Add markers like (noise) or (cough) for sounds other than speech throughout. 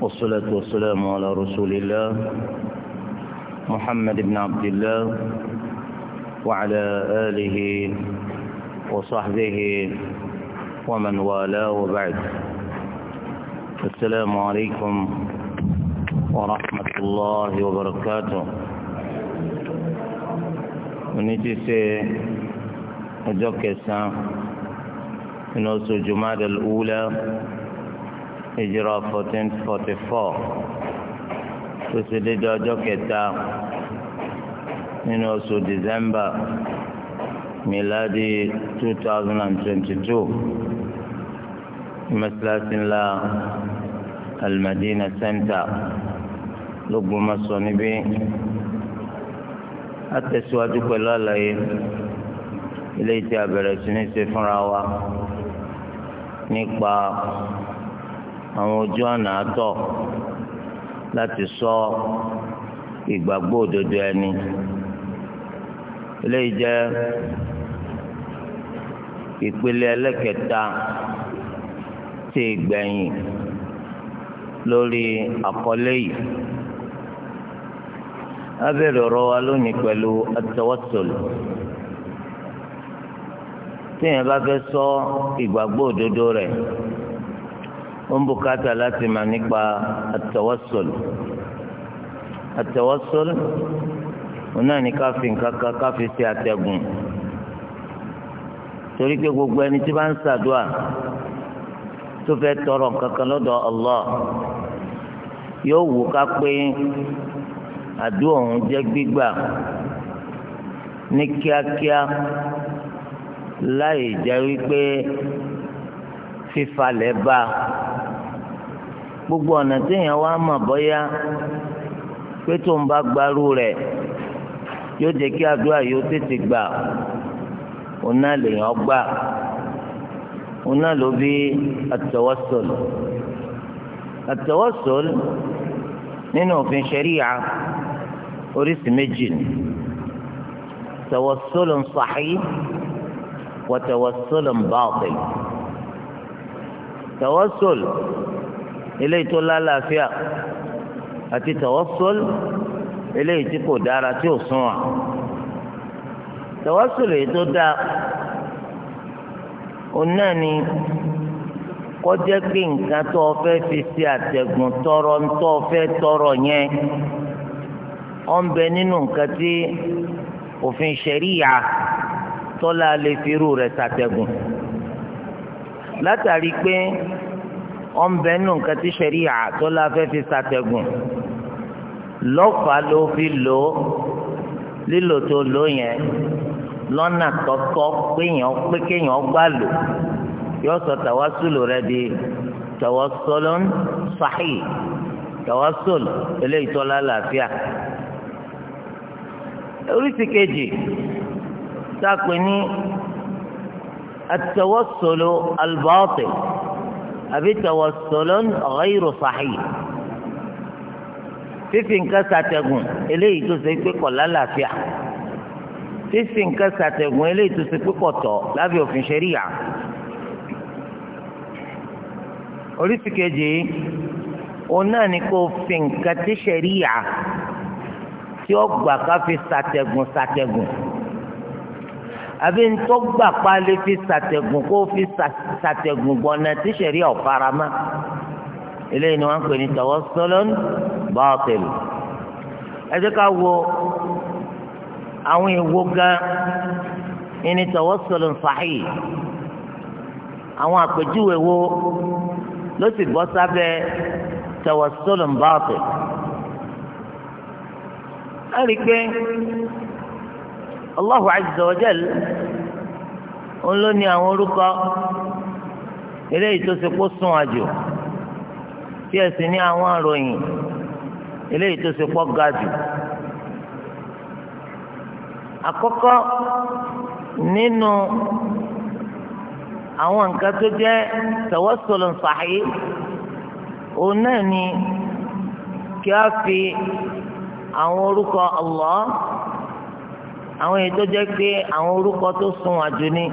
والصلاة والسلام على رسول الله محمد بن عبد الله وعلى آله وصحبه ومن والاه وبعد السلام عليكم ورحمة الله وبركاته ونجي سي أجوك السلام من أسو الأولى ìjírà fourteen forty four tó ṣe dédé ọjọ́ kẹta nínú oṣù December miladi two thousand and twenty-two mẹ́sàlásí ńlá Al-Madina Center lógun masoni bi. a tẹ̀síwájú pẹ̀lú àlàyé ilé tí a bẹ̀rẹ̀ sí ní ṣe fúnra wa nípa. àwọn ojú ọ̀nà àtọ̀ láti sọ ìgbàgbọ́ òdodo ẹni eléyìí jẹ́ ìpele ẹlẹ́kẹta ti ìgbẹ̀yìn lórí àkọlé yìí abẹ́rẹ́ ọ̀rọ̀ wa lónìí pẹ̀lú atawassul téèyàn bá fẹ́ sọ ìgbàgbọ́ òdodo rẹ̀. ń bukata láti mà nípa àtẹwọ́sọ̀lù àtẹwọ́sọ̀lù òun náà ní káfí nǹkankan káfí sí àtẹ̀gùn torí pé gbogbo ẹni tí bá ń ṣàdúà tó fẹ́ tọrọ nǹkankan lọ́dọ̀ Allah yóò wù ká pé àdúà òun jẹ́ gbígbà ní kíákíá láì jẹ́ wípé fífalẹ̀ bá a. gbogbo ọ̀nà téèyàn wá mà bọ́yá pé tó ń bá gbarú rẹ̀ yóò jẹ́ kí àdúrà yóò tètè gbà òun náà lèèyàn gbà òun ló bí àtẹwọ́sọ̀lù àtẹwọ́sọ̀lù nínú òfin ṣẹ̀ríyà oríṣi méjì ni tẹwọ́sọ̀lù ń sàáyí wọ́n tẹwọ́sọ̀lù ń bá ọ̀tẹ̀ tẹwọ́sọ̀lù eléyìí tó lálàáfíà àti tawassul eléyìí tí kò dára tí ò sún wa tawassul èyí tó dáa òun náà ni kọjá pé nǹkan tó o fẹ́ fi ṣe àtẹ̀gùn tọrọ tó o fẹ́ tọrọ yẹn ó ń bẹ nínú nǹkan tí òfin ṣẹ̀ríyà tọ́lá lè fi irú rẹ̀ ṣàtẹ̀gùn látàrí pé wọn bẹ nínú nǹkan tí sẹríà tó la fẹ́ fi ṣàtẹ̀gùn lọ́fà ló fi lò ó lílò tó lò yẹn lọ́nà tọ́tọ́ péyàn pé kéyàn gbà lò yóò sọ tàwásùlù rẹ di tàwásùlù sahih tàwásùlù eléyìí tó lálàáfíà. oríṣi kejì tá a ní àtàwásùlù al àbí tawassulun ghayru sahih fífi nǹkan ṣàtẹ̀gùn eléyìí tó ṣe pé kọ̀ lálàáfíà fífi nǹkan ṣàtẹ̀gùn eléyìí tó ṣe pé kọ̀ tọ̀ lábẹ́ òfin ṣẹ̀ríyà. oríṣi kejì òun náà ni kò fi nǹkan tí ṣẹ̀ríyà tí ó gbà ká fi ṣàtẹ̀gùn ṣàtẹ̀gùn àbí ntọ́gbà pálí fi sàtẹ̀gùn kó fi sàtẹ̀gùn gbọ́nà tí sẹ̀rí ọ̀farama eléyìí ni wọ́n ń pè ní tawassulun baatil ẹ jẹ́ ká wo àwọn èèwọ̀ gan ẹni tawassulun sahih àwọn àpèjúwe wo ló sì bọ́ sábẹ́ tawassulun baatil ẹ rí i pé. Allahu azza wa jal òun ló ní àwọn orúkọ eléyìí tó ṣe kó sùn àjò tí ẹ sì ní àwọn àròyìn eléyìí tó ṣe pọ̀ ga jù àkọ́kọ́ nínú àwọn nǹkan tó jẹ́ tawassulun sahih òun náà ni kí a fi àwọn orúkọ Allah àwọn èyí tó jẹ́ pé àwọn orúkọ tó sùn àjò ní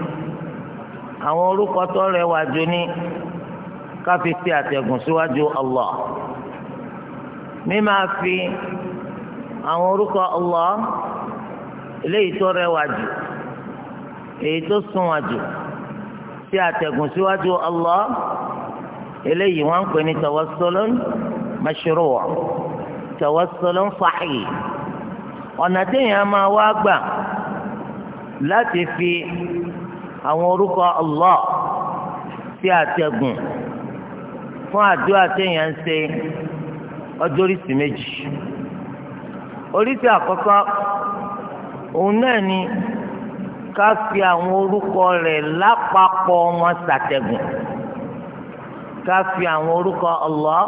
àwọn orúkọ tó rẹwà àjò ní ká fi ti àtẹ̀gùn síwájú Allah mímáa fi àwọn orúkọ Allah eléyìí tó rẹwà jù èyí tó sùn àjò ti àtẹ̀gùn síwájú Allah eléyìí wọ́n ń pè ní tawassulun mashru' tawassulun sahih ọ̀nà téèyàn máa wá gbà láti fi àwọn orúkọ Allah sí àtẹ̀gùn fún àdúrà téèyàn ń ṣe ọjọ́ oríṣi méjì oríṣi àkọ́kọ́ òun náà ni ká fi àwọn orúkọ rẹ̀ lápapọ̀ wọn ṣàtẹ̀gùn ká fi àwọn orúkọ Allah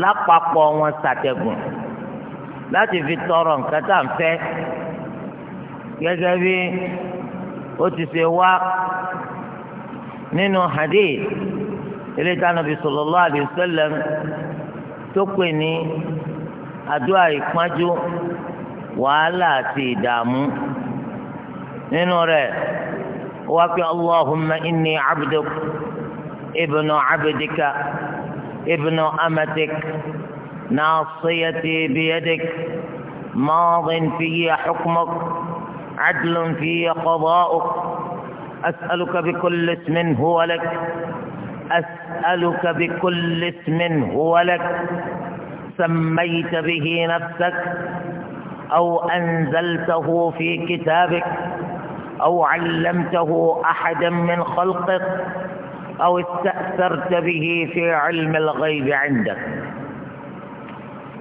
lápapọ̀ wọn ṣàtẹ̀gùn láti fi tọrọ nǹkan tá à ń fẹ́ gẹ́gẹ́ bí ó ti ṣe wá nínú hadith ilé tánàbí sallallahu alaihi wasallam tó pè ní àdúrà ìpájú wàhálà àti ìdààmú nínú rẹ̀ wá pé allahumma inni abduk ibnu abdika ibnu amatik nasiyati biyadik maadin fiye xukumok. عدل في قضاؤك أسألك بكل اسم هو لك أسألك بكل اسم هو لك سميت به نفسك أو أنزلته في كتابك أو علمته أحدا من خلقك أو استأثرت به في علم الغيب عندك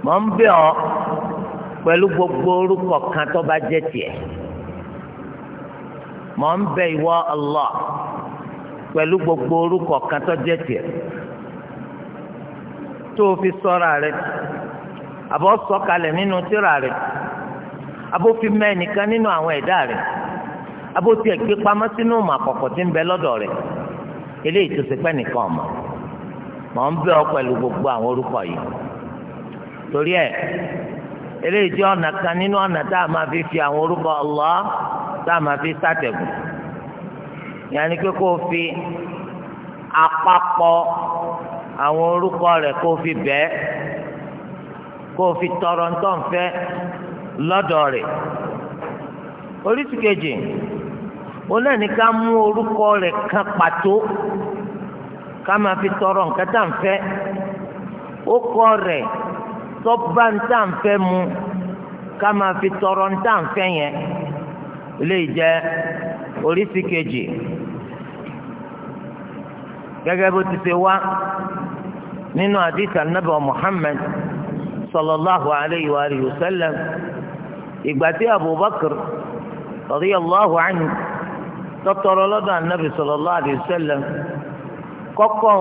من بيع pẹ̀lú gbogbo orúkọ kan Mọ n bẹ ìwọ Allah gbogbo orúkọ kan tó jẹ́ tiẹ̀ tó o fi sọra rẹ̀ àbọ̀ sọ̀kalẹ̀ nínú tírà rẹ̀ àbò fi mẹ́nìkan nínú àwọn ẹ̀dá rẹ̀ àbò tiẹ̀ gbé pamọ́ sínú ìmọ̀ tí ń bẹ lọdọ eléyìí tó nìkan n gbogbo àwọn orúkọ yìí eléyìí jẹ́ ọ̀nà kan nínú ọ̀nà tá a máa fi fi àwọn orúkọ Allah tá a máa fi sátẹ̀gùn yàní pé kó o fi àpapọ̀ àwọn orúkọ rẹ̀ kó o fi bẹ́ẹ̀ kó o fi tọrọ ntọ́nfẹ́ lọ́dọ̀ rẹ̀ oríṣi kejì òun náà ní ká mú orúkọ rẹ̀ kan pàtó ká máa fi tọrọ nǹkan tá tọ́ba ń tà ń fẹ́ mu ká máa fi tọrọ ń tà ń fẹ́ yẹn lè jẹ́ oríṣi kejì gẹ́gẹ́ bó ti ṣe wá nínú àdìsí anábọ̀ Muhammad sallallahu alayhi wa alihi wa sallam ìgbà tí Abubakar radiyallahu anhu tọ́tọ̀rọ̀ lọ́dọ̀ anábì sallallahu alayhi wa sallam kọ́kọ́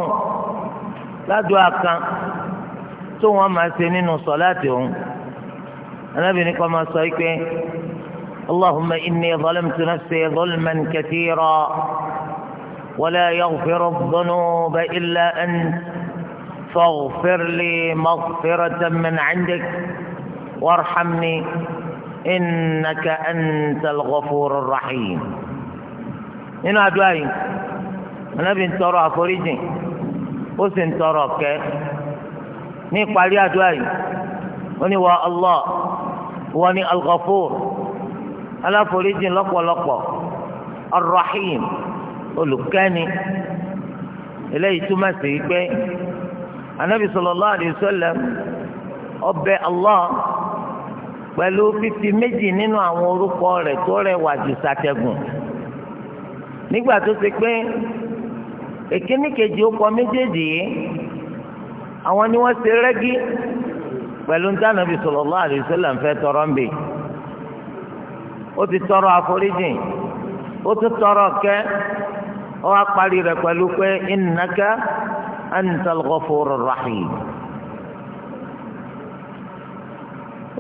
ládùú àkàn. tó wọn máa ṣe nínú sọláàtì òun anábìnrin kan máa sọ pé اللهم إني ظلمت نفسي ظلما كثيرا ولا يغفر الذنوب إلا أنت فاغفر لي مغفرة من عندك وارحمني إنك أنت الغفور الرحيم nínú أدعي أنا anábì ترى فريجي àforíjì ó sì ní ìparí àdúrà yìí ó ní wọ Allah wọ ní Al-Ghafur aláforíjìn lọ́pọ̀lọpọ̀ Ar-Rahim olùkẹ́ni eléyìí túmọ̀ sí pé anabi sallallahu alayhi wa sallam ọbẹ̀ Allah pẹ̀lú fífi méjì nínú àwọn orúkọ rẹ̀ tó rẹwà jù sàtẹ̀gùn nígbà tó ti pé èkíní kejì ó kọ méjèèjì yìí àwọn ni wọ́n ṣe rẹ́gí pẹ̀lú ntànàbí sallallahu alaihi wasallam ń fẹ́ tọrọ ń bè ó ti tọrọ àforíjìn ó tún tọrọ kẹ́ ó wá parí rẹ̀ pẹ̀lú pé innaka antal ghafurur rahim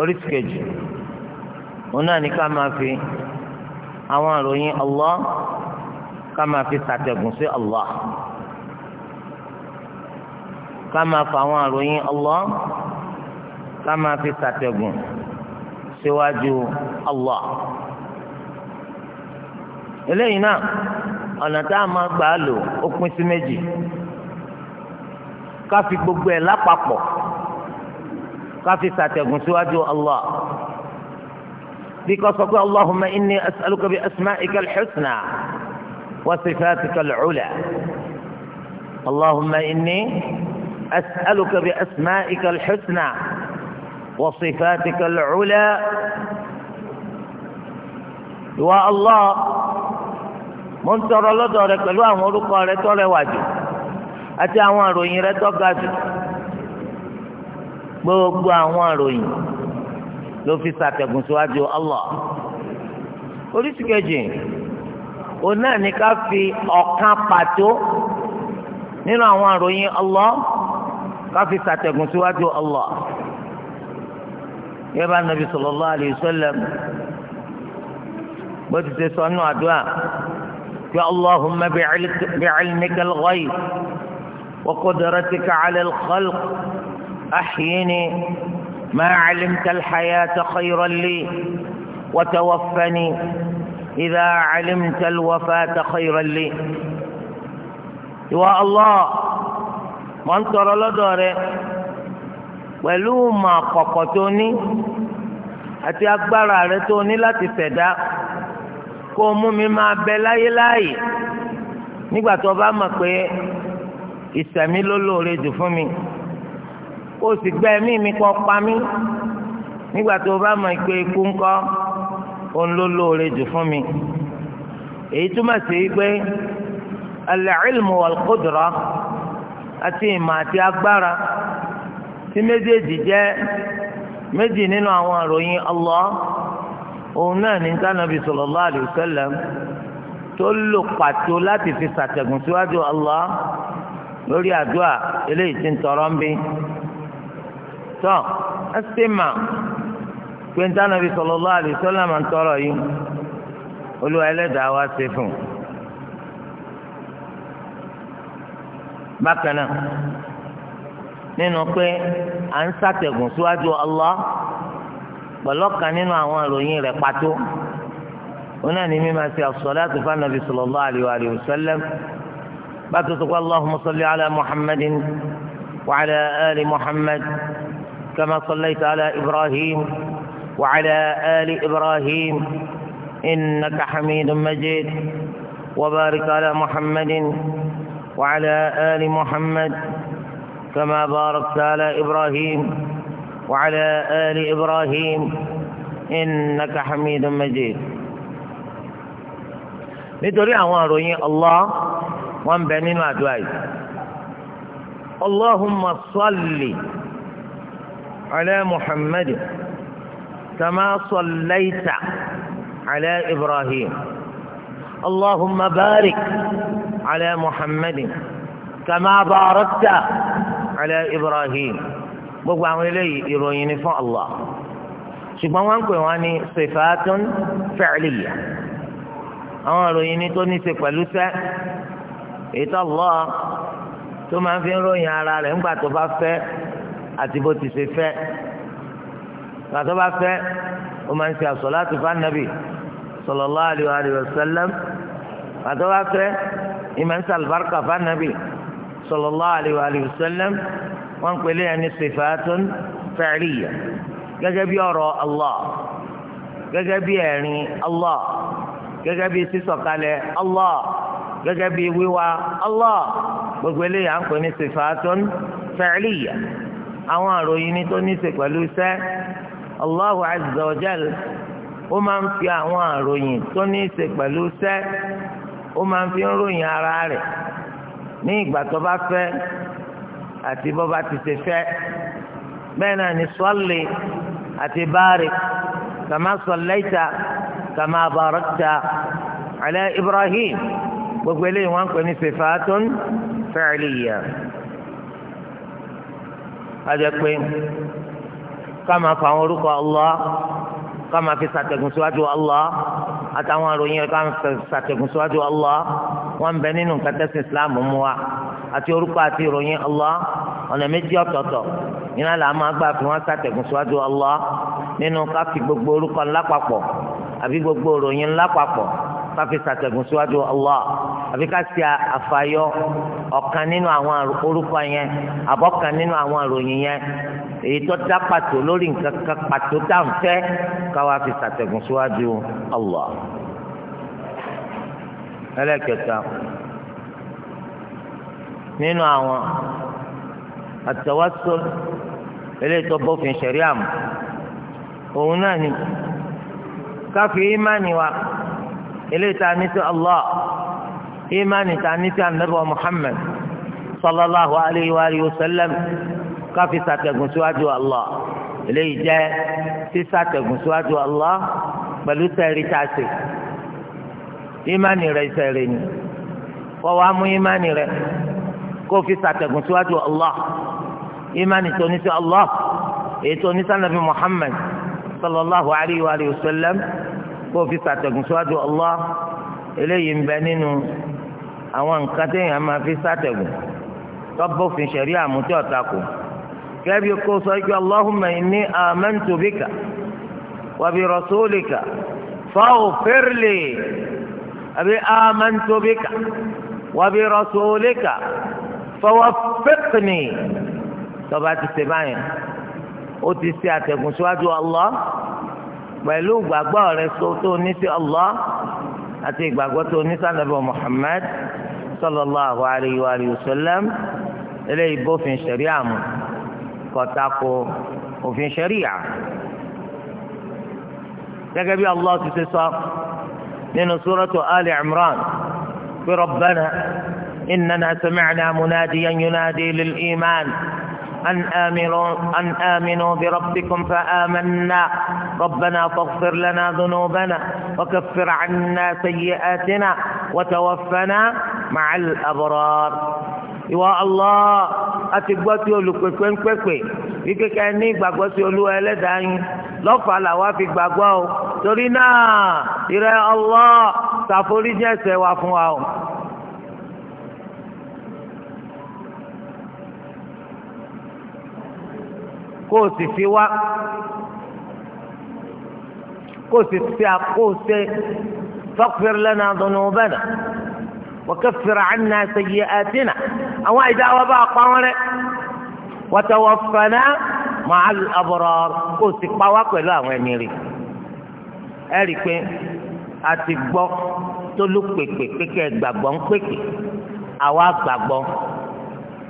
oríṣi kejì òun náà ní ká máa fi àwọn àròyìn Allah ká máa fi sàtẹ̀gùn sí Allah ká máa fa àwọn àròyìn Allah ká máa fi ṣàtẹ̀gùn síwájú Allah eléyìí náà ọ̀nà tá a máa gbà á lò ó pín sí méjì ká fi gbogbo ẹ̀ lápapọ̀ ká fi ṣàtẹ̀gùn síwájú Allah bí ká sọ pé Allahumma inni as'aluka bi asma'ika al-husna wa sifatika al-ula Allahumma inni. أسألك بأسمائك الحسنى وصفاتك العلى والله Allah mo ń tọrọ lọ́dọ̀ rẹ pẹ̀lú أتى orúkọ rẹ tó rẹwà jù àti àwọn àròyìn rẹ tó ga jù gbogbo àwọn àròyìn ló fi ṣàtẹ̀gùn síwájú Allah oríṣi kejì òun náà ní ká fi ọ̀kan pàtó nínú àwọn àròyìn Allah. káfí sàtẹ̀gùn síwájú Allah yẹ bá nàbí sallallahu alayhi wa bó ti ṣe sọ nù àdúrà ya Allahumma bi'ilmika al-ghayb wa qudratika 'ala al-khalq ahyini ma 'alimta al-hayata khayran li wa tawaffani idha 'alimta al-wafata khayran li. ìwà Allah. mọ̀ ń tọrọ lọ́dọ̀ rẹ pẹ̀lú ìmọ̀ àkọ́kọ́ tó ní àti agbára rẹ tó ní láti ṣẹ̀dá kó o mú mi máa bẹ láyé láàyè nígbà tó o bá mọ̀ pé ìsẹ̀mí ló lóore jù fún mi kó o sì gbẹ́ ẹ̀mí mi kọ́ pa mí nígbà tó o bá mọ̀ pé ikú ńkọ́ òun ló lóore jù fún mi èyí túmọ̀ sí pé al-ilmu wal àti ìmọ̀ àti agbára tí méjèèjì jẹ́ méjì nínú àwọn àròyìn Allah òun náà ní tánàbí sallallahu alaihi wasallam tó lò pàtó láti fi ṣàtẹ̀gùn síwájú Allah lórí àdúrà eléyìí tí ń tọrọ ń bí. tọ́ ẹsẹ̀ mà pé tánàbí sallallahu alaihi wasallam ń tọrọ yìí olúwa ẹlẹ́dàá wá ṣe fún un. bákan náà nínú pé à ń sàtẹ̀gùn síwájú Allah pẹ̀lú ọ̀kan nínú àwọn ìròyìn rẹ̀ pàtó wọn náà ní mímọ sí as-salatu fa nabi sallallahu alayhi wa sallam bàtú sọ pé allahumma salli ala muhammadin wa ala ali muhammad kama sallaita ala ibrahim wa ala ali ibrahim innaka hamidun majid wa barik ala muhammadin. وعلى آل محمد كما باركت على إبراهيم وعلى آل إبراهيم إنك حميد مجيد nítorí àwọn àròyìn Allah wọn ń bẹ nínú àdúrà yìí Allahumma salli ala Muhammad kama sallaita ala Ibrahim Allahumma barik. على محمد كما باركت على إبراهيم gbogbo àwọn eléyìí ìròyìn ni fún Allah ṣùgbọ́n wọ́n ń pè wọ́n ní sifatun fi'liya àwọn ìròyìn ni tó ní ṣe pẹ̀lú sẹ́ ètò Allah tó máa ń fi ròyìn ara rẹ̀ ńgbà tó bá fẹ́ àti bó ti ṣe fẹ́ ńgbà tó bá fẹ́ ó máa ń ṣe àsọ̀látù fún Ànábì sallallahu alaihi wa sallam ńgbà tó bá fẹ́ ìmọ̀nsá alùbáríkà fanabi sallallahu alayhi wa sallam wọn pèlè ẹni sifatun fa'liya gẹ́gẹ́ bí ọ̀rọ̀ allah gẹ́gẹ́ bí ẹ̀rín allah gẹ́gẹ́ bí sísọ̀kalẹ̀ allah gẹ́gẹ́ bí wíwá allah gbogbo eléyà ń pè ní sifatun fa'liya àwọn àròyìn tó ní ṣe pẹ̀lú iṣẹ́ allahu azza wa jal ó máa ń fi àwọn àròyìn tó ní ṣe pẹ̀lú iṣẹ́ ó máa ń fi ń ròyìn ara rẹ̀ ní ìgbà tó bá fẹ́ àti bó bá ti ṣe fẹ́ bẹ́ẹ̀ náà ní sọ́ọ̀lì àti báàrì kàmá sọ̀lẹ́ta kàmá bàrọ́ta ala Ibrahim gbogbo eléyìí wọ́n pè ní sifatun fi'liya ajẹ́ pé ká máa fa orúkọ Allah ká fi ṣàtẹ̀gùn síwájú Allah àtàwọn àròyìn ẹ̀ka ń ṣàtẹ̀kùn síwájú Allah wọn bẹ nínú nǹkan tẹ́sí Islam mú wa àti orúkọ àti ìròyìn Allah ọ̀nà méjì ọ̀tọ̀ọ̀tọ̀ iná là máa gbà fi wọn ṣàtẹ̀kùn síwájú Allah nínú ká gbogbo orúkọ ńlá papọ̀ àbí gbogbo ìròyìn ńlá papọ̀ ká fi síwájú Allah àbí ká ṣe àfàyọ ọ̀kan nínú àwọn orúkọ yẹn àbọ̀kan nínú àwọn àròyìn yẹn èyí tó dá pàtó lórí nǹkan kan pàtó tá à ń fẹ́ káwa fi ṣàtẹ̀gùn síwájú Allah. ẹlẹ́kẹta nínú àwọn àtẹwásó eléyìí tó bófin ṣẹ̀rí àmọ́ òun náà ni káfí ìmánìí wa eléyìí tá a ní sí Allah ìmánì tá a ní sí anábọ̀ Muhammad sallallahu alayhi wa alihi wa sallam káfí sàtẹ̀gùn síwájú Allah eléyìí jẹ́ sísàtẹ̀gùn síwájú Allah pẹ̀lú sẹ́ẹ̀rì tá a sè ìmánì rẹ̀ sẹ́ẹ̀rì ni wọ́n wá mú ìmánì rẹ̀ kó fi sàtẹ̀gùn síwájú Allah ìmánì tó ní sí Allah èyí tó ní sí anábì Muhammad sallallahu alayhi wa alihi wa sallam kó fi sàtẹ̀gùn síwájú Allah eléyìí ń bẹ nínú àwọn nǹkan téèyàn máa fi sátẹ̀gùn tọ́bọ̀fin ṣẹ̀rí àmútí ọ̀tá kù kẹ́bí kó sọ pé allahumma inni amantu bika wa bi rasulika faghfir li àbí amantu bika wa bi rasulika fawaffiqni tọ́ba ti ṣe báyìí ó ti ṣe àtẹ̀gùn síwájú Allah pẹ̀lú ìgbàgbọ́ rẹ̀ tó ní sí Allah. àti ìgbàgbọ́ tó ní sànàbọ̀ Muhammad sallallahu alayhi wa sallam eléyìí bófin ṣẹ̀ríà mu kọ̀tàkó òfin ṣẹ̀ríà gẹ́gẹ́ bí Allah ti ṣe sọ nínú suratu Ali Imran fi pé rabbana innana sami'na munadiyan yunadi lil iman. أن آمنوا, أن آمنوا بربكم فآمنا ربنا فاغفر لنا ذنوبنا وكفر عنا سيئاتنا وتوفنا مع الأبرار ìwọ Allah àti gbọ́ tí olùpèpè ń pèpè bí kékeré ní ìgbàgbọ́ sí olúwa ẹlẹ́dàá yín lọ́fà làwa fi gbàgbọ́ o torí náà ìrẹ Allah ṣàforíjì ẹ̀ṣẹ̀ wa fún wa o kó o sì fi wá kó o sì fi àkóso faghfir lana dhunubana wa kaffir anna sayyi'atina àwọn àìdá wa bá a pa wọn rẹ wa tawaffana ma'al abrar kó o sì pa wá pẹ̀lú àwọn ẹni rẹ̀ ẹ rí i pé a ti gbọ́ tó ló pèpè pékè gbàgbọ́ ń pèpè àwa gbàgbọ́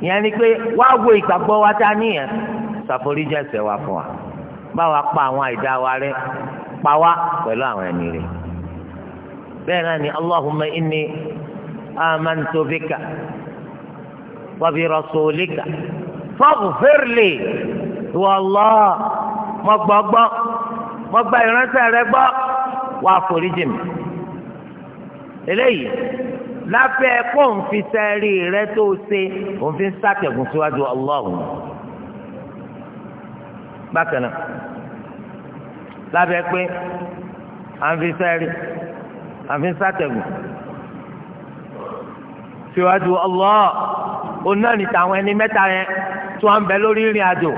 yẹn ni pé wá wo ìgbàgbọ́ wa ta níyẹn ṣàforíjì ẹ̀ṣẹ̀ wa fún wa bá wa pa àwọn àìdá wa rẹ́ pa wá pẹ̀lú àwọn ẹni rẹ̀ bẹ́ẹ̀ náà ni allahumma inni amantu bika wa bi rasulika faghfir li wallah mo gbọ́ gbọ́ mo gba ìránṣẹ́ rẹ gbọ́ wá foríjì mi eléyìí lábẹ́ kó n fi sẹ́rí rẹ tó ṣe òun fi ń sàtẹ̀gùn síwájú ọlọ́run. bákan náà lábẹ́ pé à ń fi sẹ́rí à ń fi sátẹ̀gùn síwájú Allah o náà ní tàwọn ẹni mẹ́ta yẹn tí wọ́n ń bẹ lórí ìrìn àjò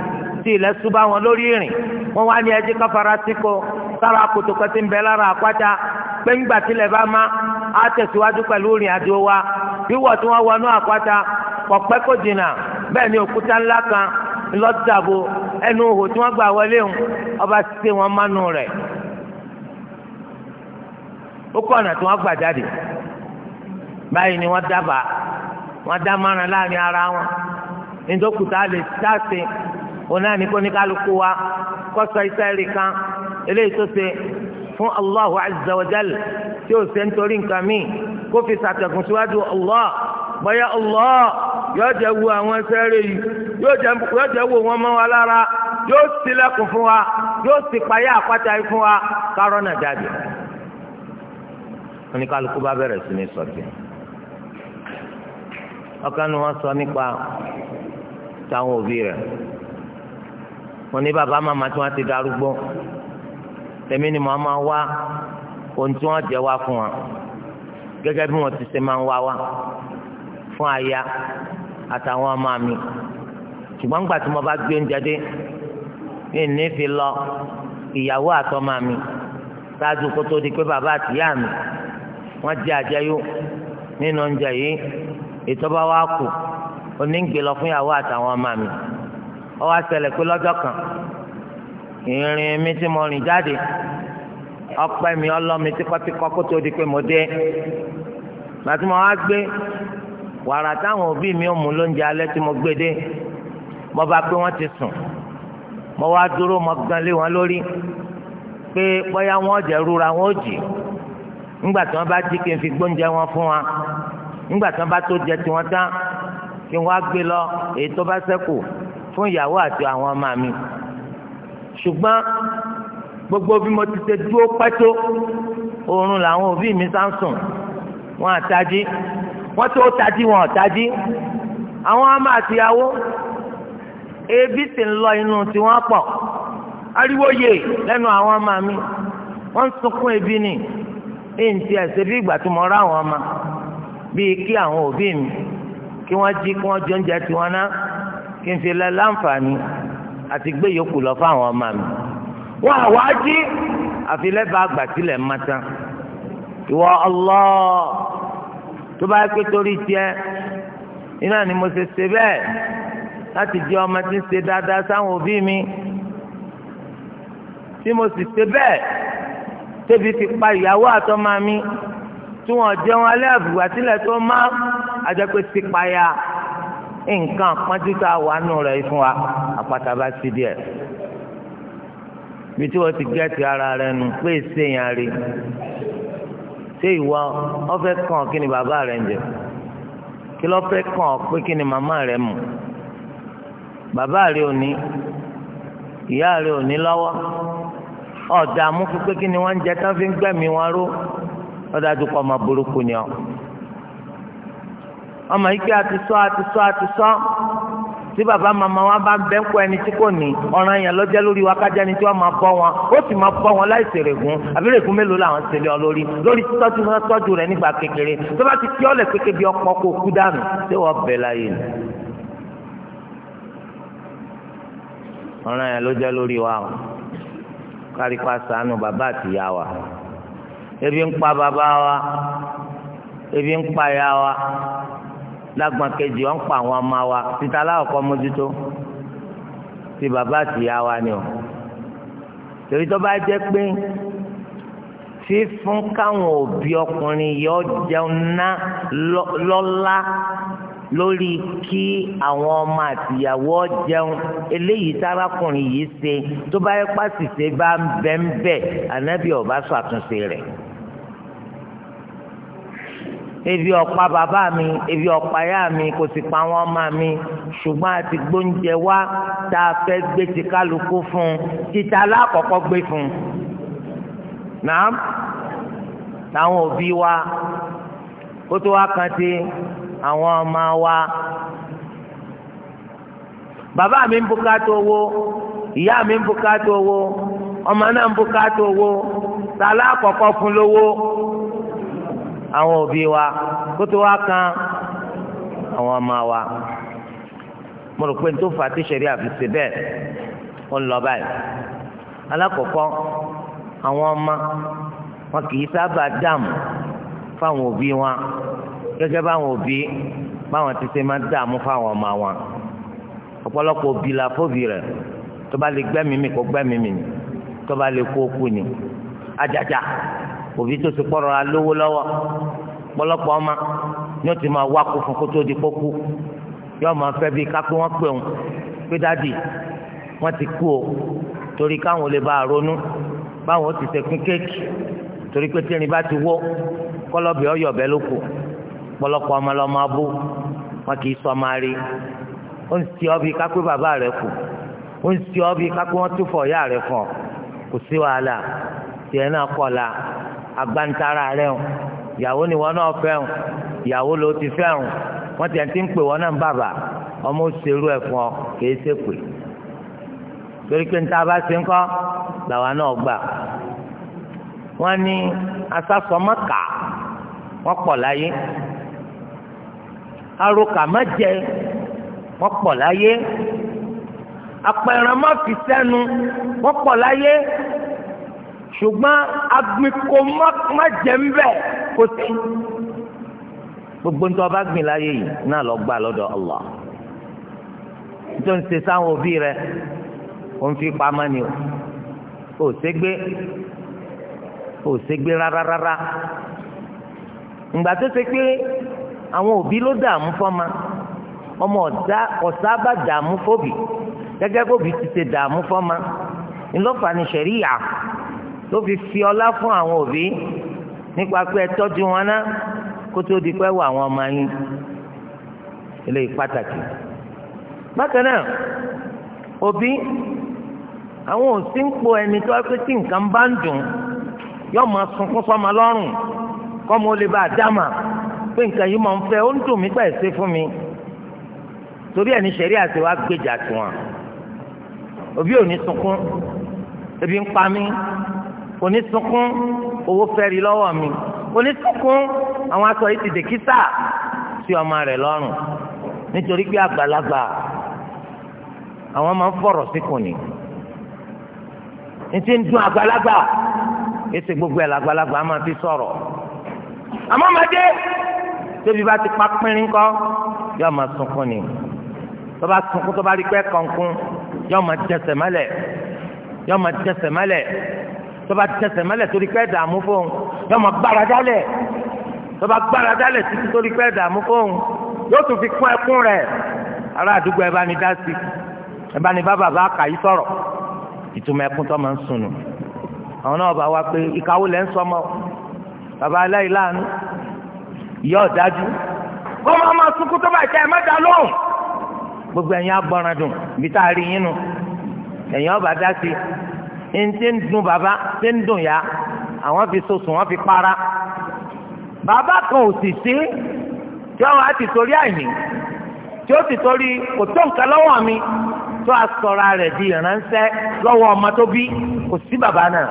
tí ilẹ̀ ṣú wọn lórí ìrìn wọ́n wá ní ẹjẹ́ káfara síkọ sára kòtòkọ́ ti ń bẹ lára àpáta pé tilẹ̀ bá má a tẹ̀síwájú pẹ̀lú ìrìn àjò wa wíwọ̀ tí wọ́n wọnú àpáta kọ̀pẹ́ kò jìnnà bẹ́ẹ̀ ni òkúta ńlá kan ẹnu òhò tí wọ́n gbà wọlé ń ọba ṣe wọn mánú rẹ̀ ó kọ́ ọ̀nà tí wọ́n gbà jáde báyìí ni wọ́n dábàá wọ́n dá márùn láàrin ara wọn nítòkùtà lè dáṣe òun náà ní kálukú wa kọ́sọ iṣẹ́ kan eléyìí tó ṣe fún Allahu azza wa jal tí ó ṣe nítorí nǹkan míì kó fi ṣàtẹ̀gùn síwájú Allah bọ́yá Allah. yóò jẹ́ wo àwọn sẹ́rẹ̀ yìí yóò jẹ́ wo wọn mọ́ wa lára yóò ṣílẹ̀kùn fún wa yóò sì payá àpáta yìí fún wa kárọ́nà jáde. oníkálukú bá bẹ̀rẹ̀ sí ní sọ̀tì ọkàn ni wọ́n sọ nípa táwọn òbí rẹ̀ wọ́n ní bàbá màmá tí wọ́n ti darúgbó tèmi ni màá wá ohun tí wọ́n jẹ wá fún wa gẹ́gẹ́ bí wọ́n ti ṣe máa ń wá wá fún aya àtàwọn ọmọ mi ṣùgbọ́n nígbà tí mo bá gbé oúnjẹ dé mi ní fi lọ ìyàwó àtọmọ mi ṣáájú kó tó di pé bàbá àtìyá mi wọ́n jẹ àjẹyó nínú oúnjẹ yìí ìtọ́ba wa kù oníǹgbè lọ fún ìyàwó àtàwọn ọmọ mi ó wá ṣẹlẹ̀ pé lọ́jọ́ kan ìrìn mi tí mo rìn jáde ọpẹ́ mi ọlọ́mi tíkọ́tíkọ́ kó tó di pé mo dé màtí mo wá gbé wàrà táwọn òbí mi ò mú lóúnjẹ alẹ́ tí mo gbé dé mo bá pé wọ́n ti sùn mo wá dúró mo gan lé wọn lórí pé bóyá wọn jẹ rúra wọn ò jì ńgbà tí wọ́n bá jí kí n fi gbóúnjẹ wọn fún wa ńgbà tí wọ́n bá tó jẹ tiwọn tán kí wọ́n gbé lọ èyí tó bá ṣẹ́kù fún ìyàwó àti àwọn ọmọ mi ṣùgbọ́n gbogbo bí mo ti ṣe dúró pẹ́tó oorun làwọn òbí mi sá ń sùn wọn àtají wọ́n tó tají wọn tají àwọn ọmọ àtìyàwó ebi sì ń lọ inú tiwọn pọ̀ ariwo yè lẹ́nu àwọn ọmọ mi wọ́n ń sunkún ebi ni èyí ti ẹ̀sẹ̀ bí ìgbà tí mo rá àwọn ọmọ bíi kí àwọn òbí mi kí wọ́n jí kí wọ́n jẹ oúnjẹ tiwọn ná kí n fi lẹ láǹfààní àti gbé yòókù lọ fáwọn ọmọ mi wọ́n àwa jí àfi lẹ́bàá àgbà sílẹ̀ mọ́tán ìwọ Allah tó bá pé torí tiẹ̀ iná ni mo ṣe ṣe bẹ́ẹ̀ láti jẹ ọmọ tí ń ṣe dáadáa sáwọn òbí mi tí mo sì ṣe bẹ́ẹ̀ tẹbi ti pa ìyàwó àtọmọ mi tí wọ́n jẹun alẹ́ àbùgbà sílẹ̀ tó má àjẹpẹ ti payà nǹkan pọ́njú tá a wà nù rẹ̀ fún wa àpáta bá ti díẹ̀ bí tí wọ́n ti gẹ́ẹ̀tì ara rẹ̀ nù pé èsì rí ṣé ìwọ ọfẹ kàn kí ni bàbá rẹ ń jẹ kí ló fẹ́ kàn pé kí ni màmá rẹ mu bàbá rẹ ò ní ìyá rẹ ò ní lọ́wọ́ ọ̀dà mú pípé kí ni wọ́n ń jẹ tán fi ń gbẹ̀mí wọn ró ọ̀dà dùkọ̀ ọmọ burúkú ni ọ. ọmọ yìí kí a ti sọ a ti sọ a ti sọ tí bàbá mama wa bá bẹ́ ń kó ẹni tí kò ní ọ̀ràn yẹn lọ́jẹ́ lórí wa kájá ni tí wọ́n máa bọ́ wọn ó sì máa bọ́ wọn láì ṣèrègùn àbírègùn mélòó làwọn ṣe lé ọ lórí lórí títọ́jú tọ́jú rẹ̀ nígbà kékeré tó bá ti kí ọ̀lẹ̀ pété bí ọkọ̀ kó kú dànù tí wọ́n bẹ̀ láyé ni. ọ̀ràn yẹn lọ́jẹ́ lórí wa o kárípá ṣàánú bàbá àtìyá wa ebi ń pa bàbá wa ebi ń pa ìyá wa lágbọn kejì wọn pa àwọn ọmọ wa títa aláwọkọ mójútó ti bàbá àtìyá wa ni o torí tó bá jẹ́ pé fífún káwọn òbí ọkùnrin yọ jẹun ná lọ́lá lórí kí àwọn ọmọ àtìyàwó jẹun eléyìí tárakùnrin yìí ṣe tó bá yẹ pàṣìṣe bá ń bẹ́ẹ̀ bẹ́ẹ̀ ànábì ọba ṣàtúnṣe rẹ̀ ebi ọ̀pá bàbá mi ebi ọ̀pá yá mi kò sì pa àwọn ọmọ mi ṣùgbọ́n àti gbóúnjẹ wá tá a fẹ́ gbé ti kálukú fún un títa alákọ̀ọ́kọ́ gbé fún un. nàá táwọn òbí wa kó tó wá kan ti àwọn ọmọ wa. bàbá mi ń bùkátà owó ìyá mi ń bùkátà owó ọmọ náà ń bùkátà owó tá a lákọ̀ọ́kọ́ fún lówó àwọn òbí wa kó tó wá kan àwọn ọmọ wa mo rò pé n tó fà á tí sẹ̀rí àfìsè bẹ́ẹ̀ ó ń lọ báyìí alákọ̀ọ́kọ́ àwọn ọmọ wọn kì í sábà dààmú fáwọn òbí wọn gẹ́gẹ́ báwọn òbí báwọn ti ṣe máa dààmú fáwọn ọmọ wọn ọ̀pọ̀lọpọ̀ òbí la fóbi rẹ̀ tó bá lè gbẹ́mìí mi kó gbẹ́mìí mi tó bá lè kó kú ni ajaja òbí tó ti pọ̀rọ̀ alówó lọ́wọ́ pọ̀lọpọ̀ ọmọ ni ó ti máa wá kó fún kó tó di kókó yóò máa fẹ́ bí kápẹ́ wọ́n pè wọ́n pé dádì wọ́n ti kú o torí káwọn lè bá a ronú báwọn ti sẹ́kún kéèkì torí pé tí bá ti wó kọ́lọ́bì ọ̀yọ̀ bẹ́ẹ̀ ló kù pọ̀lọpọ̀ ọmọ lọ́mọ abú wọn kì í sọ ọmọ rí ó ń si ọbí kápẹ́ bàbá rẹ kù ó ń si ọbí kápẹ́ wọ́n túfọ̀ ọ̀yá rẹ fọ̀ kò sí wàhálà tiẹ̀ náà kọ̀ la agbantara rẹ o ìyàwó ni wọn náà fẹ́ o ìyàwó ló ti fẹ́ o wọ́n ti ẹ̀ ti ń pè wọ́n náà ń bàbà ọmọ òṣèlú ẹ̀ fún ọ kìí ṣe pè torí pé níta bá ṣe ń kọ́ làwa náà gbà wọ́n ní asásọmọ́kà wọ́n pọ̀ láyé arúkà má jẹ pọ̀ láyé apẹ̀rẹ̀ má fi pọ̀ láyé ṣùgbọ́n agbèkó má jẹ́ ń bẹ̀ kó sí. gbogbo ń tọ́ bá gbìn láyé yìí náà lọ gbà lọ́dọ̀ Allah tó ń ṣe sáwọn òbí rẹ ó ń fi pamọ́ ni o ò ṣègbè ò ṣègbè rárá rárá ìgbà tó ṣe pé àwọn òbí ló dààmú fọ́mọ ọmọ ọ̀dá ọ̀sábà dààmú fóbì gẹ́gẹ́ bóbi ti ṣe dààmú fọ́mọ ńlọ́fà ni ṣẹ̀ríyà ló fi fi ọlá fún àwọn òbí nípa pé ẹ tọ́jú wọn ná kó tó di pé wà àwọn ọmọ yín eléyìí pàtàkì bákan náà òbí àwọn òsínpò ẹni tó pé tí nǹkan bá ń dùn yóò máa sunkún sọmọ lọ́rùn kọ́mọ ó lè bá a dáma pé nǹkan yìí máa ń fẹ́ ó ń dùn mí pẹ́ ṣe fún mi torí ẹni ṣẹ̀rí àti wá gbèjà tiwọn òbí ò ní sunkún ebi ń pa mí onísunkún owó fẹ́ri lọ́wọ́ mi onísunkún àwọn aṣọ yìí ti dèkítà sí ọmọ rẹ̀ lọ́rùn nítorí pé àgbàlagbà àwọn máa ń fọ̀rọ̀ síkùn ni ntí ń dun àgbàlagbà èsì gbogbo ẹ̀ làgbàlagbà máa fi sọ̀rọ̀ àmọ́ màdé tóbi bá ti pa pínrín kọ́ yóò máa sunkún ni tó bá sunkún tó bá rí pẹ́ kọ̀ọ̀kún yóò máa jẹsẹ̀ mọ́lẹ̀ yóò máa jẹsẹ̀ mọ́lẹ̀ tọba ti tẹsẹ̀ mẹ́lẹ̀ torí pé dààmú fóun yóò máa gbára dálẹ̀ tọba gbára dálẹ̀ títí torí pé dààmú fóun yóò tún fi kún ẹkún rẹ̀ ará àdúgbò ẹ bá ní dá sí ẹ bá ní bá bàbá àkàyí sọ̀rọ̀ ìtumọ̀ ẹkún tó máa ń sùn nù àwọn náà bá wá pé ìkàwé lẹ́ ń sọmọ bàbá aláìláàánú ìyá ọ̀dájú kó máa máa sunkún tó bá ìta ẹ̀ mẹ́ta lóhùn gbogbo ẹ̀yin agbọ́nràn dùn bí tá a rí yín nu ẹ̀yin ọba dá sí ntí ń dun bàbá tí ń dùn ya àwọn fi sosùn wọn fi para bàbá kan ò sì sí tí wọn á ti torí àìní tí ó ti torí kò tó nǹkan lọ́wọ́ mi tó a sọra rẹ̀ di ìránṣẹ́ lọ́wọ́ ọmọ tó bí kò sí bàbá náà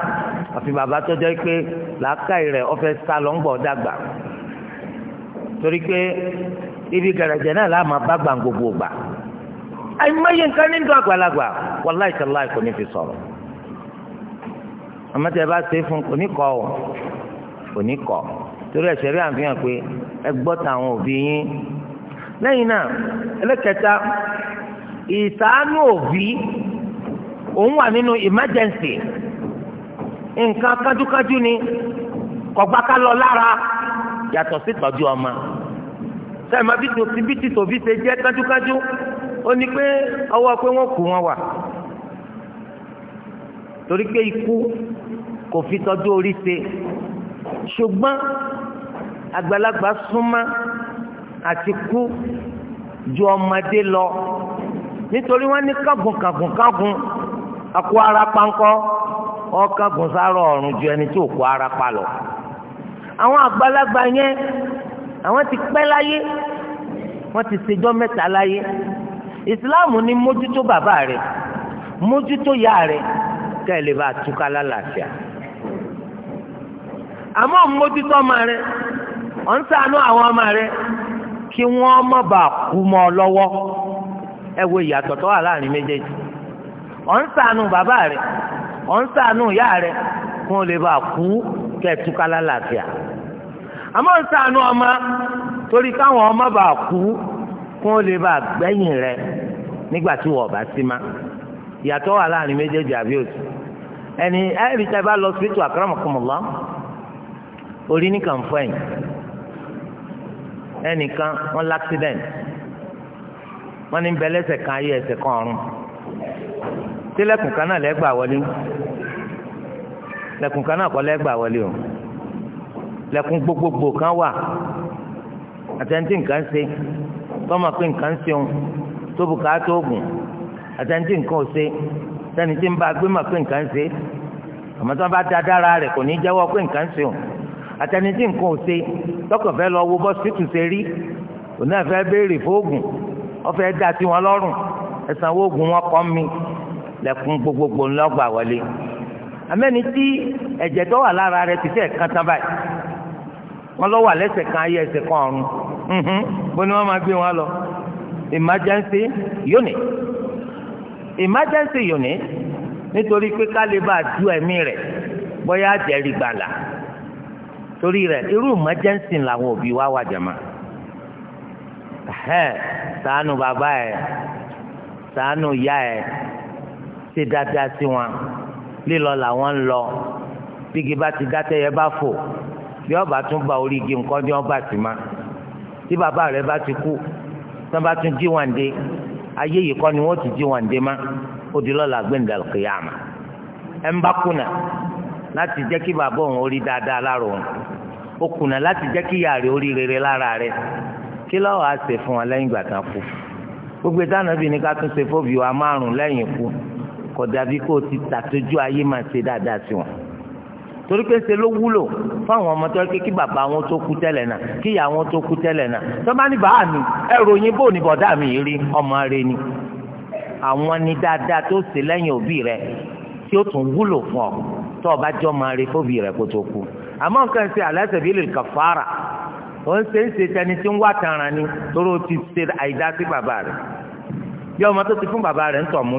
àfi bàbá tó jẹ́ pé làákàyè rẹ̀ ọ fẹ́ sá lọ ń gbọ́ dàgbà torí pé ibi gẹ̀rẹ̀jẹ̀ náà láàmú bá gbà gbogbo gbà àìmọye nǹkan nínú àgbàlagbà wàláìsàláì kò ní fi sọ̀rọ̀ àmọ́ tẹ́ bá ṣe fún kò ní kọ́ ọ kò ní kọ́ torí ẹ̀ṣẹ̀ rí àfihàn pé ẹ gbọ́ tàwọn òbí yín lẹ́yìn náà ẹlẹ́kẹta ìsàánú òbí òun wà nínú emergency nǹkan kájúkájú ni kọ̀gbáká lọ lára yàtọ̀ sí tọ́jú ọmọ sẹ́ẹ̀ma bí tòbí ṣe jẹ́ kájúkájú ó ní pé ọwọ́ pé wọ́n kù wọn wà torí pé ikú kò fi tọ́jú orí ṣe ṣùgbọ́n àgbàlagbà súnmọ́ àti kú ju ọmọdé lọ nítorí wọ́n ní kágun kágun kágun akó ara pankọ ọkàgùn sáró ọrùn ju ẹni tó kó ara pa lọ àwọn àgbàlagbà yẹn àwọn ti pẹ́ láyé wọ́n ti ṣèjọ́ mẹ́ta láyé ìsìláàmù ni mójútó bàbá rẹ̀ mójútó yá rẹ̀ ká ẹ lè bá túká lálàáfíà àmọ́ mójútó ọmọ rẹ ọ̀ ń ṣàánú àwọn ọmọ rẹ kí wọ́n má bàa kú mọ́ ọ lọ́wọ́ ẹ wo ìyàtọ̀ tó wà láàrin méjèèjì ọ̀ ń ṣàánú bàbá rẹ ọ̀ ń ṣàánú ìyá rẹ kí wọ́n lè bàa kú kẹ́ lálàáfíà àmọ́ ń ṣàánú ọmọ torí káwọn ọmọ bàa kú kí wọ́n lè bàa gbẹ́yìn rẹ nígbà tí wọ́n bá sí ma ìyàtọ̀ wà láàrin méjèèjì àbí òsì ẹni ẹ̀rí tẹ́ bá lọ sí ètò àkàràmọ̀kọ́mọ̀lá orí nìkan fún ẹ̀yìn ẹnìkan wọn l'accident wọn ní bẹ lẹ́sẹ̀ kan ayé ẹsẹ̀ kan ọ̀run tílẹ̀kùn kan náà lẹgbà wọlé lẹ̀kùn kan náà kọ́ lẹgbà wọlé o lẹ̀kùn gbogbogbò kan wà àtẹnudí nǹkan ṣe tọ́mọ̀ pé nǹkan ṣeun tó bùkátà oògùn àtẹnudí nǹkan ṣe sẹ́ni tí ń bá gbé mà pé nǹkan ṣe àmọ́ tí wọ́n bá da dára rẹ̀ kò ní jẹ́wọ́ pé nǹkan ṣe òun àtẹni tí nǹkan ò ṣe tọkàn fẹ́ lọ wo bọ́ sítù ṣe rí òun náà fẹ́ béèrè fóògùn wọ́n fẹ́ dá sí wọn lọ́rùn ẹ̀sán oògùn wọn kọ́ mi lẹ́kùn gbogbogbò ńlá gbà wọlé amẹ́ni tí ẹ̀jẹ̀ tó wà lára rẹ̀ ti fẹ́ kán tán báyìí wọ́n lọ wà lẹ́sẹ̀ kan ayé ẹsẹ̀ kan ọ̀run bó ni wọ́n máa gbé wọn lọ emergency unit emergency unit nítorí pé ká lè bá du ẹ̀mí rẹ̀ bóyá àjẹrí gbàlà torí rẹ̀ irú emergency làwọn òbí wa wà jẹ̀mọ́ ṣàánú bàbá ẹ̀ ṣàánú ìyá ẹ̀ ṣe dáadáa sí wọn lílọ làwọn ń lọ bígi bá ti dátẹ́ yẹ bá fò bí ọba tún ba orí igi nǹkan ní ọba sì má tí bàbá rẹ̀ bá ti kú tí wọ́n bá tún jí wọn dé ayé yìí kọ́ ni wọ́n ti jí wọn dé má ó di lọ́la gbẹ̀ndàlù kìyàmà ẹ̀ ń bá kùnà láti jẹ́ kí bàbá òun orí dáadáa lára òun ó kùnà láti jẹ́ kí ìyá orí rere lára rẹ̀ kí lọ́wọ́ á ṣe fún wọn lẹ́yìn ìgbà kan kú gbogbo ìdáná bíi ní ká tún ṣe fóbi wa márùn lẹ́yìn ikú kò dàbí kó o ti tàtójú ayé máa ṣe dáadáa sí wọn torí pé ṣe ló wúlò fáwọn ọmọ tó yẹ kí bàbá wọn tó kú tẹ́lẹ̀ náà kí ìyá wọn tó kú tẹ́lẹ̀ náà tó bá ní bàá mi ẹ̀rọ yín bò ní bọ̀dá mi rí ọmọ rẹ ni àwọn ni dáadáa tó ṣe lẹ́yìn òbí rẹ tí ó tún wúlò fún ọ tó o bá jọ ọmọ rẹ fóbi rẹ kó tó kú àmọ́ nǹkan ṣe àlẹ́sẹ̀ bí lè kà fara ó ń ṣe ń ṣe tẹni tí ń wá tanra ni torí ti ṣe àìdá bàbá rẹ bí ọmọ tó ti fún bàbá rẹ ń tọ̀ mú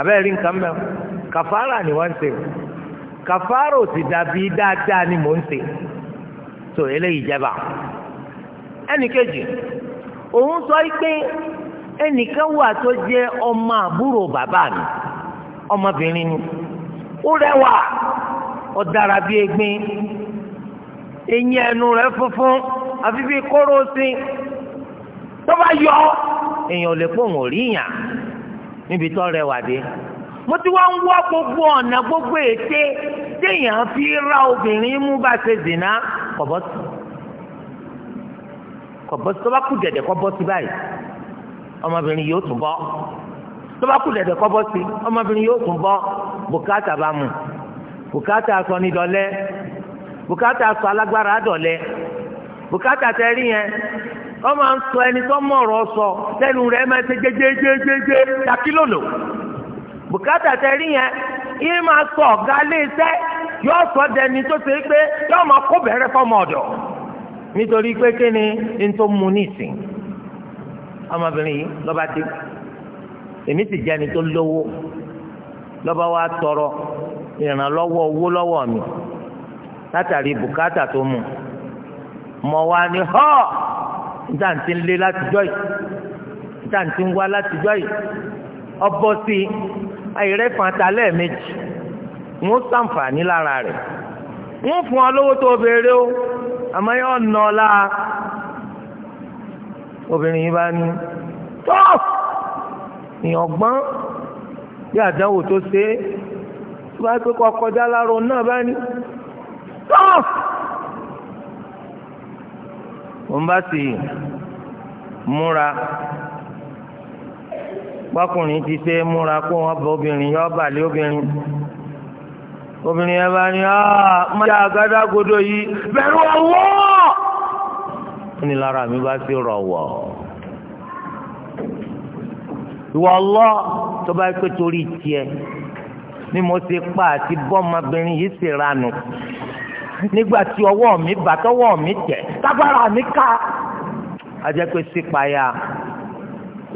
àbẹ́rẹ́ rí nǹkan mẹ́wọ́ kàfàrà ni wọ́n ń ṣe kàfàrà ò sì dàbí dáadáa ni mò ń ṣe tó eléyìí jẹba ẹnìkejì òun sọ pé ẹnìkan wà tó jẹ ọmọ àbúrò bàbá mi ọmọbìnrin ni ó rẹwà ó dára bíi egbin eyín ẹnu rẹ funfun àfi bíi kóró sí tó bá yọ èèyàn ò lè pòun ò rí níbi tó rẹwà dé mo ti wá ń wá gbogbo ọ̀nà gbogbo ète fi ra obìnrin mú bá ṣe zìnà kọ̀bọ́sì kọ̀bọ́sì kú dẹ̀dẹ̀ kọ́bọ́sì báyìí ọmọbìnrin yóò tún bọ́ tó kú dẹ̀dẹ̀ kọ́bọ́sì ọmọbìnrin yóò tún bọ́ bùkátà mu bùkátà sọ ní dọ̀lẹ́ bùkátà sọ alágbára bùkátà tẹ rí yẹn sọ ẹni tó mọ̀ bùkátà tẹ rí yẹn ma máa sọ ọ̀gá léṣẹ́ yóò sọ dẹni tó ṣe pé yóò máa kó bẹ̀rẹ̀ fọmọ ọ̀dọ̀ nítorí pé kí ni n tó mu nísìn ọmọbìnrin yìí lọ́ba dé èmi sì wa tọrọ ìrànlọ́wọ́ owó lọ́wọ́ mi látàrí bùkátà tó mu mọ̀ wá ní họ́ ń lé látijọ́ yìí ń wá látijọ́ yìí àìrẹ́fọn atalẹ́ méjì wọ́n sàǹfààní lára rẹ̀ wọ́n fún ọ lówó tó béèrè o àmọ́ yóò nà ọ́ lára obìnrin yìí bá ní tó èèyàn gbọ́n bí àdánwò tó ṣe é tó bá pé kọ́ kọjá lárò náà bá ní tó òun bá sì múra pákùnrin ti ṣe múra kó wọn bọ obìnrin yọ bàlẹ obìnrin obìnrin yẹn bá ní ah, mọ́tà àgádágodo yìí bẹ̀rù ọwọ́ ó ní lára mi bá sí rọ̀wọ̀ ìwọ ọlọ́ tó bá pé torí tiẹ̀ ni mo ti pa àti bọ́mọbìnrin yìí sì ranù nígbà tí ọwọ mi bàtọ́wọ́ mi tẹ̀ tábàrà mi ká a jẹ́ pé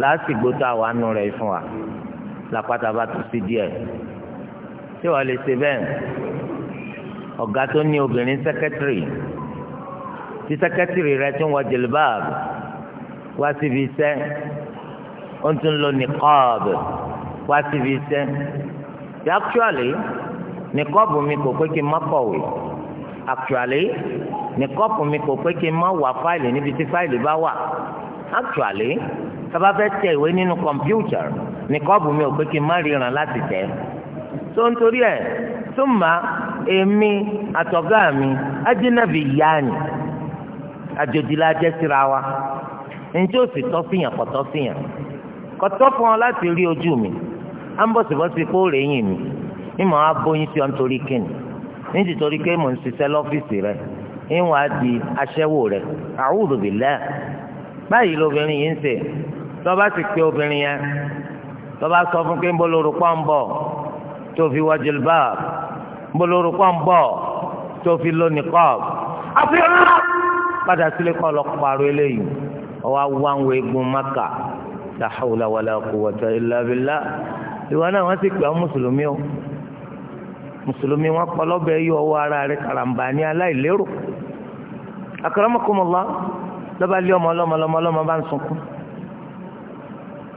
lásìgbò tó àwọn àánú rẹ̀ fún wa làpáta bá tún sí díẹ̀ tí wàá lè ṣe bẹ́ẹ̀ ọ̀gá tó ní obìnrin sẹ́kẹ́tìrì tí sẹ́kẹ́tìrì rẹ̀ tún wọ jìlbáàbù wá síbi iṣẹ́ ó tún lò nìkọ́ọ̀bù wá síbi iṣẹ́ tí actually nìkọ́ọ̀bù mi kò pé kí n má kọ̀wé actually nìkọ́ọ̀bù mi kò pé kí n má wà fáìlì níbi tí fáìlì bá wà actually tàbá fẹ́ tẹ ìwé nínú kọ̀mpútà ní kọ́ọ̀bù mi ò pé kí n má ríran láti tẹ̀ tó ń torí ẹ̀ tó mà èmi àtọ̀gá mi ajínàbì yáàni àjòjìlá jẹ́ síra wa njẹ́ ò sì tọ́ síyàn kò tọ́ síyàn kò tọ́ fún ọ láti rí ojú mi à ń bọ̀sibọ́sí kó rèé yìn mi ní mọ̀ á bóyin sí ọ nítorí kíni ní tìtorí pé mò ń ṣiṣẹ́ lọ́fíìsì rẹ̀ ń wá di aṣẹ́wó rẹ̀ a'udhu billah báyìí lóbìnrin yìí ń ṣe tọ́ba sì pé obìnrin yẹn tọ́ba sọ fún pé ń bọ́ lóru pọ́ ń bọ̀ tó fi wọ jilbab ń bọ́ lóru pọ́ ń bọ̀ tó fi lo niqab àfihàn padà sílé kọ́ lọ pààrọ̀ eléyìí ọwọ́ awáwọ̀ egun maka la hawla wala quwwata illa billah ìwọ náà wọ́n sì pè ọ́ mùsùlùmí o mùsùlùmí wọn kpọ́ lọ́bẹ̀ yọ ọwọ́ ara rẹ̀ karamba ní aláìlérò àkàràmọ́kùnmọ́lá lọ́ba lé ọmọ lọ́mọ lọ́mọ bá ń sunkún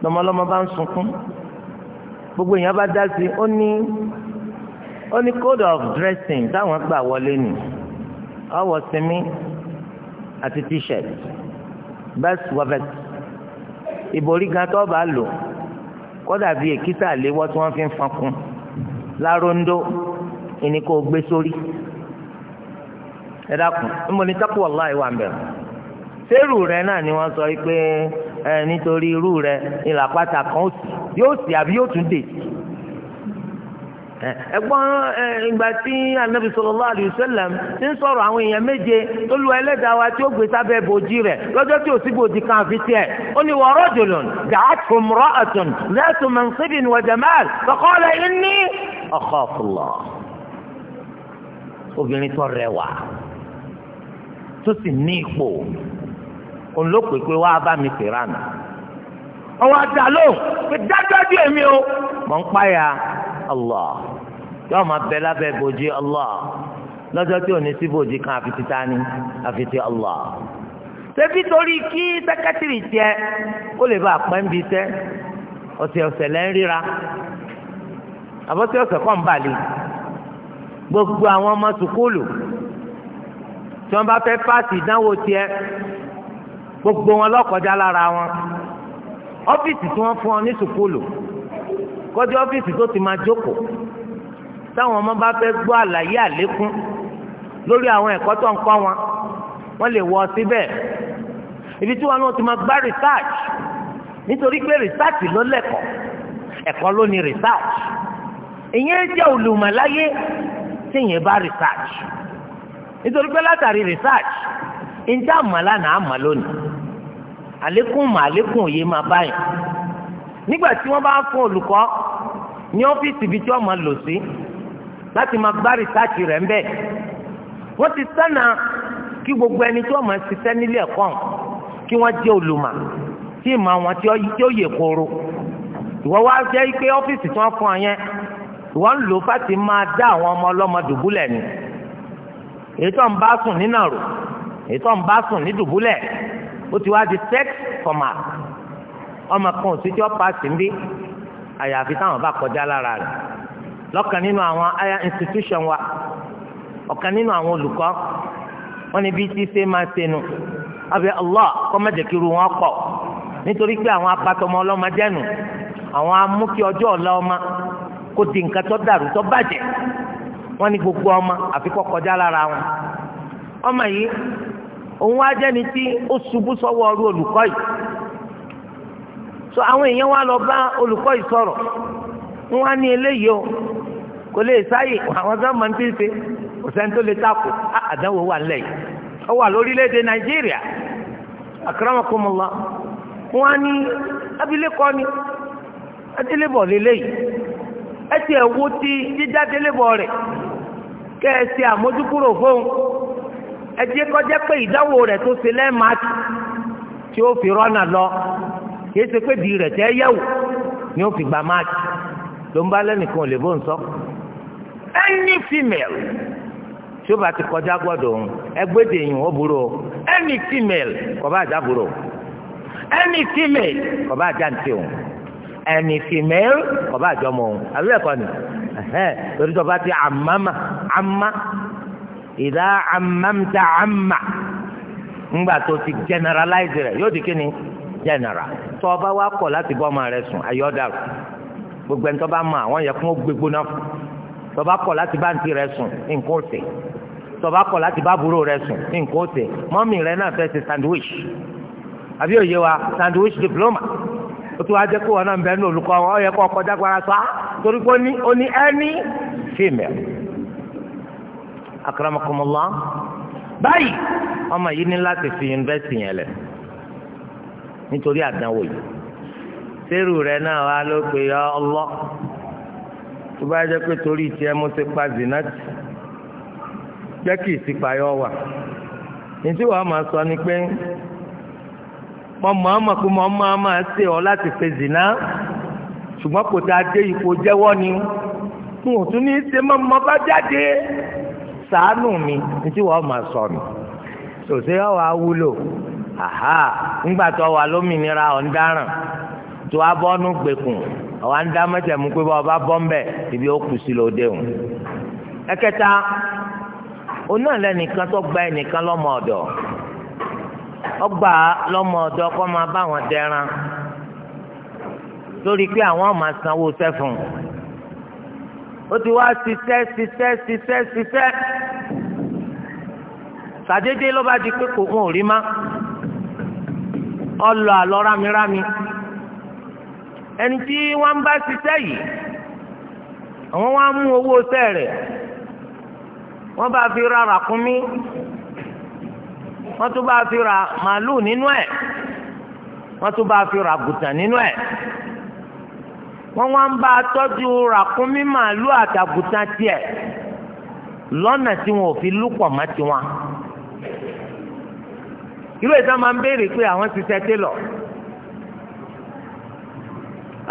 lọmọlọmọ bá ń sunkún gbogbo èèyàn bá dá sí ó ní ó ní code of dressing táwọn gbà wọlé nì ọwọ́ sinmi àti t-shirt best wafet ìborí gan tó bá lò kódà bíi èkìtà léwọ́ tí wọ́n fi ń fọnkún láróńdó ìní kò gbé sórí ẹ dákun ń bọ ní tápù wàláì wà ń bẹ̀rù sẹ́rù rẹ náà ni wọ́n sọ pé ẹ nítorí irú rẹ ìlà pátá kan yóò sì àbí yóò tún dè ẹ̀gbọ́n ìgbà tí anabi sallallahu alaihi wasallam ti ń sọ̀rọ̀ àwọn èèyàn méje tó lu ẹlẹ́dàá wa tí ó gbé sábẹ́ bòjì rẹ̀ lọ́jọ́ tí ò sí bòjì kan fi tiẹ̀ ó ní wa rajulun da'athu imra'atun dhatu mansibin wa jamal faqala inni akhafullah obìnrin tó rẹwà tó sì ní ipò òun ló pè pé wàá bá mi fèrànù ọwọ́ àdá èmi o mọ̀ ń páyà Allah yóò máa bẹ lábẹ́ bòjì Allah lọ́jọ́ tí sí bòjì kan tani ti Allah ṣebí torí kí sẹ́kẹ́tìrì tiẹ̀ ó lè bá pẹ́ ń bi ọ̀sẹ̀ gbogbo àwọn ọmọ sùkúlù tí wọ́n bá fẹ́ fásitì ìdánwò gbogbo wọn lọ́kọjá lára wọn ọ́fíìsì tí wọ́n fún ọ ní sùkúlù kọjá ọ́fíìsì tó ti máa jókòó táwọn ọmọ bá fẹ́ gbọ́ àlàyé àlékún lórí àwọn ẹ̀kọ́ tó ń kọ́ wọn wọ́n lè wọ síbẹ̀ ibi tí wọn náà ti máa gbá research nítorí pé research ló lẹ́kọ̀ọ́ ẹ̀kọ́ ló ní research ìyẹn jẹ́ olùmọ̀láyé tí ìyẹn bá research nítorí pé látàrí research Njẹ amala na àmà lónìí àlékún mà àlékún ma máa báyìí nígbà tí wọ́n bá fún olùkọ́ ní ọ́fíìsì ibi tí wọ́n máa lò sí láti máa gbá rìsáàtì ń ti kí gbogbo ẹni tí wọ́n máa ṣiṣẹ́ nílé ẹ̀kọ́ kí wọ́n jẹ́ olùmọ̀ tí ìmọ̀ wọn tí ó yè kóró ìwọ wá jẹ́ pé ọ́fíìsì tí wọ́n fún ọ yẹn ìwọ ń lò fáti máa dá àwọn ọmọ ọlọ́mọ dùbúlẹ̀ ni èyí tó ń bá sùn ètò ń bá sùn ní dùbúlẹ̀ ó ti wá di sex format ọmọ kan ò sí tí ó paasi ń bí àyàfi táwọn bá kọjá lára rẹ̀ lọ́kàn nínú àwọn higher institution wa ọ̀kan nínú àwọn olùkọ́ wọn ni bí tí ṣe máa ṣe àbí Allah kọ́ mẹ́jẹ̀kiru wọn pọ̀ nítorí pé àwọn apatọmọ ọlọ́mọ jẹ́nu àwọn amúkí ọjọ́ ọ̀la ọmọ kó di nǹkan tó dàrú tó bàjẹ́ wọn ni gbogbo ọmọ àfikọ́ kọjá lára wọn ọmọ yìí òun wá jẹ́ni tí ó ṣubú sọ́wọ́ ọrú olùkọ́ yìí so àwọn èèyàn wá lọ bá olùkọ́ yìí sọ̀rọ̀ wọ́n á ní eléyìí o kò lè sáyè àwọn sọ máa ń tí ń ṣe kò sẹ́ni tó lè tako àdánwò wà nílẹ̀ yìí ó wà lórílẹ̀‐èdè nàìjíríà àkàràmọ́kùnmọ́lá wọ́n á ní abilékọ ni adélébọ̀ lélẹ́yìí ẹ ti ẹ̀ wo ti jíjá délébọ̀ rẹ̀ kẹ́ ẹ ṣe àmójúkúrò fóun. ẹ jẹ́ pé ìdánwò rẹ̀ tó ṣe lẹ́ẹ̀máàkì tí ó fi rọ́nà lọ kìí ṣe pé di rẹ̀ tẹ́ yẹ̀wò ni ó fi gba máàkì ló ń bá lẹ́nìkan lè bó ń sọ. any female tí ó bá ti kọjá gbọ́dọ̀ òun ẹgbẹ́dẹ̀ yìí ó burú o any female kò bá àjà burú o any female kò bá àjà ntí òun any female kò bá àjọ mọ òun àbí ẹ̀kọ́ ni torí tó bá ti àmàmà àmà ìdá amamta ama ńgbà tó ti generalize rẹ̀ yóò di kíni general tó o bá kọ kọ̀ láti bọ́ ọmọ rẹ sùn ayọ́dàrú gbogbo ẹni tó bá mọ àwọn yẹ fún gbégbóná tó o bá kọ̀ láti bá ntì rẹ sùn nǹkan ó sè tó o bá kọ̀ láti bá àbúrò rẹ sùn nǹkan ó sè rẹ náà fẹ́ sandwich àbí òye wa sandwich diploma ó tún wá jẹ́ kó wọn náà ń ní olùkọ́ ọ yẹ kó ọkọ̀ dágbára sọ á ah, torí pé ó ní ó female. akramakumullah báyìí ọmọ yìí ní láti fi yunifásitì yẹn lẹ̀ nítorí àdánwò yìí sẹ́rù re náà wá ló pe ya Allah tó bá jẹ́ pé torí mo ti pa zinati jẹ́ kí ìsìpayọ́ wà nítí wàá máa sọ ni pé Mọ máa ma ṣe ọ láti fi zina ṣùgbọ́n kò tá a dé ipò jẹ́wọ́ ni n ò tún ní í ṣe mọ́ sàánù mi ntí wọ́n máa sọ nù sòsè yọ wá wúlò àhá ńgbà wà lómìnira ọ̀ndáràn tó wá bọ́nú gbèkùn àwọn àǹdá mẹ́tẹ̀mú pé bá ọba bọ́ ńbẹ ibi ó kù sí lóde òun. ẹ̀kẹta onáà lẹ́nìkan tó gba ẹnìkan lọ́mọ ọ̀dọ̀ ọgbà lọ́mọ ọ̀dọ̀ kọ́ máa bá wọn dẹran lórí pé àwọn máa sanwó sẹ́fún ó ti wá ṣiṣẹ́ ṣiṣẹ́ ṣiṣẹ́ ṣiṣẹ́ ṣàdédé ló bá di pé kò kún òrí má ọlọ àlọ rámirámi ẹni tí wọ́n bá ṣiṣẹ́ yìí àwọn wá mú owó sẹ́ rẹ̀ wọ́n bá fi ra ràkúnmí wọ́n tún bá fi ra màálù nínú ẹ̀ wọ́n tún bá fi ra gùtà nínú ẹ̀ wọ́n wá ń bá a tọ́jú ràkúnmí màálù àtàgùtàn tiẹ̀ lọ́nà tí wọn ò fi lúpọ̀ mọ́ tiwọn. irú ìtàn máa ń béèrè pé àwọn ti ṣẹ́tẹ́ lọ.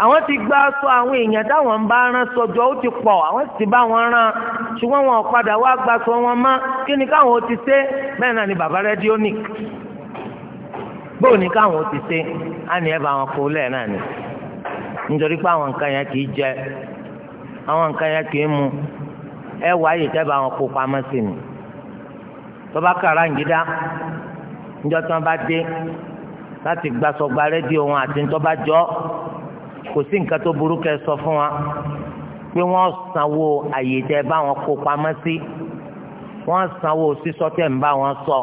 àwọn ti gbá aṣọ àwọn èèyàn táwọn ń bá rán sọjọ́ ó ti pọ̀ àwọn sì bá wọn rán ṣùgbọ́n wọn ò padà wá gbaṣọ wọn mọ́ kí ni káwọn ti ṣe bẹ́ẹ̀ náà ni bàbá rẹ́díónìkì bóò ní káwọn ti ṣe á ní ẹ bá wọn kó lẹ́ẹ̀ náà ni nítorí pé àwọn nǹkan yẹn kìí jẹ àwọn nǹkan yẹn kìí mu ẹ wà á yè tẹ́ bá wọn kó pamọ́ sí ni tọ́ba kàrá ǹgídá níjọ́ tí wọ́n bá dé láti gbàsọ̀gba rédíò wọn àti tọ́ba jọ kò sí nǹkan tó burú kẹ́ sọ fún wa pé wọ́n sanwó àyè tẹ́ bá wọn kó pamọ́ sí wọ́n sanwó sísọ tẹ́ ń bá wọn sọ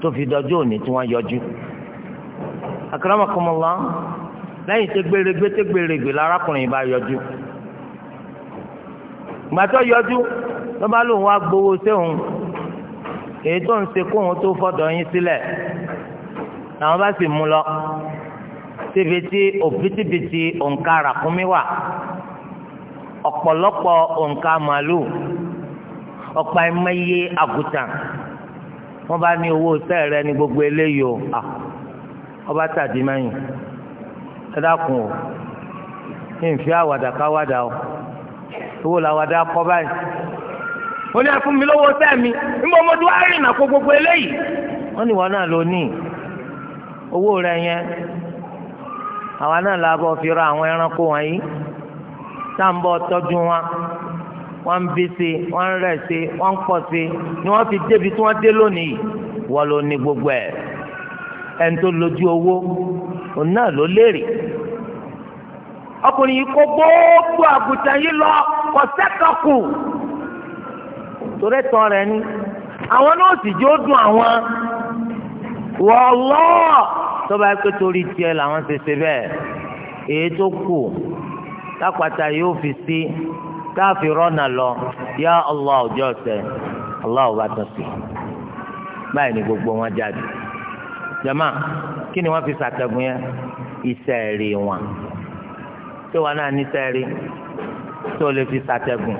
tó fi dọjú òní tí wọ́n yọjú. akramakumullah lẹ́yìn tẹ gbèrègbè tẹ gbèrègbè lárakùnrin bá yọjú gbàtọ́ yọjú ló bá lóun wá gbowó séun èyí tó ń ṣe kóun tó fọdọ̀ yín sílẹ̀ làwọn bá sì mú lọ síbi tí òbítíbitì òǹkà ràkúnmí wà ọ̀pọ̀lọpọ̀ òǹkà màlúù ọ̀pá ẹ̀mẹ́yẹ àgùtàn wọ́n bá ní owó sẹ́ẹ̀rẹ́ ní gbogbo eléyìí o ọba tàdí mẹ́yìn ẹ dákun o ní ìfi àwàdà káwàdà o owó làwàdà kọ báyìí ó ní ẹfún mi lówó sẹ́mi níbo mo dúró àárín ìnàkó gbogbo eléyìí wọ́n ní ìwọ náà ló ní owó rẹ yẹn àwa náà la bọ́ fi ra àwọn ẹranko wọ̀nyí tá à bọ́ tọ́jú wọn wọ́n ń bí sí wọ́n ń rẹ̀ sí wọ́n ń pọ̀ sí ni wọ́n fi débi tí wọ́n dé lónìí wọ́n ló ní gbogbo ẹ̀ ẹni tó lójú owó òun náà ló lérè. ọkùnrin yìí kó gbogbo àgùntàn yìí lọ kọ sẹ́kọ̀kù torí tán rẹ̀ ni àwọn náà sì jẹ́ dùn àwọn wọ́ọ́lọ́ tó bá pé torí tiẹ̀ làwọn ṣe ṣe bẹ́ẹ̀ èyí tó kù lápáta yóò fi sí káàfi rọ́nà lọ yá Allah ọjọ́ ọ̀sẹ̀ Allah ọba tán sí báyìí ni gbogbo wọn jáde jama kí ni wọ́n fi ṣàtẹ̀gùn yẹn iṣẹ́ rí wọn. tí wọn náà ní sẹ́ẹ̀rí tí o lè fi sàtẹ̀gùn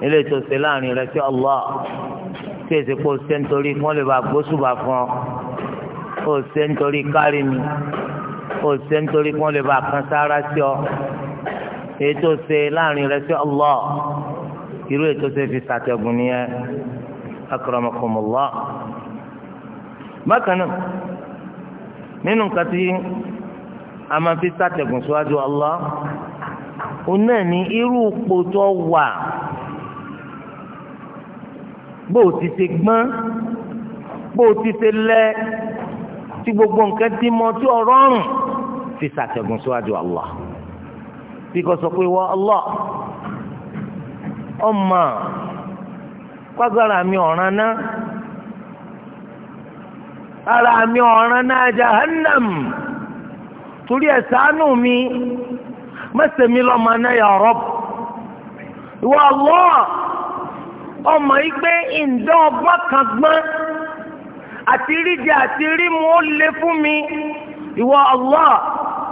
nílé ìtòsí láàrin rẹ sí Allah tí èsì pé o ṣe nítorí kí wọ́n lè bá gbósùbà fún ọ o ṣe nítorí kárí mi o ṣe nítorí kí wọ́n lè bá kan sára sí ọ èyí tó ṣe láàrin rẹ sí Allah irú èyí tó ṣe fi sàtẹ̀gùn nìyẹn akramakumullah bákan náà nínú nǹkan tí a máa fi sátẹ̀gùn síwájú Allah òun náà ní irú ipò tó wà bó o ti ṣe gbọ́n bó o ti ṣe lẹ́ tí gbogbo nǹkan ti mọ tí ọ̀rọ̀ rùn fi sàtẹ̀gùn síwájú Allah bí kò sọ pé wọ́ Allah ọmọ kọ́gbára mi ọ̀ràn náà ara mi ọ̀ràn náà jahannam torí ẹ̀ ṣàánú mi mẹsẹ̀ mi lọ́mọ náà yà rọ́b ìwọ Allah ọmọ yìí pé ǹdọ́ ọgbọ́n kan gbọ́n àti ríjẹ àti rímu ó lé fún mi ìwọ Allah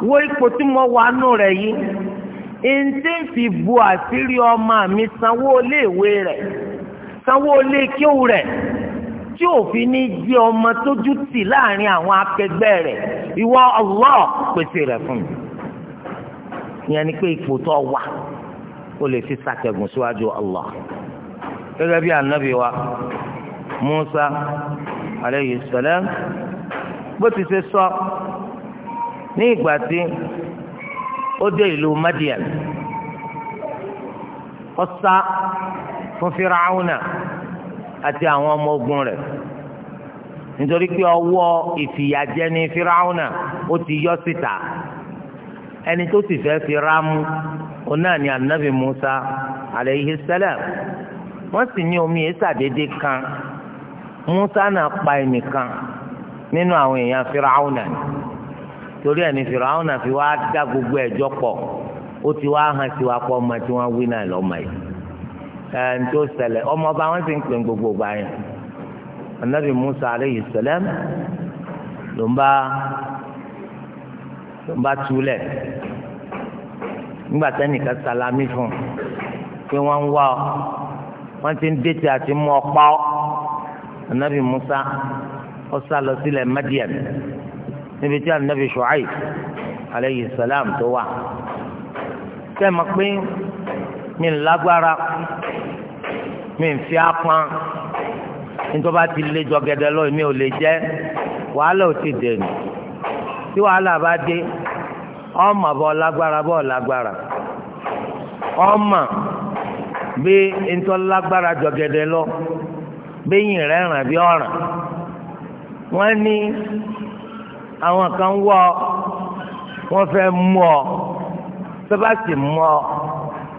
wo ipò tí mo wà nù rẹ̀ yìí ntí ń fi bu àṣírí ọmọ mi sanwó iléèwé rẹ̀ sanwó ilé kíw rẹ̀ tí òfin ní jẹ́ ọmọ tójú tì láàrin àwọn akẹgbẹ́ rẹ̀ ìwọ Allah pèsè rẹ̀ fún mi ìyẹn ni pé ipò tó wà ó lè fi sàkẹgùn síwájú Allah gẹ́gẹ́ bí anabi wa Musa aleyhi salam bó ti ṣe sọ ní ìgbà tí ó dé ìlú Madian ó sá fún Firauna àti àwọn ọmọ ogun rẹ̀ nítorí pé ọwọ́ ìfìyàjẹni fíráúnà ó ti yọ síta ẹni tó sì fẹ́ fi rámú òun ni anabi musa alayhi salam wọ́n sì ní omi ìsàdédé kan musa náà pa ẹnìkan nínú àwọn èèyàn fíráúnà torí ẹni fíráúnà fi wá dá gbogbo ẹjọ́ pọ̀ ó ti wá hàn sí wa pọ̀ ọmọ tí wọ́n wí náà lọ́mọ yìí ẹn tó ṣẹlẹ̀ ọmọ ọba wọn sì ń pè gbogbo ọba yẹn anabi musa aleyhi sẹlẹm ló ń bá ló ń bá túlẹ̀ nígbà tẹ́nìkan salami fún pé wọ́n ń wá ọ wọ́n ti ń dètè àti mú ọ ọ anabi musa ó sá lọ sílẹ̀ madian níbi tí anabi shuaib aleyhi sẹlẹm tó wà kẹ́ ẹ̀ mọ̀ pé mi ń lágbára mi ń fi apọn nítorí ti lé jọ gẹdẹ lọ mi ò lè jẹ wàhálà ò ti dènù tí wàhálà bá dé ọmọ bọ lágbára bọ lagbara ọmọ bí nítorí lágbára jọ gẹdẹ lọ bẹyìn rẹ ràn bí ọràn wọn ní àwọn kan wọ wọn fẹ́ mú ọ tó bá sì mú ọ.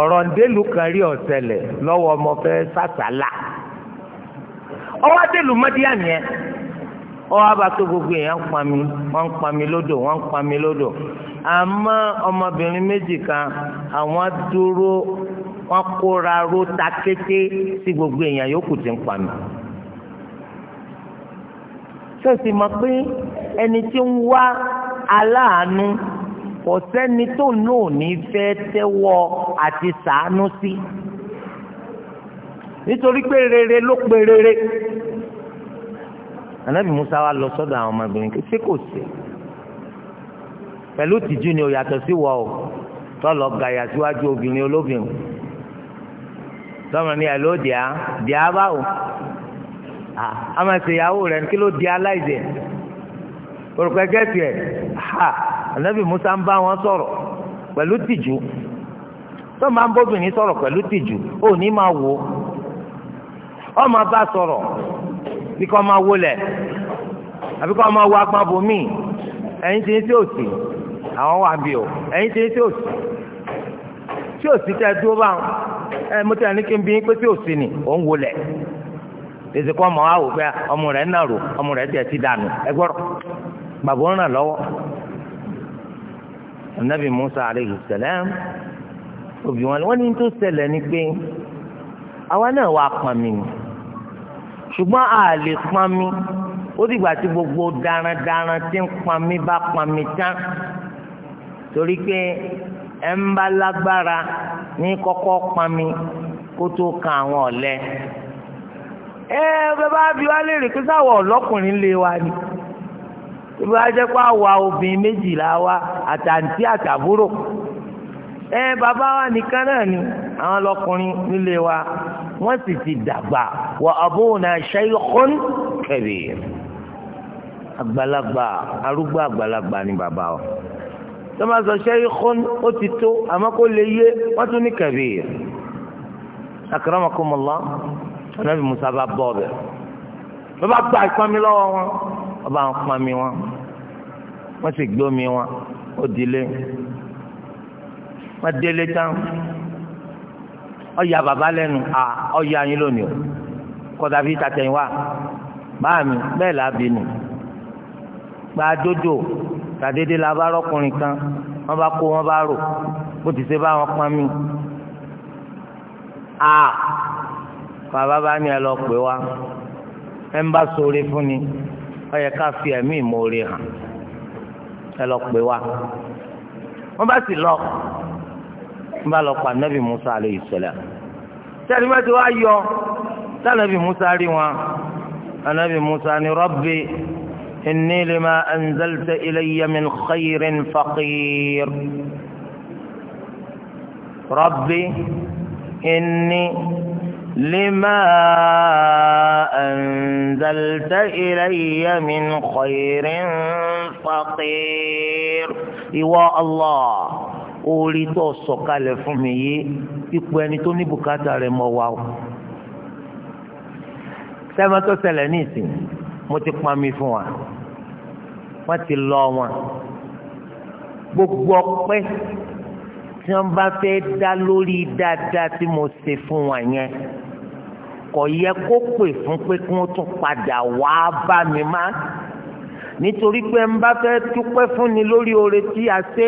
ọ̀rọ̀ ndélu kan rí ọ̀sẹ̀lẹ̀ lọ́wọ́ ọmọ fẹ́ sàtàlà ọwọ́ adélu mọ́díà nìyẹn ọwọ́ abá tó gbogbo èèyàn ń pa mi wọ́n ń pa mi lódò wọ́n ń pa mi lódò àmọ́ ọmọbìnrin méjì kan àwọn dúró wọ́n kóra ró ta kété sí gbogbo èèyàn yòókù tí ń pa mi sọ̀sì mọ̀ pé ẹni tí ń wá aláàánú kò sẹ́ni tó náà ní fẹ́ tẹ́wọ́ àti sàánú sí nítorí pé rere ló pe rere anabi musa wa lọ sọ́dọ̀ àwọn ọmọbìnrin kí ṣé kò sí pẹ̀lú tìjú ni ó yàtọ̀ sí wọ o tọlọ gàyà síwájú obìnrin olóbìnrin tọmọ ní ẹ ló dìá dìá báwo àmọ́ ṣèyàwó rẹ kí ló di aláìsẹ orúkọ ẹgẹ tiẹ ha. ànábì Musa ń bá wọn sọ̀rọ̀ pẹ̀lú tìjú tó máa ń bóbìnrin sọ̀rọ̀ pẹ̀lú tìjú ó ní máa wò ó máa bá sọ̀rọ̀ bí kò máa wọlé àbí kò máa wọ apá bomi ẹ̀yin ti ní sí òsì àwọn wà bí o ẹ̀yin ti ní tí òsì tẹ dúró bá ẹ mo tẹ ní kí tí òsì ni ò ń wọlé èsì wò pé ọmọ rẹ̀ ń ọmọ rẹ̀ ti dànù ẹ gbọ́dọ̀ bàbá ń ràn lọ́wọ́ anabi musa aleyhi salam òbí wọn wọn ní tó ṣẹlẹ̀ ni pé àwa náà wà pọnmi ni ṣùgbọ́n a lè pọnmi ó dìgbà tí gbogbo darandaran ti ń pọnmi bá pọnmi tán torí pé ẹ ń bá lágbára ní kọ́kọ́ pọnmi kó tó kan àwọn ọ̀lẹ. ẹ bàbá bí wàá lè rè pé sáwọ ọlọkùnrin lé wa ni tó bá jẹ́ pé àwa obìnrin méjìlá wa àtàǹtí àtàbúrò ẹ bàbá wa nìkan náà ni àwọn lọkùnrin nílé wa wọ́n sì ti dàgbà wa abuna shaykhun kabir àgbàlagbà arúgbó àgbàlagbà ni bàbá wa tó máa sọ shaykhun ó ti tó àmọ́ kó lè yé wọ́n tún ní kabir akramakumullah anabi musa bá bọ́ ọ̀bẹ ló bá gba ìpamí wọn wọ́n bá ń pọn mi wọn wọ́n sì gbómi wọn ó dilé wọ́n délé tán ọ̀yà bàbá lẹ́nu à ọ̀yà yín lónìí o kọ́dà bíi tàtẹ̀yìn wá báà mi bẹ́ẹ̀ là á bínú gba dodo tàdédé la bá rọ́kùnrin kan wọ́n bá kó wọ́n bá rò bó ti ṣe bá wọn pọn à bàbá bá ní ẹ lọ pè wá ẹ ń bá sóore fún ni ó yẹ ká fi ẹ̀mí ìmoore hàn ẹ lọ pè wá wọ́n bá sì lọ wọ́n bá lọ pa nẹ́bí Musa alayhi salam sẹ́ni bá ti wá yọ sanabi Musa rí wọn anabi Musa ni Rabbi inni lima anzalta ilayya min khayrin faqir Rabbi inni. لما أنزلت إلي من خير فقير إيواء الله orí tó sọ̀kalẹ̀ fún mi yìí ipò ẹni tó ní bùkátà rẹ̀ mọ̀ wá o sẹ́wọ́n tó ṣẹlẹ̀ ní ìsìn mo ti pa mi fún wa wọ́n ti lọ wọn gbogbo ọpẹ́ tí wọ́n bá fẹ́ dá lórí dáadáa tí mo ṣe fún wọn yẹn kò yẹ kó pè fún pé kí wọ́n tún padà wá bá mi má nítorí pé ń bá fẹ́ dúpẹ́ fún ni lórí oore tí a ṣe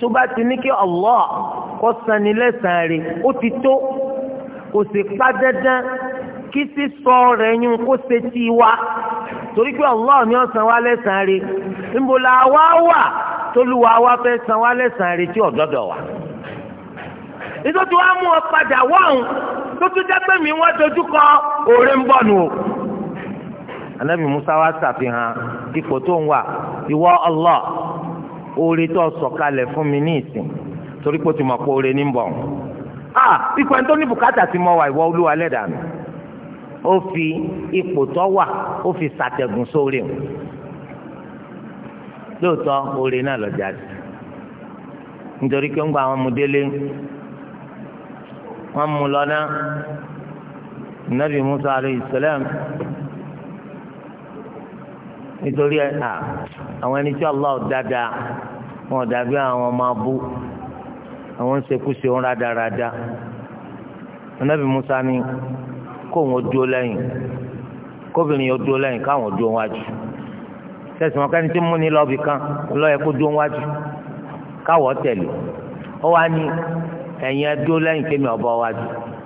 tó bá ti ní kí Allah kó san ni lẹ́sàn-án rẹ̀ ó ti tó kò sì pa dandan kí sísọ rẹ̀ yún kó ṣe tí wa torí pé Allah ni ó san wá lẹ́sàn-án rẹ̀ ńbọ̀là wa wà. tólúwa wa fẹ́ san wa lẹ́sàn retí ọ̀dọ́dọ̀ wa nítorí wàá mú ọ padà wọ́n tó tún jẹ́ pé mi wọ́n dojú kọ òòrè ń bọ̀ nù. anabi musa wa ṣàfihàn ipò tó ń wà ìwọ Allah oore tó sọ̀kalẹ̀ fún mi ní ìsìn torí pé o ti mọ̀ pé oore ní ń bọ̀ ah ipò ẹni tó ní bùkátà ti mọ wa ìwọ olúwa lẹ́dàá mi ó fi ipò tó wà ó fi ṣàtẹ̀gùn sórí lóòótọ́ oore náà lọ sí nítorí pé ń gba àwọn ọmọdélé wọ́n mú Musa alayhi salam nítorí à àwọn ẹni tí Allah dáadáa wọn dàbí àwọn ọmọ abú àwọn ṣekúṣe ń rádaràda Musa ni kóun ó dúró lẹ́yìn kóbìnrin ó dúró lẹ́yìn káwọn tẹ̀sí wọn kẹ́ni tí mú ni lọ́ọ̀bì kan lọ́ọ̀yẹ kó dó wájú káwọ̀ tẹ̀lé ó wá ní ẹ̀yin ẹdó lẹ́yìn kémi ọ̀bọ wájú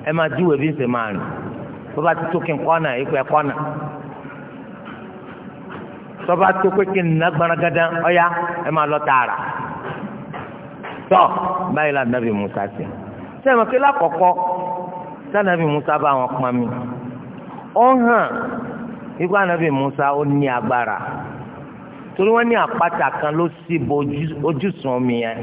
ẹ máa dúwèé bí ń ṣe máa rìn tó bá ti tó kí n kọ́nà ikú ẹ kọ́nà tó bá tó pé kí n ná gbaragada ọ̀yá ẹ máa lọ tààrà tọ́ báyìí la nàbì Musa sí sẹ́yìn kí lákọ̀ọ́kọ́ sanabi Musa bá wọn pọn mi ó hàn ikú anabi Musa ó ní agbára. torí wọ́n ní àpáta kan ló síbo ojúsùn omi yẹn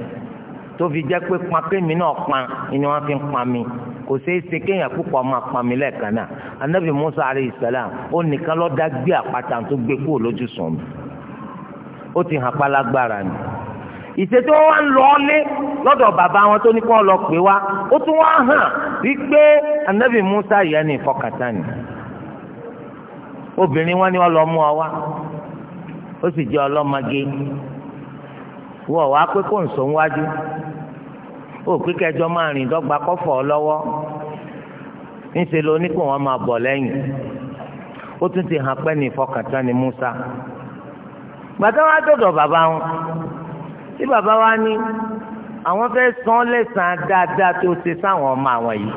tó fi jẹ́ pé pàkémi náà pa ni wọ́n fi ń pa mi kò ṣeé ṣe kéèyàn púpọ̀ máa pa mi lẹ́ẹ̀kan náà anabi musa alayhi salam ó nìkan lọ́ọ́ dá gbé àpáta tó gbé kúrò lójúsùn omi, ó ti hàn pálágbára ni ìṣètò wa ń lọ lé lọ́dọ̀ bàbá wọn tó ní kó lọ pè wá ó tún wá hàn wípé anabi musa yẹn ní ìfọkàtà ni obìnrin wọn ni wọn lọ mú ọ wá ó sì jẹ́ ọlọ́mọge wọ́n wá pé kó ń sọ wájú ó pé kẹjọ máa rìn dọ́gba kọ́fọ̀ lọ́wọ́ ńṣe ló ní kó wọ́n máa bọ̀ lẹ́yìn ó tún ti hàn pẹ́ ní ìfọkàntán ni Musa gbàtà wá dọ̀dọ̀ bàbá wọn tí bàbá wa ní àwọn fẹ́ san lẹ́sàn-án dáadáa tó ṣe sáwọn ọmọ àwọn yìí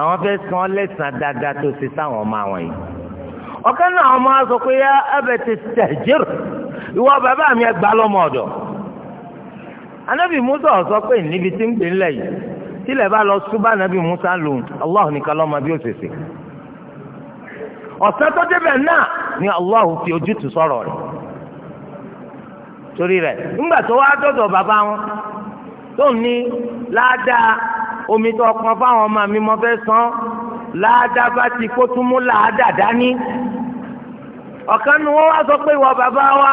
àwọn fẹ́ san lẹ́sàn-án dáadáa tó ṣe sáwọn ọmọ àwọn yìí ọ̀kan náà ọmọ sọ pé yá abẹ́tẹ̀ tẹ̀jẹ̀rù ìwọ bàbá mi ẹ̀ gbà lọ́mọ ọ̀dọ̀ anábì musa sọ pé níbi tí ń gbé ńlẹ̀ yìí tílẹ̀ bá lọ ṣubá anábì musa lòun allah nìkan lọ́mọ bí ó ṣe ṣe ọ̀sẹ̀ tó débẹ̀ náà ni allah fi ojútùú sọ̀rọ̀ rẹ̀ torí rẹ̀ ńgbà tó wá dọ̀dọ̀ bàbá wọn tó ní ládàá omi tó kàn fáwọn ọmọ mi mo fẹ́ san ládàá bá ti kó tún mú dání ọ̀kan nu wọn wá sọ pé ìwọ bàbá wa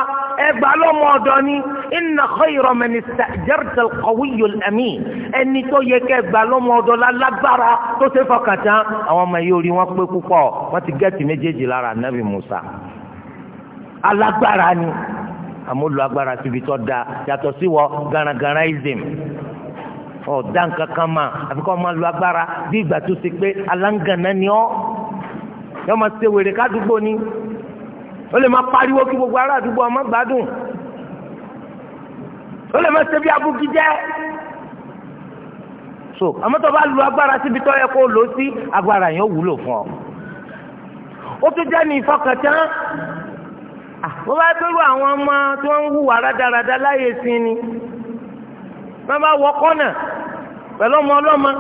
ẹgbàá lọ́mọ ọ̀dọ́ ni inna khayra man ista'jarta al-qawiyyu al-amin ẹni tó yẹ kẹ́ ẹgbàá lọ́mọ ọ̀dọ́ lálágbára tó ṣe fọkàn tán àwọn ọmọ yìí orí wọn pé púpọ̀ wọ́n ti gẹ́ẹ̀tì méjèèjì lára Nabi Musa alágbára ni àmúlò agbára síbi tó da yàtọ̀ sí wọ garagara ism ọ̀dà nǹkan kan mà àfi kọ́ máa lo agbára bí ìgbà tó ṣe pé aláǹgànà ni ọ́ yọ́n máa ṣe wèrè kádùúgbò ó lè má pariwo kí gbogbo ará àdúgbò ọmọ gbádùn ó lè má ṣe bí abúgi jẹ́ so àmọ́ tó bá lu agbára síbi tó yẹ kó lò sí agbára yẹn ó wúlò fún ọ ó tún jẹ́ ní ìfọkàntán ah, bó bá gbèrú àwọn ọmọ tí wọ́n ń hùwà rádaràda láyé sí ni wọ́n bá wọ kọ́nà pẹ̀lú ọmọ ọlọ́mọ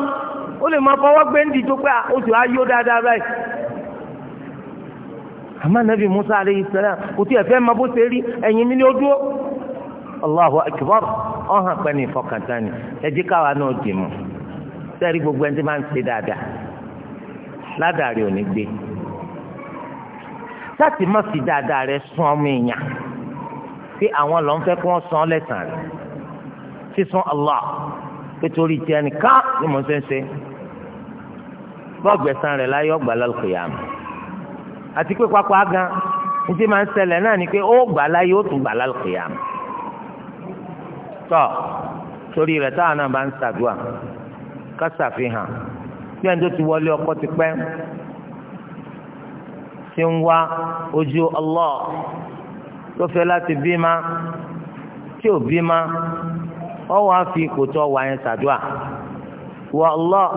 ó lè máa fọwọ́ gbé ń dìjọ pé oṣù ah, ayó dáadáa báyìí àmọ́ nàbì Musa aleyhi salam kò tí ẹ fẹ́ máa bó ṣe rí ẹ̀yìn mi ni ó dúró Allahu akbar ọ̀hàn pẹ̀lú ìfọkàntánì ẹ jẹ́ káwa náà dì mọ́ sẹ́rí gbogbo ẹni tí máa ń ṣe dáadáa ládàrí ò ní gbé láti má fi dáadáa rẹ sún ọmọ èèyàn pé àwọn lọ́n fẹ́ kí wọ́n san lẹ́sàn-án rẹ̀ sísun Allah pé tiẹ̀ nìkan ni mò ń ṣe ń ṣe bọ́ọ̀gbẹ̀sán rẹ̀ láyé ọgbà lálùkù yàrá àti pé pápá gan ntí máa ń ṣẹlẹ̀ náà ni pé ó gbà láyé ó tún gbà lálùkìyà tọ́ torí rẹ̀ táwọn náà bá ń ṣàdúrà ká bí ẹni tó ti wọlé ọkọ ti pẹ́ ti ń wá ojú Allah tó fẹ́ láti bímá tí ò bímá ọ wá fi ipò tó wà yẹn ṣàdúrà wà Allah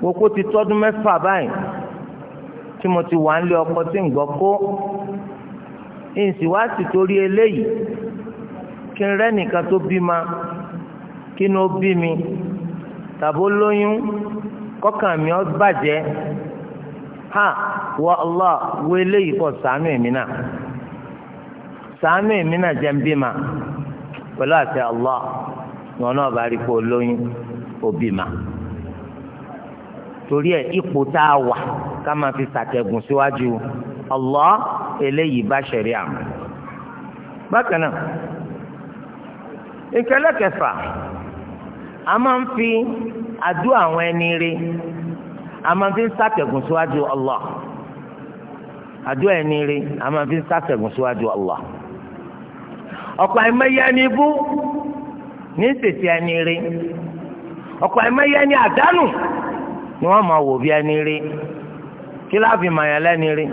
gbogbo ti tọ́dún mẹ́fà báyìí. tí mo ti wà ń lé ọkọ tí ń gbọ́ kó ìsì wá sì torí eléyìí kí n nìkan tó bí ma kí n ó bí mi tàbó lóyún kọ́kàn mi ó bàjẹ́ ha wọ ọlọ́ wo eléyìí pọ̀ sàánú èmi náà sàánú èmi náà jẹ́ ń bí ma pẹ̀lú àti ọlọ́ wọn náà bá rí pé olóyún ó bí ma. torí ẹ̀ ipò tá a wà ká máa fi sàtẹ̀gùn síwájú Allah eléyìí bá ṣẹ̀rí àmọ́. bákan náà ìkẹlẹ́ kẹfà a máa ń fi àdúrà àwọn ẹni rí a máa fi ń sàtẹ̀gùn síwájú Allah àdúrà ẹni rí a máa fi ń sàtẹ̀gùn síwájú Allah ọ̀pọ̀ àìmọye ẹni bú ní tètè ẹni rí ọ̀pọ̀ àìmọye ẹni àdánù ni wọ́n máa wò bí ẹni rí kí láàfin màyàn lẹ́ni rí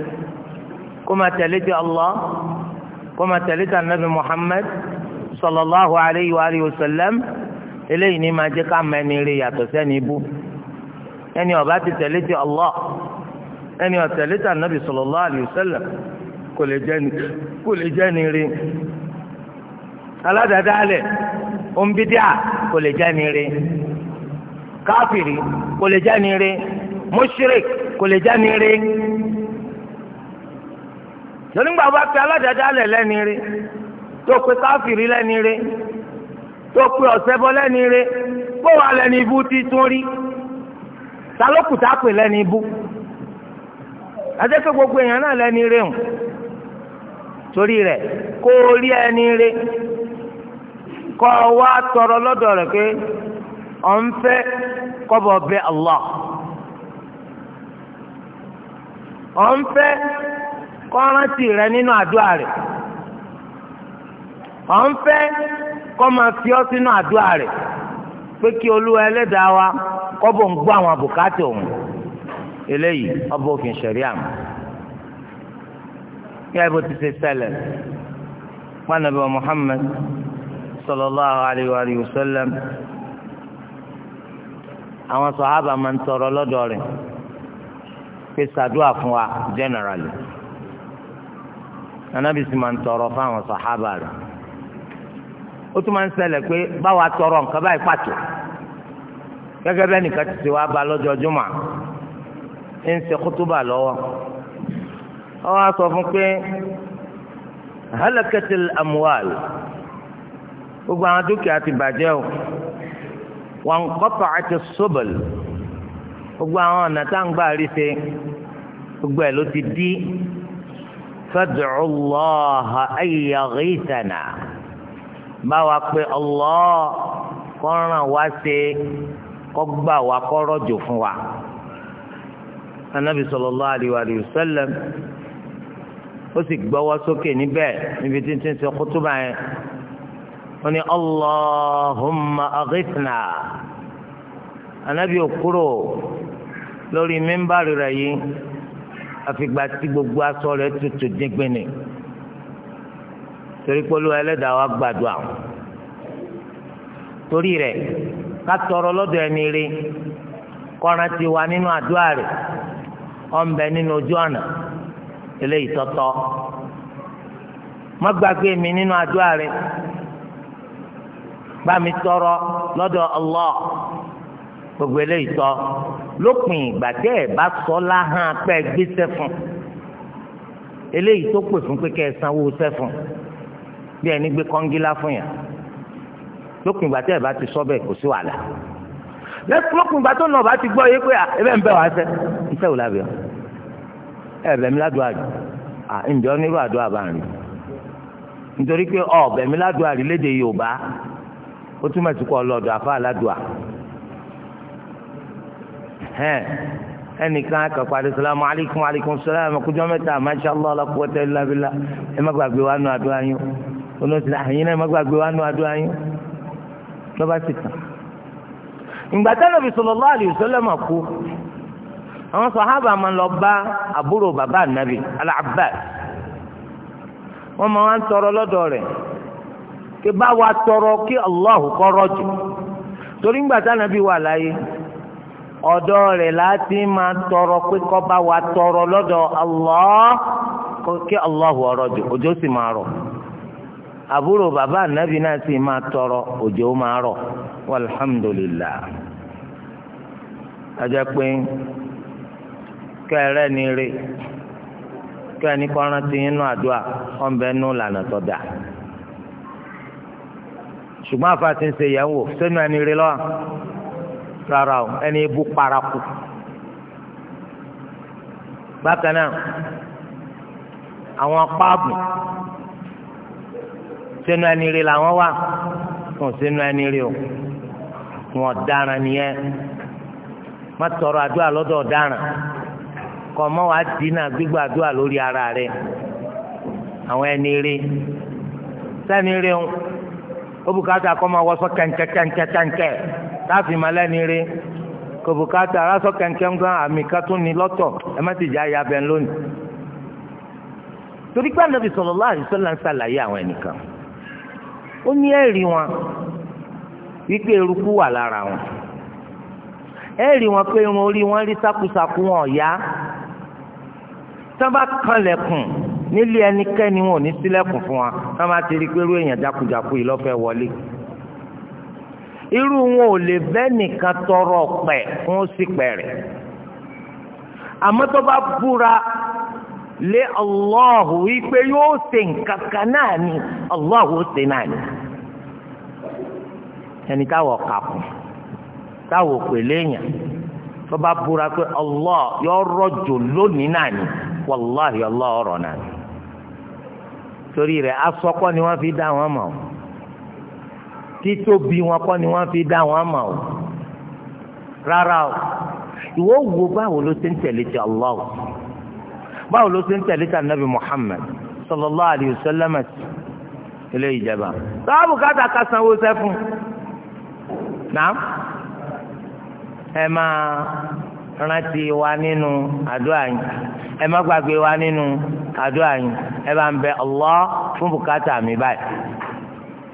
kó máa tẹ̀lé ti Allah kó máa tẹ̀lé ti anabi Muhammad sallallahu alayhi wa alihi wa sallam eléyìí ni máa jẹ́ ká mọ ẹni rí yàtọ̀ sẹ́ni ibú ẹni ó bá ti tẹ̀lé ti Allah ẹni ó tẹ̀lé ti anabi sallallahu alayhi wa sallam kò lè jẹ́ ni kò lè jẹ́ ni rí aládàáda alẹ̀ kò lè jẹ́ ni rí. káfìrí kò lè jáni re mọ́ṣírík kò lè jáni re lónígbà bá pe aládàáda lẹ̀ lẹ́ni re tó pe káfìrí lẹ́ni re tó pe ọ̀sẹ́bọ lẹ́ni re kó wà lẹ́ni ibú títún rí ta ló kù tá a pè lẹ́ni ibú adékè gbogbo èèyàn náà lẹ́ni re hùn torí rẹ̀ kó rí ẹni re kọ́ wa tọrọ lọdọ rẹ̀ pé. ọ̀nfẹ́ kọ́bọ̀ bẹ Allah ọ̀nfẹ́ kọ́rántì rẹ nínú rẹ ninu kọ́ fi ọ́ sínú àdúrà rẹ pé kí olúwa ẹlẹ́dàá wa kọ́bọ̀ ń gbọ́ àwọn àbùkátà òun eléyìí ọba òfin ṣẹ̀ríà kí ẹ bó ti sallallahu alayhi wa sallam. àwọn sọ̀hábà máa ń tọrọ lọ́dọ̀ rẹ̀ pé ṣàdúrà fún wa generally anabi sì máa ń tọrọ fáwọn sọ̀hábà rẹ̀ ó tún máa ń ṣẹlẹ̀ pé báwa tọrọ nǹkan báyìí pàtó gẹ́gẹ́ bẹ́ẹ̀ nìkan ti ṣe wá ba lọ́jọ́ jùmọ̀ ń ṣe kútúbà lọ́wọ́ ọ wá sọ fún pé halakatil amwal gbogbo àwọn dúkìá ti bàjẹ́ o wọn kọ́pọ̀ àti sóbòl gbogbo àwọn ọ̀nà tá à ń gbà rí ṣe gbogbo ẹ̀ ló ti dí fẹ́dùrúlọ́ọ̀hà ayàrí ìtànà bá wa pé ọlọ́ kọ́ran wá ṣe kọ́gbà wá kọ́rọ́jò fún wa. anabi sallallahu alaihi wa sallam ó sì gbọ́wọ́ sókè níbẹ̀ níbi tí ń sọ kútúbà yẹn wọ́n ní allahumma aghithna anabi okuro lórí mímbàrí rẹ̀ yìí àfìgbà tí gbogbo aṣọ rẹ̀ tutù dígbìnì torí pẹ̀lú ẹlẹ́dàá wa gbàdúrà torí rẹ̀ ká tọrọ lọ́dọ̀ ẹni rí kọ́ran ti wà nínú àdúrà rẹ̀ ọ̀nbẹ nínú ojú ọ̀nà eléyìí tọ́tọ́ má mi nínú àdúrà rẹ̀ bá mi tọrọ lọ́dọ̀ Allah gbogbo eléyìí sọ lópin ìgbà tẹ́ ẹ bá sọ láhàn pẹ́ gbéṣẹ́ fún eléyìí tó pè fún pé kẹ́ ẹ sanwó sẹ́fún bí ẹni gbé kọ́ngílá fún yàn lópin ìgbà tẹ́ ẹ bá ti sọ bẹ́ẹ̀ kò sí wàhálà lẹ́kùnlọ́kùn ìgbà tó nà ọba ti gbọ́ yé pé ẹbẹ̀ ń bẹ̀ wá sẹ́ iṣẹ́ wò lábẹ́ ọ ẹbẹ̀ mi ládùú àdù à ǹjọ́ nírú àdúrà bá ń nítorí pé ọbẹ̀ mi ládùú àrí Yorùbá Otu túmọ̀ sí kọ́ lọ́dọ̀ àfa aládùá ẹnìkan akọ̀pọ̀ sàlámù alaykum alaykum sàlámù mẹ́ta Allah la quwwata ẹ má gbàgbé wa nù àdúrà yín onótìlá àyìn náà ẹ má gbàgbé wa nù yín lọ́ba tàn. kú àwọn máa lọ tọrọ lọ́dọ̀ rẹ̀ kí bá wa tọrọ kí Allah kó rọ̀jò torí ńgbà tánàbí wà láyé ọ̀dọ̀ rẹ̀ láti máa tọrọ pé kọ bá wa tọrọ lọdọ Allah kí Allah ó rọ̀jò òjò sì máa rọ̀ àbúrò bàbá ànábì náà sì máa tọrọ òjò máa rọ̀ walhamdulillah ajá pé kẹrẹ ni rè kẹrẹ ní kọ́ńtà tí yín nù àdúrà ọ̀nbẹ nù lànà tó ṣùgbọ́n àfa ti ń ṣe yẹn wò sẹ́nu ẹni rí lọ́wọ́ rárá o ẹni ibú paraku bákan náà àwọn páàbù sẹ́nu ẹni rí làwọn wà wọn sẹ́nu ẹni rí o wọn dára nìyẹn má tọrọ àdúrà lọ́dọ̀ ọ̀daràn kọ́ mọ́ wàá dínà gbígbà àdúrà lórí ara rẹ̀ àwọn ẹni rí sẹ́ni rí o ó bùkátà kọ́ máa wọṣọ kẹ̀ǹkẹ́ kẹ̀ǹkẹ́ kẹ̀ǹkẹ́ táàfin máa lẹ́ni rí kò bùkátà aráṣọ kẹ̀ǹkẹ́ ń gan àmì kan tún ní lọ́tọ̀ ẹ má ti jẹ́ àyà bẹ́ẹ̀ lónìí. torí pé ànábì sallallahu alaihi wasallam ń ṣàlàyé àwọn ẹnìkan ó ní ẹ̀rí wọn wípé eruku wà lára wọn ẹ̀rí wọn pé irun orí wọn rí sákúsákú wọn ọ̀yá tí wọ́n bá nílé ẹnikẹ́ni wọn ò ní sílẹ̀kùn fún wa ká má ti rí pé irú èèyàn jákujàku yìí lọ́fẹ́ wọlé irú wọn ò lè bẹ́ nìkan tọrọ pẹ̀ fún sípẹ̀ rẹ̀ àmọ́ tó bá búra lé ọlọ́hùn wípé yóò ṣe nǹkan kan náà ni ọlọ́hùn ó ṣe náà ni ẹni táwọn kà kù táwọn pè léèyàn tó bá búra pé ọlọ́ yọ rọ̀jò lónìí náà ni wàláhì ọlọ́ ọ̀rọ̀ náà ni torí rẹ̀ aṣọ kọ́ ni wọ́n fi dá wọn mọ̀ títóbi wọn kọ́ ni wọ́n fi dá wọn mọ̀ rárá o ìwọ wo báwo ló ṣe ń tẹ̀lé ti Allah báwo ló ṣe ń tẹ̀lé ti anabi Muhammad sallallahu alayhi wa sallam ilé ìjẹba sábà bùkátà ká sanwó sẹ́fún náà ẹ máa rántí wa nínú àdúrà yín ẹ má gbàgbé wa nínú àdúrà yín ẹ bá ń bẹ Allah fún bùkátà mi báyìí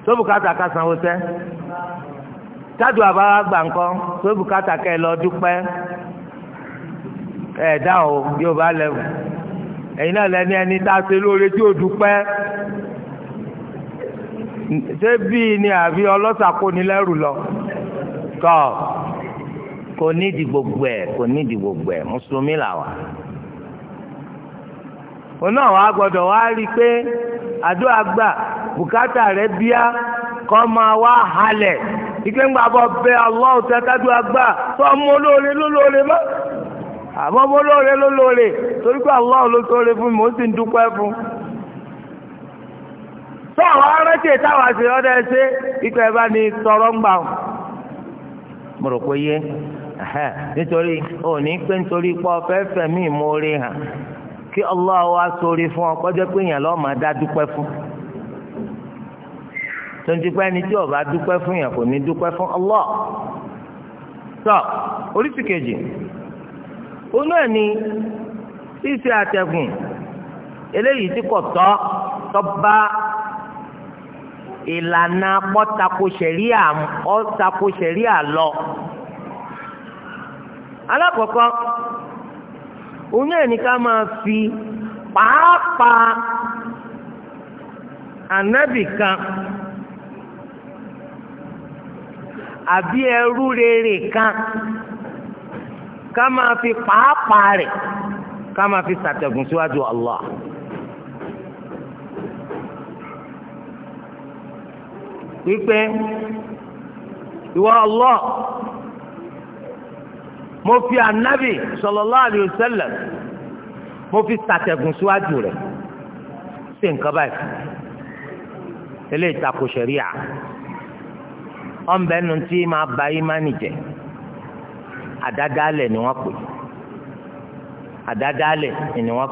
tó bùkátà ká sanwó sẹ́ tádùn àbáwá gbà ńkọ́ tó bùkátà kẹ́ ẹ lọ dúpẹ́ ẹ dá o yóò bá lẹ́wọ̀ ẹ̀yin náà lẹ́ni ẹni tá a ṣe lóore tí ò dúpẹ́ ṣé bíi ni àbí ọlọ́sàkóni lẹ́rù lọ tọ́. kò nídìí gbogbo ẹ̀ kò nídìí gbogbo ẹ̀ mùsùlùmí là wà. ri pe, wàá wá rí i pé àdúrà gbà bùkátà bíá kọ́ máa wá halẹ̀ ike ńgbà bọ̀ bẹ Allah tẹ́tàdúrà gbà tó ọmọ olóore lólóore mọ́ ọmọ olóore lólóore torí pé Allah ló sóore fún mi mo sì ń dúpẹ́ fún tó àwọn arẹ́tì táwọn àṣeyọ́dẹ́ ṣe ikọ̀ ẹ̀ bá ní sọ̀rọ̀ ń gbà nítorí òní pé nítorí pọ́ fẹ́fẹ́ mi kí sórí fún ọ kọjá pé èèyàn lọ́ọ́ máa dá dúpẹ́ fún tontigbẹ́ ni tí ó bá dúpẹ́ fún yàn kò ní dúpẹ́ fún ọlọ́ tọ́ alákọ̀ọ́kọ́ òun onye ní ká máa fi pàápàá ànábì kan àbí ẹrú kan ká máa fi pàápàá rẹ̀ ká máa fi ṣàtẹ̀gùn síwájú Allah. wípé ìwọ mo fi anabi sallallahu alayhi wa mo fi sàtẹ̀gùn síwájú rẹ̀ ṣe nǹkan báyìí eléyìí tako sẹ̀ríà ọ̀nbẹ nu tí máa ba ìmánì jẹ́ àdádálẹ̀ ni wọ́n pè àdádálẹ̀ ni pè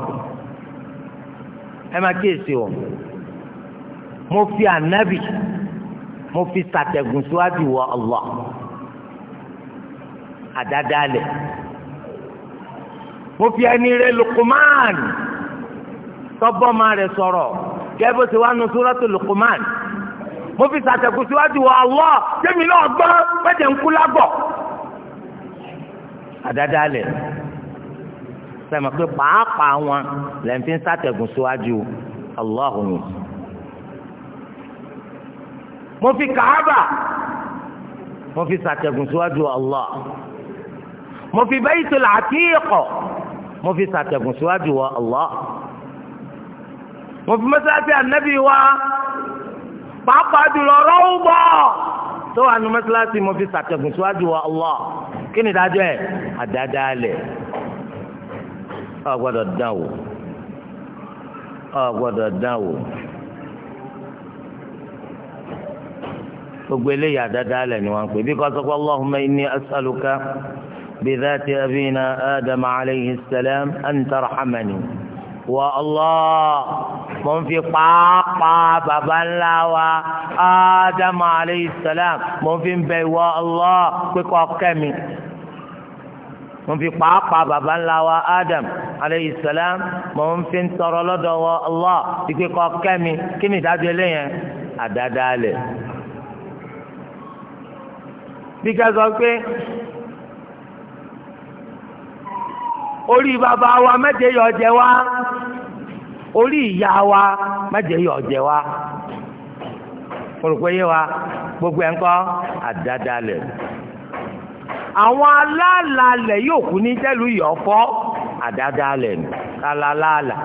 ẹ kíyèsí o mo fi anabi mo fi sàtẹ̀gùn síwájú wọ Allah. àdádálẹ̀ mo fi ẹni rẹ Luqman tọ́bọ́mà rẹ̀ sọ̀rọ̀ kẹ́ bó ti wá nu súrọ́tù Luqman mo fi sàtẹ̀kù síwájú wa Allah jẹ́mi náà gbọ́ mẹ́jẹ̀ ń kú lágbọ̀ àdádálẹ̀ sẹ́mi pé pàápàá wọn lẹ́yìn fi ń sàtẹ̀kù síwájú Allah mo fi kàábà mo fi sàtẹ̀kù síwájú Allah mo fi baytul atiqa mo fi sàtẹ̀gùn síwájú wa Allah mo fi mọ́sálásí ànábì wa pàápàá jùlọ rọ́ọ̀bọ̀ tó wà ní mọ́sálásí mo fi sàtẹ̀gùn síwájú wa Allah kí ni dájọ́ ẹ̀ àdáadáa lẹ̀ ọ gbọ́dọ̀ dán wò ọ gbọ́dọ̀ dán wò gbogbo eléyà dáadáa lẹ̀ ni wọ́n ń pè bí kò sọ Allahumma inni as'aluka. بذات أبينا آدم عليه السلام أن ترحمني والله من في بابا بابا لاوا آدم عليه السلام من في بي والله كيكو كمي من في بابا بابا لاوا آدم عليه السلام من في انتر والله كيكو كمي كمي تابي لين أدادالي Because of okay. orí bàbá wa méje yọ jẹ wá orí ìyá wa méje yọ jẹ wá olùkóyè wa gbogbo ẹ̀ ń kọ́ àdádálẹ̀ àwọn alálàálẹ̀ yóò kú ní jẹ́lu ìyọ̀fọ́ àdádálẹ̀ kálálàálà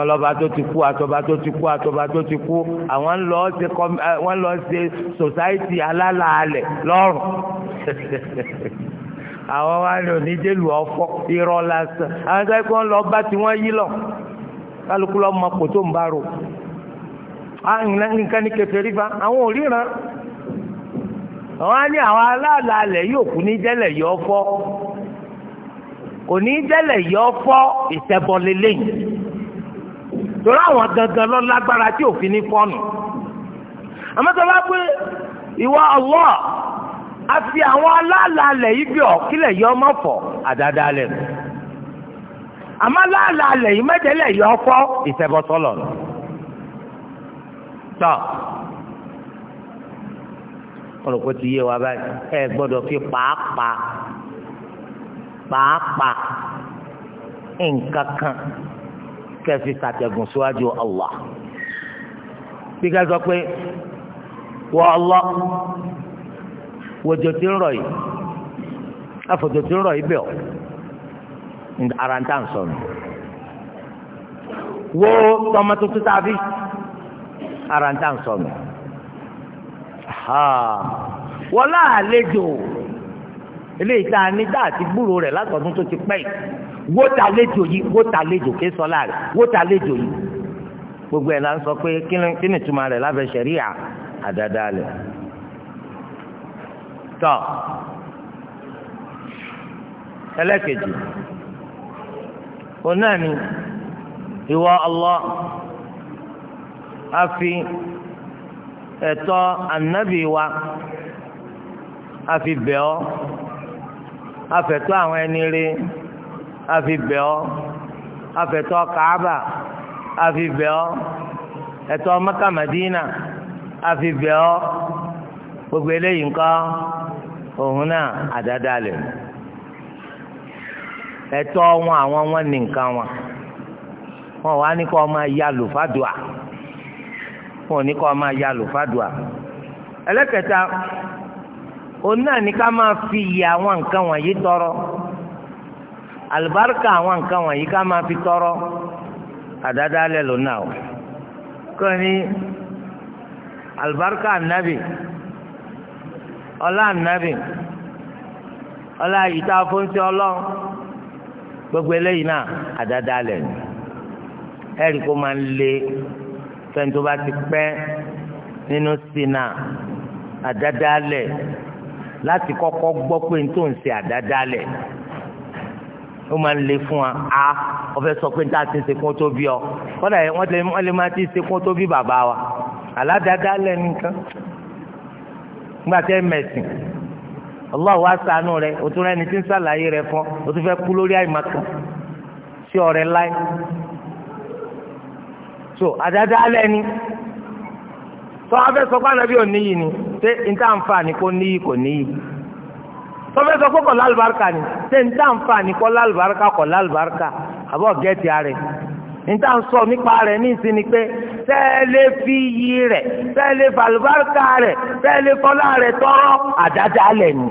ọlọ́ba tó ti kú àtọ́ba tó ti kú àtọ́ba tó ti kú àwọn ń lọ ṣe wọ́n lọ ṣe sòsáìtì alálàálẹ̀ lọ́rùn (laughs) àwọn wa ní onídjélu ọfọ irọ́ lásán àwọn sọ wọ́n lọ bá tí wọ́n yí lọ kálukú lọ mọ kòtó ń bá rò nǹkan ní kẹfẹ́rí fa àwọn ò ríran àwọn á yóò kú ní jẹ́lẹ̀ yọ fọ́ kò ní yọ fọ́ torí àwọn gangan lọ lágbára tí òfin ní fọ́ọ̀nù a fi àwọn aláàlálẹ̀ yìí bí ọ̀kílẹ̀ yọ ọmọ fọ̀ àdáadáalẹ̀ àmọ́ aláàlálẹ̀ yìí mẹ́tẹ́lẹ̀ yọ ọkọ́ ìṣẹ́bọsọ́lọ̀ nù. tọ́ ọ̀rọ̀kọ́ ti yé wa báyìí ẹ gbọ́dọ̀ fi pàápàá pàápàá nǹkan kan kẹfì sàtẹ̀gùn síwájú Allah bí ká sọ pé wọ́n Allah wòjò tí ń rọ̀ yìí àfòjò tí ń rọ̀ yìí bẹ̀ ọ́ ara ń tà ń sọnù wo tọmọ tuntun tàbí ara ń tà ń sọnù wọ́n láàlejò eléyìí tá a ní dá àti gbúrò rẹ̀ látọ̀dún tó ti pẹ́ yìí wó ta lejò yìí wó ta lejò ké sọlá rẹ̀ wó ta lejò yìí gbogbo ẹ̀ la ń sọ pé kí ni ìtumọ̀ rẹ̀ lábẹ́ sẹ̀ríà àdáadáa lẹ̀. tọ́ ẹlẹ́kejì òun náà ni ìwọ a fi ẹ̀tọ́ ànábì wa fi bẹ̀ ọ́ afẹ̀tọ́ àwọn ẹni rí fi bẹ̀ ọ́ afẹ̀tọ́ Kaaba afi bẹ̀ ọ́ ẹ̀tọ́ Mẹ́kà a fi bẹ̀ ọ́. gbogbo eléyìí nǹkan òun náà àdáadáa lè mú ẹ̀tọ́ wọn àwọn wọn ní nǹkan wọn wọn wá ní kó máa ya lùfàdùà wọn ò ní kó máa ya lùfàdùà ẹlẹ́kẹta òun náà ní ká máa fi iye àwọn nǹkan wọ̀nyí tọrọ àlùbáríkà àwọn nǹkan wọ̀nyí ká máa fi tọrọ àdáadáa lè lò náà kò ní àlùbáríkà nàbì ọlá ànábì ọlá ìta fúnṣẹ ọlọ́run gbogbo eléyìí náà àdáda lẹ ní ẹrí kó máa ń lé fẹ́ni tó bá ti pẹ́ nínú sinà àdáda lẹ láti kọ́kọ́ gbọ́ pé n tó ń ṣe àdáda lẹ ó máa ń lé fún wa a ọfẹ sọ pé n ta ti ń ṣe kó tó bí ọ kọ́dà wọ́n lè má ti ṣe kó tó bí bàbá wa àládàáda lẹ nìkan nígbà tẹ́ mẹ̀sìn Allah wa ṣàánú rẹ o tún rẹni tí ń ṣàlàyé rẹ fún o tún fẹ́ kú lórí àìmọ̀kan sí ọ̀rẹ́ láì so àdáda alẹ́ ni tọ́ afẹ́ sọ pé ànábì ò níyì ni ṣé níta ń fa ni kò níyì kò níyì tọ́ fẹ́ sọ pé kò lálùbáríkà ni ṣé níta ń fa ni kò lálùbáríkà kò lálùbáríkà àbọ̀ gẹ́tì arẹ̀ níta ń sọ nípa rẹ̀ ní ìsinmi pé tẹ́lẹ̀ fi yí rẹ̀ tẹ́lẹ̀ falùbáríkà rẹ̀ tẹ́lẹ̀ fọlá rẹ̀ tọrọ àdáda lẹ̀ ni.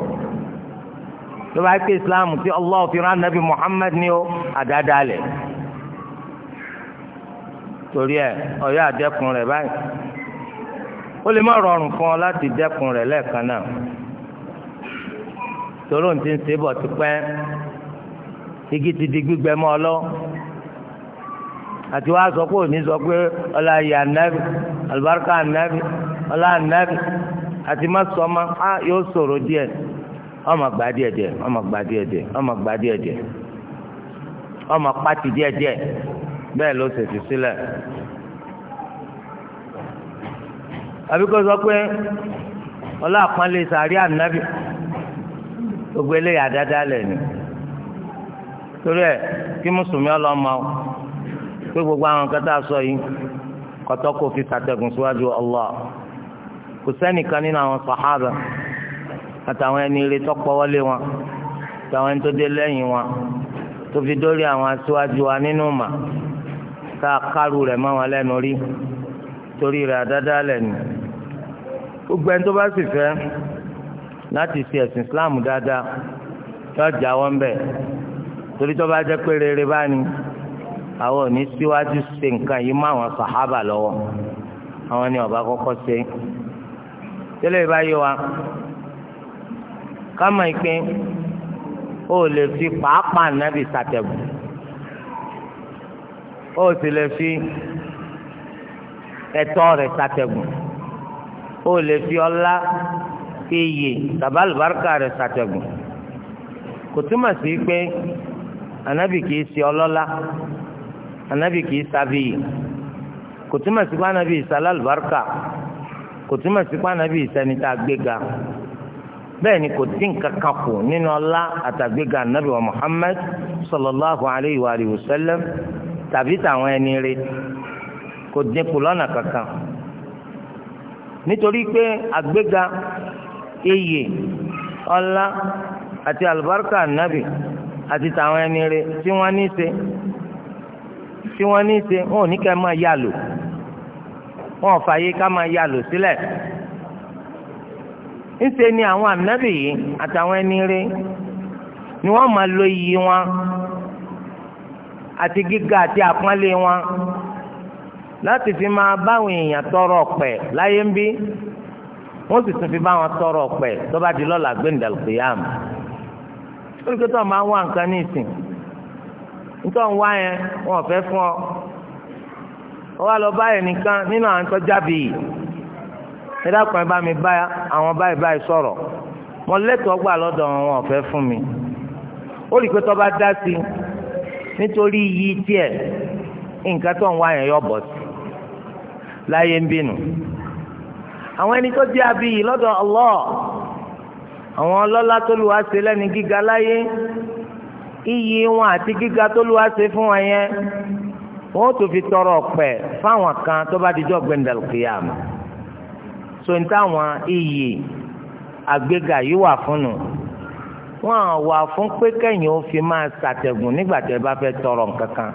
tó bá islam tí allah fi rán nabi muhammad ni ó àdáda lẹ̀. torí ẹ ọyọ àdẹkùn rẹ báyìí ó lè má rọrùn fún ọ láti dẹkùn rẹ lẹ́ẹ̀kan náà tòró ti ń ṣe tipẹ́ igi ti di gbígbẹ mọ́ ọ lọ. àti wàá sọ pé òní sọ pé ọlá àlùbáríkà ọlá àti má ọmọ gba díẹ̀ díẹ̀ ọmọ gba díẹ̀ díẹ̀ ọmọ gba díẹ̀ díẹ̀ ọmọ pàtì díẹ̀ díẹ̀ bẹ́ẹ̀ ló sílẹ̀. àbí kò sọ pé ọlá àpọ́nlé sàrí ànábì gbogbo eléyà dáadáa lẹ̀ ni torí kí pé gbogbo àwọn kan tá a sọ yìí kọtọ́ kò fi tàtẹ̀gùn síwájú Allah kò sẹ́nìkan nínú àwọn sàhábà àtàwọn ẹni ire tó pọ́wọ́lé wọn àtàwọn ẹni tó dé lẹ́yìn wọn tó fi dórí àwọn aṣíwájú wa nínú mà tá kárù rẹ̀ mọ́ wọn lẹ́nu rí torí rẹ̀ àdáadáa lẹ́nu gbogbo ẹni tó bá sì fẹ́ láti ṣe ẹ̀sìn Islam dáadáa yóò jáwọ́ ń bẹ̀ torí tó bá jẹ́ pé rere bá àwọn òní síwájú ṣe nǹkan yìí mọ́ àwọn sàhábà lọ́wọ́ àwọn ni ọba kọ́kọ́ ṣe tẹ́lẹ̀ bá yé wa ká mọ̀ ìpín ó lè fi pàápàá nábì sàtẹ̀gùn ó sì lè fi ẹ̀tọ́ rẹ̀ sàtẹ̀gùn ó lè fi ọlá iyì tàbí àlùbáríkà rẹ̀ sàtẹ̀gùn kò túmọ̀ sí pé ànábì kìí ṣe ọlọ́lá anabi kì í sábì kò túmọ̀ sí pé anabi ìsàlẹ̀ àlùbáríkà kò túmọ̀ sí pé anabi ìsẹni tá a gbé ga bẹ́ẹ̀ ni kò tí nǹkan kan kù nínú ọlá àtàgbéga anabi wa muhammad sallallahu alayhi wa alihi wa sallam tàbí tàwọn ẹni rè kò dínkù lọ́nà kankan nítorí pé àgbéga iyì ọlá àti àlùbáríkà anabi àti tàwọn ẹni rè tí wọ́n ní í ṣe. tí wọ́n ní ṣe wọn ò ní kẹ́ máa yà lò wọn ò ká máa yà lò sílẹ̀ ńṣe ni àwọn ànábì yìí àtàwọn ẹni rí ni wọ́n máa lo iyì wọn àti gíga àti àpọ́nlé wọn láti fi máa báwọn èèyàn tọrọ ọ̀pẹ̀ láyé ń bí wọ́n fi báwọn tọrọ ọ̀pẹ̀ tó bá di lọ́la máa nítorí wọn wá yẹn wọn fẹ́ fún ọ wọn wá lọ báyìí nìkan nínú àwọn tó jábì yìí ẹ dákun bá mi bá àwọn báyìí báyìí sọ̀rọ̀ mo lẹ́tọ̀ọ́ gbà lọ́dọ̀ wọn wọn fẹ́ fún mi ó rí i pé tó bá dá sí i nítorí iyì tiẹ̀ nǹkan tó ń wá yẹn yọ bọ̀ sí láyé ń bínú àwọn ẹni tó jẹ́ abiyì lọ́dọ̀ Allah àwọn ọlọ́lá tó lù wá sí lẹ́ni gíga láyé iyì wọn àti gíga tó lù wá ṣe fún wọn yẹn wọn ó tún fi tọrọ ọpẹ́ fáwọn kan tó bá dijọ́ gbẹndẹl kìyàmù so n táwọn iyì àgbéga yìí wà fún nù wọn à wà fún pé kẹ́yìn ó fi máa ṣàtẹ̀gùn nígbà tẹ́ bá fẹ́ tọrọ nǹkan kan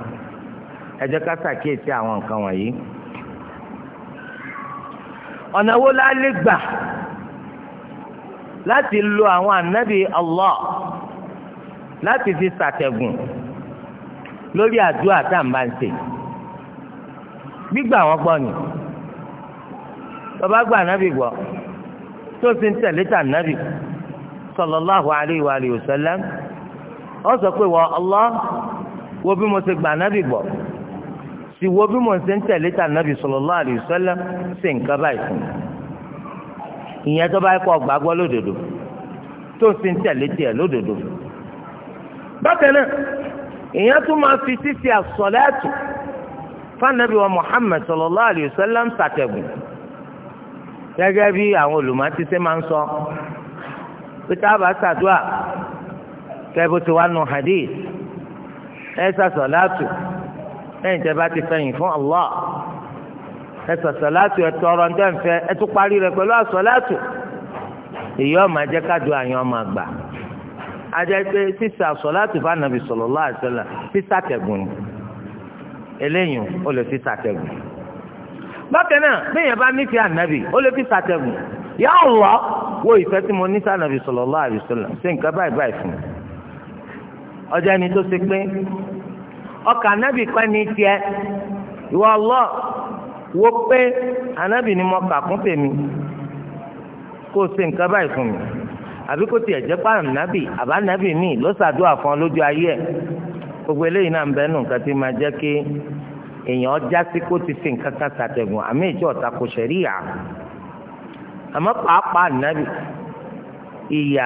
ẹ jẹ́ ká ṣàkíyèsí àwọn nǹkan wọ̀nyí ọ̀nà wo la lè gbà láti lo àwọn ànábì Allah. láti fi ṣàtẹ̀gùn lórí àdúrà tá à ń bá ń wọn gbọ́ ni bàbá gba ànábì tó ti ń tẹ̀lé tà ànábì sallallahu alayhi wa alihi wa sallam wo bí mo gba ànábì gbọ́ sì wo bí mo ṣe ń tẹ̀lé tà ànábì nǹkan báyìí fún ìyẹn tó bá bákan náà èèyàn tún máa fi sísè àsọ̀lẹ́ẹ̀tù fanabi wa muhammed sallallahu alayhi wa sallam ṣàtẹ̀gùn gẹ́gẹ́ bí àwọn olùmọ̀tíṣẹ́ máa ń sọ pété àbá ṣàdúà kẹ́bù tí wàá nù hadith ẹ ṣàsọ̀lẹ́ẹ̀tù lẹ́yìn tẹ́ bá ti fẹ̀yìn fún allah ẹ ṣàsọ̀lẹ́ẹ̀tù ẹ tọrọ ń tẹ́ ń fẹ́ ẹ parí rẹ̀ pẹ̀lú àsọ̀lẹ́ẹ̀tù èyí ọ̀ ajẹ́ pé sísè àsọ̀láàtì bá nàbì sallallahu alaihi wasallam sísè àtẹ̀gùn ni eléyìí ó lè sísè àtẹ̀gùn. bákan náà bẹ́ẹ̀yẹn bá nífẹ̀ẹ́ ànábì ó lè sísè àtẹ̀gùn yà Allah wo ìfẹ́ tí mo ní sí ànábì sallallahu alaihi wasallam ṣé nǹkan báyìí báyìí fún mi. ọjà ni tó ṣe pé ọkà ànábì kan ní tiẹ̀ ìwọ Allah wo pé ànábì ni mo kà kún tèmi kó o ṣe nǹkan báyìí fún mi. àbí kò tiẹ̀ jẹ́ pààrọ̀ nábì àbá nábì míì ló ṣàdúrà fún ọ lójú ayé ẹ̀ gbogbo eléyìí náà ń bẹ́ẹ̀ nù nǹkan máa jẹ́ kí èèyàn jásí kó ti fi nǹkan kan ṣàtẹ̀gùn àmì ìjọ ọ̀tá kò ṣẹ̀ríyà àmọ́ pàápàá nábì iyì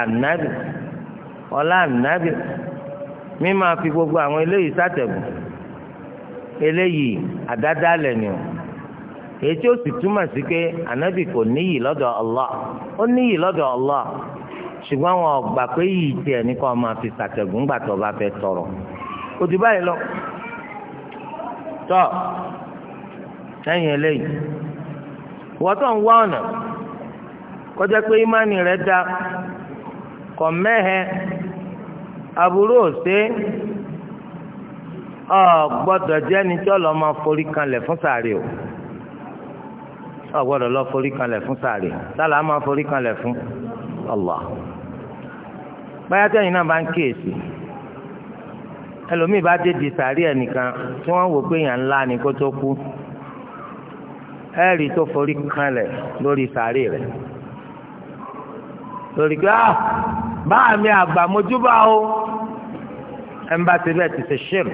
ànábì mi máa fi gbogbo àwọn eléyìí ṣàtẹ̀gùn eléyìí àdádálẹ̀ ni o èyí tí ó sì túmọ̀ sí pé ànábì kò níyì lọ́dọ̀ Allah ó níyì lọ́dọ̀ ṣùgbọ́n àwọn ọgbà pé yìí tiẹ̀ ní kọ́ máa fi ṣàtẹ̀gùn gbà tó bá fẹ́ tọrọ kò ti báyìí lọ tọ lẹ́yìn eléyìí wọ́n tó ń wá ọ̀nà kọjá pé ìmánì rẹ̀ da kọ̀ mẹ́hẹ aburú òsè ọ gbọ́dọ̀ jẹ́ni tí ọlọ́ máa forí kanlẹ̀ fún sàárè o ọ gbọ́dọ̀ lọ forí kanlẹ̀ fún sàárè sálà máa forí kanlẹ̀ fún Allah báyà tẹ́yìn náà bá ń kíyèsí ẹlòmíì bá dédìí sàárì ẹnìkan tí wọ́n wò pé èèyàn ńlá ni kó tó kú ẹ̀rì tó forí kanlẹ̀ lórí sàárì rẹ̀ lórí pé ah báà mi àgbà mojúbà o ẹ̀ ń bá ti bẹ́ẹ̀ ti ṣe ṣírù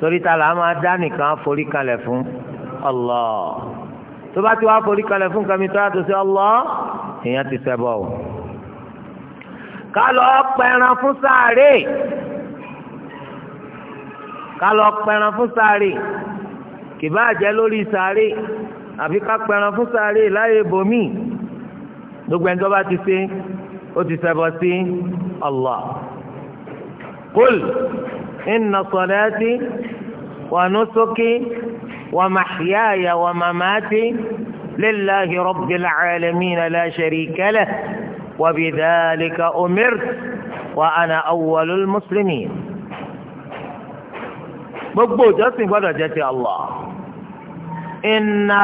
torí ta là máa dá nìkan forí kanlẹ̀ fún Allah tó bá ti wá forí kanlẹ̀ fún kàmi tó yàtọ̀ sí Allah èèyàn ti ṣẹbọ o ká lọ pẹran fún sáré ká lọ pẹran fún sáré kìbá jẹ lórí sáré àfi ká pẹran fún sáré láyé bomi gbogbo ẹni tó bá ti ṣe ó ti ṣẹbọ sí Allah kul inna salati wa nusuki wa mahyaya wa mamati lillahi rabbil alamin وبذلك أمرت وأنا أول المسلمين بقبو جاسم فرجتي الله إنا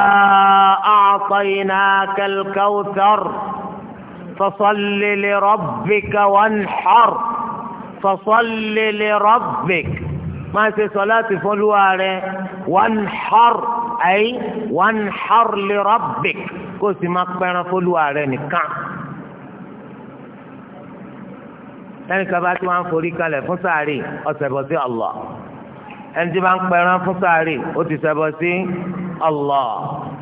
أعطيناك الكوثر فصل لربك وانحر فصل لربك ما في صلاة فلوارة وانحر أي وانحر لربك كو سمك بين فلوارة نكام tẹnika bá tí wọn forí kalẹ̀ fún sáré ọsẹbọ sí Allah ẹni tí wọn pẹran fún sáré ó ti ṣẹbọ sí Allah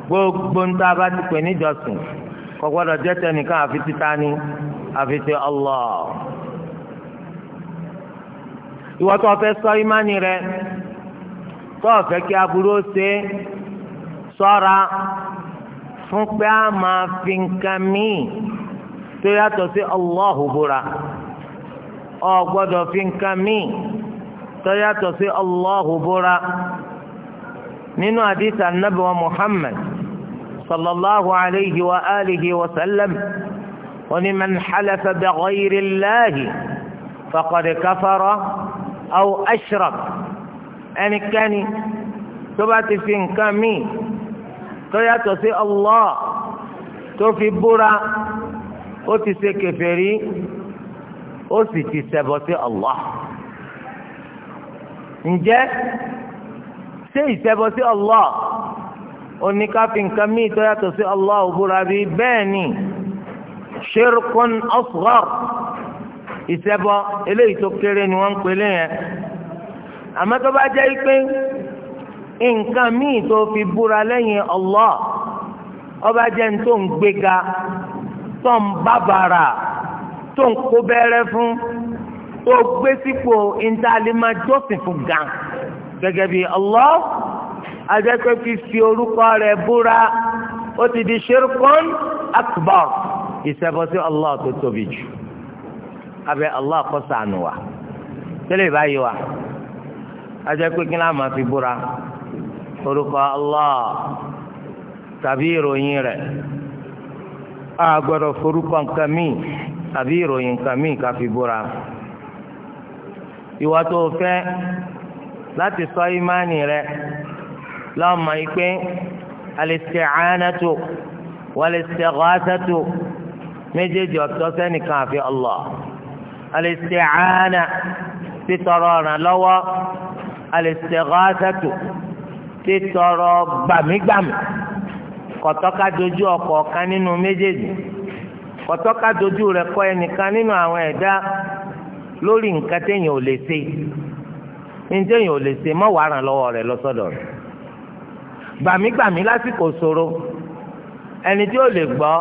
gbogbo ń tá a bá ti pè níjọsìn kò gbọ́dọ̀ jẹ́ tẹnìkan àfi títa ni àfi ti Allah ìwọ tó fẹ́ sọ ìmánì rẹ tó fẹ́ kí aburú ṣe ṣọ́ra fún pé a máa fi nǹkan míì tó yàtọ̀ sí Allahu búra ọ gbọ́dọ̀ fi nǹkan míì tó yàtọ̀ sí Allahu búra nínú àdìsá nàbẹ wa Muhammad sallallahu alayhi wa alihi wa sallam wani man xalafa bi ghayri llahi faqad kafara aw ashraq ẹnikẹ́ni tó bá ti fi nǹkan míì tó sí Allah tó fi búra ó ti ṣe kèfèrí ó sì ti ṣẹbọ sí Allah ǹjẹ́ ṣé ìṣẹbọ sí Allah oníkàfin nǹkan mí tó yàtọ̀ sí Allah òbúra bí bẹ́ẹ̀ ni ṣirkun asghar ìṣẹbọ eléyìí tó kéré ni wọ́n ń pè léyìn àmọ́ tó bá jẹ́ pé nǹkan míì tó fi búra lẹ́yìn Allah ọba jẹ́ ní tó ń gbéga tó ń bábàrà tó ń kó bẹ́rẹ́ fún tó gbé sípò ìntàlímà jọ́sìn fún gan gẹ́gẹ́ bí Allah adẹ́pẹ́ fi fi orúkọ rẹ̀ búra ó ti di ṣerkún akbar ìṣẹ̀bọ sí Allah tó tóbi jù abẹ́ Allah kó ṣàánú wa tẹ́lẹ̀ ìbáyé wa adẹ́pẹ́ kí náà máa fi búra orúkọ Allah tàbí ìròyìn rẹ̀ a gbọ́dọ̀ forúkọ nǹkan míì àbí ìròyìn kan míì ká fi búra ìwà tó fẹ́ láti sọ ìmánì rẹ lọ́mọ ìpè al-isti'anatu wal-istighathatu méjèèjì ọ̀tọ̀ sẹ́nìkan àfi Allah al-isti'ana títọrọ ọ̀ràn lọ́wọ́ al-istighathatu títọrọ gbàmígbàmí kọ̀tọ́ka dojú ọkọ̀ kan nínú méjèèjì. kọ̀tọ́ka dojú rẹ̀ kọ ẹnìkan nínú àwọn ẹ̀dá lórí nǹkan téèyàn ò lè ṣe téèyàn ò lè ṣe wàá ràn rẹ̀ lọ́sọ̀dọ̀ rẹ̀ gbàmígbàmí lásìkò ṣòro ẹni tí ó lè gbọ́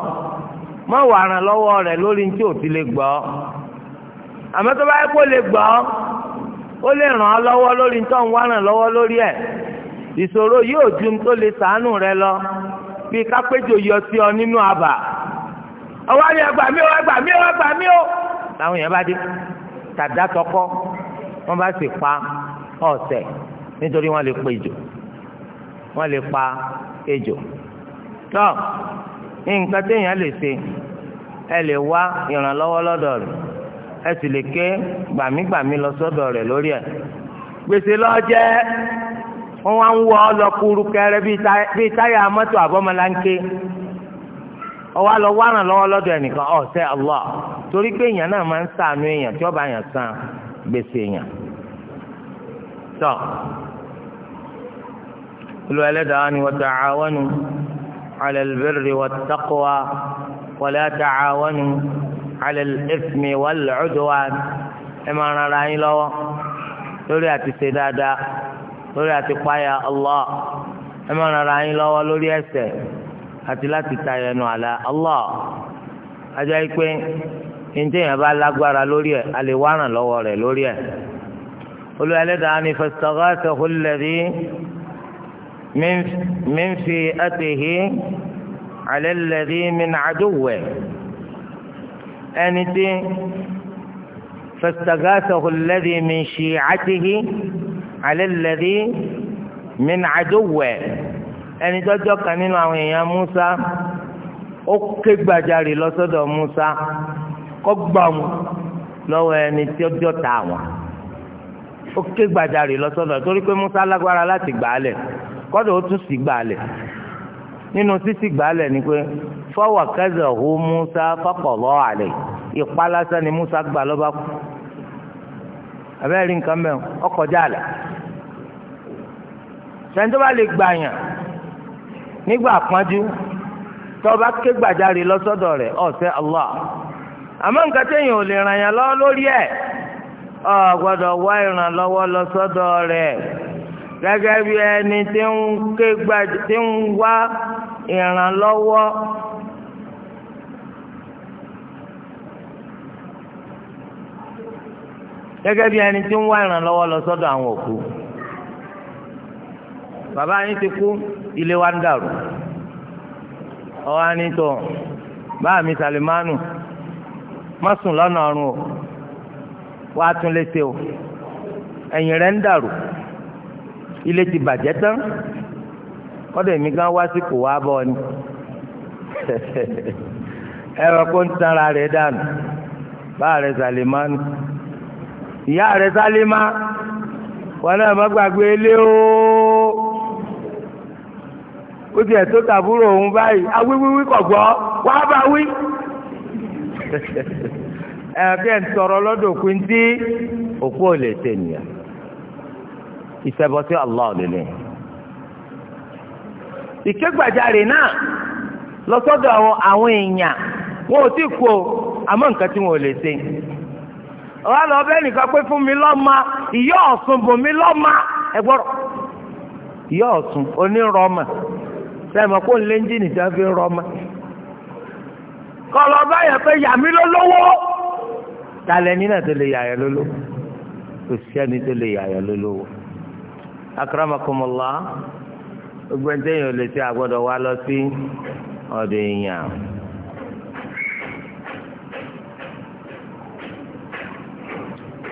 rẹ̀ lórí tí ti lè tó bá yẹ kó lè ó lè ràn án lórí tó ń ràn lórí ìṣòro yóò ju tó lè rẹ lọ bí ọ nínú ọwọ́ ni ẹgbà mí o ẹgbà mí o ẹgbà mí o làwọn èèyàn bá dé tàdá tọkọ wọn bá sì pa ọ̀sẹ̀ nítorí wọn lè pa ejò wọn lè pa ejò tó nǹkan téèyàn lè ṣe ẹ lè wá ìrànlọ́wọ́ lọ́dọ̀ rẹ̀ ẹ sì lè ké gbàmígbàmí lọ sọ́dọ̀ rẹ̀ lórí ẹ̀ gbèsè lọ́jẹ́ wọn wá ń wọ ọ lọ kúrú kẹrẹ bíi táyà mọ́tò àbọ̀mọláńké ọwọ́ àlọ́ wárán lọ́wọ́ lọ́dọ̀ ẹnìkan ọ̀sẹ̀ Allah torí pé èèyàn náà máa ń sàánú èèyàn tí ọba èèyàn san gbèsè èèyàn. tọ́ olú ẹlẹ́dàá ni wa ta'awanu 'ala al-birri wat-taqwa wa la ta'awanu 'ala al-ithmi wal-'udwan ẹ máa ran yín lọ́wọ́ lórí àti ṣe dáadáa lórí àti páyà Allah ẹ máa ran yín lọ́wọ́ lórí ẹ̀ṣẹ̀ àti láti tayọ ẹnu àlà Allah ajá yìí pé ǹjẹ́ yẹn bá lágbára lórí ẹ̀ a lè wá ràn lọ́wọ́ rẹ̀ lórí ẹ̀ olùyà lẹ́dàá ni fastaghathahu alladhi min fi'atihi ala alladhi ẹni tí fastaghathahu alladhi min shi'atihi ala alladhi ẹni tọ́jọ́ kan nínú àwọn èèyàn Musa ó ké gbàjarè lọ́sọ́dọ̀ Musa kọ́ gbà wọn lọ́wọ́ ẹni tọ́jọ́ ta wọn ó ké gbàjarè lọ́sọ́dọ̀ torí pé Musa lágbára láti gbà á lẹ̀ kọ́dọ̀ ó tún sì gbà á lẹ̀ nínú sísì gbà á lẹ̀ ni pé fọwọ́ kẹsàn-án Musa fọkànlọ́ àlẹ́ ìpalásá ni Musa gbà lọ́ba kú abẹ́rẹ́ nǹkan mẹ́rin ọkọ̀ jà lẹ̀ sẹ́ńtọ́ lè gbàyàn nígbà àpọ́njú tọ́ba ké gbàjarè lọ́sọ́dọ̀ rẹ̀ ọ̀sẹ̀ Allah àmọ́ nǹkan téèyàn ò lè ràn yàn lọ́wọ́ lórí ẹ̀ ọ gbọ́dọ̀ wá ìrànlọ́wọ́ lọ́sọ́dọ̀ rẹ̀ gẹ́gẹ́ bí ẹni tí ń ké gbàjarè tí ń wá ìrànlọ́wọ́ gẹ́gẹ́ bí ẹni tí ń wá ìrànlọ́wọ́ lọ́sọ́dọ̀ àwọn òkú. bàbá yín ti kú ilé wa ń dàrú ọwọ́ á ní tọ̀ báà mi Sàlìmánù má sùn lọ́nà ọ̀run o wá tún lè ṣe o ẹ̀yìn rẹ̀ ń dàrú ilé ti bàjẹ́ tán kọ́dọ̀ èmi gan wá sí kò wá bọ́ ni (laughs) ẹ̀rọ kó ń tanra rẹ̀ dànù báà rẹ̀ Sàlìmánù ìyá rẹ̀ Sálímà wọn náà má gbàgbé ilé o. ó ti ẹ̀tọ́ tàbúrò òun báyìí awíwíwí kọ̀ gbọ́ wá bá wí. (laughs) ẹ̀fí ẹ̀ ń sọ̀rọ̀ lọ́dọ̀ òkú ntí òkú ò lè ṣe nìyà ìṣẹ̀bọ Allah lélẹ̀. ìkégbàjarè náà lọ́sọ́dọ̀ àwọn èèyàn wọn ò tí kú o àmọ́ nǹkan tí wọn ò lè ṣe. ọ̀rọ̀ lọ bẹ́ẹ̀ nìkan pé fún mi lọ́mọ ìyá ọ̀sùn mi lọ́mọ ìyá sẹ́mi kó ń lé tí wọ́n fi ń rọmọ. kọlọ báyọ̀ pé yàmí ló lówó talẹ̀ nínú tó lè yàyà lólówó kò sẹ́ni tó lè yàyà lólówó. akramakumullah gbogbo ẹni tẹ́yìn ò lè ṣe àgbọ̀dọ̀ wá lọ sí ọ̀dọ̀ èèyàn.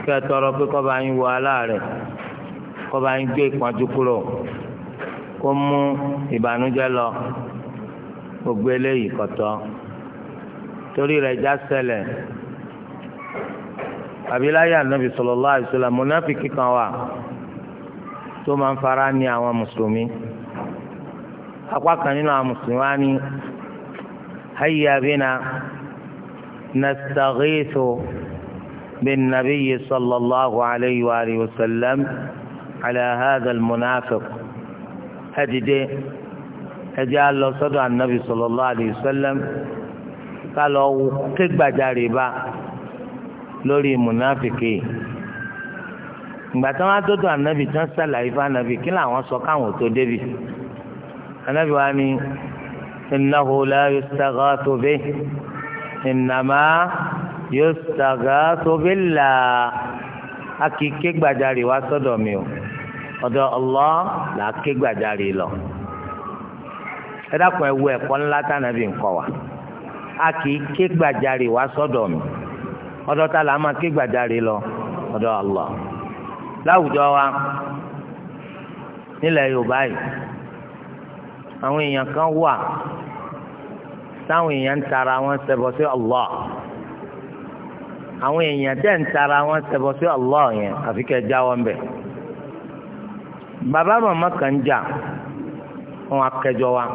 kí ẹ tọrọ wọ kó mú ìbànújẹ́ lọ gbogbo eléyìí kọtọ torí rẹ̀ já ṣẹlẹ̀ àbíláyé ànábì sallallahu alaihi wasallam mùnáfíkì kan wà tó máa ń fara ní àwọn mùsùlùmí apá kan nínú àwọn mùsùlùmí wa ní hayya bina nastaghithu bin nabiyyi sallallahu alaihi wa alihi wasallam ala hadha al-munafiq ẹ dìde ẹ jẹ́ á lọ sọ́dọ̀ anabi sallallahu alayhi wa sallam ká lọ ké gbàjarè bá lórí mùnàfìkì ìgbà tí wọ́n á dọ́dọ̀ anabi tí wọ́n sàlàyé fún anabi kí làwọn sọ káwọn tó débi anabi wa ni innahu la yustaghathu bihi innama yustaghathu billah akíké gbàjarè wá sọ́dọ̀ mi o ọ̀dọ̀ Allah là á ké gbàjarè lọ ẹ dákun ẹ wo ẹ̀kọ́ ńlá tànàbí nǹkan wa a kì í ké gbàjarè wá sọ́dọ̀ mi ọ̀dọ̀ ta là á máa ké gbàjarè lọ ọ̀dọ̀ Allah láwùjọ wa nílẹ̀ Yorùbá yìí àwọn èèyàn kan wà táwọn èèyàn ń tara wọn ṣẹbọ sí Allah àwọn èèyàn dẹ́ ń tara wọn ṣẹbọ sí Allah yẹn àfi kẹ́ ẹ já wọn Baba mama kan jà wọn akẹjọ wa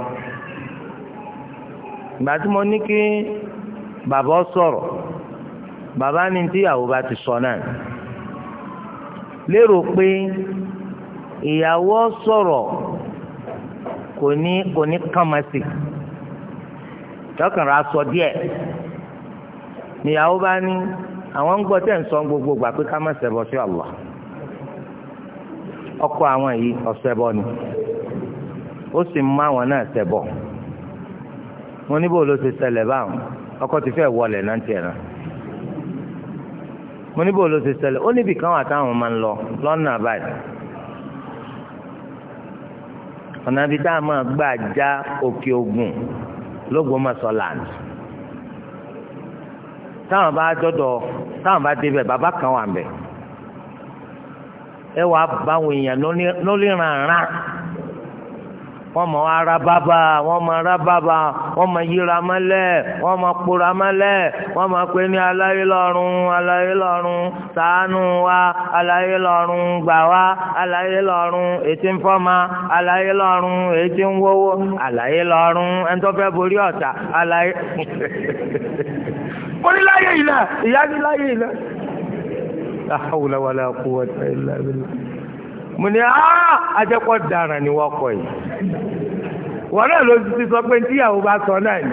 ìgbà tí mo ní kí bàbá sọ̀rọ̀ bàbá ni tíyàwó bá ti sọ náà lérò pé ìyàwó sọ̀rọ̀ kò ní kò ní kàmásì tọkànrà sọ díẹ̀ níyàwó bá ní àwọn ń tẹ̀ ń sọ gbogbo gbà pé ká má ṣẹbọ sí Allah ọkọ àwọn yìí ọ̀sẹ̀bọ ni ó sì mú àwọn náà ṣẹbọ mo níbo ló ti ṣẹlẹ̀ báwọn ọkọ ti fẹ́ wọlé náà tiẹ̀ náà mo níbo ló ti ṣẹlẹ̀ ó níbi kan wà táwọn máa ń lọ lọ́nà àbáyé ọ̀nà ibi tá máa gbà já òkè ogun lógbómọ̀ṣọ́ land táwọn bá dọ́dọ̀ táwọn bá débẹ̀ bàbá kan wà ń ẹ wàá bá àwọn èèyàn lórí ràǹràn wọ́n mọ ara bábà wọ́n mọ ara bábà wọ́n mọ yíra mọ́lẹ̀ wọ́n mọ kpora mọ́lẹ̀ wọ́n mọ pé ní aláyé lọ́rùn aláyé lọ́rùn ṣàánú wa aláyé lọ́rùn gbà wá aláyé lọ́rùn etí ń fọ́mà aláyé lọ́rùn etí ń wówó aláyé lọ́rùn ẹnitọ́fẹ́ borí ọ̀tá aláyé. (laughs) mo ní láyé yìí náà ìyá ní láyé yìí náà la hawla wala quwwata illa billah mo ní aa ah! ajẹ́pọ̀ dara ni wọ́n kọ yìí wọ́n náà ló ti sọ pé tíyàwó bá sọ náà ni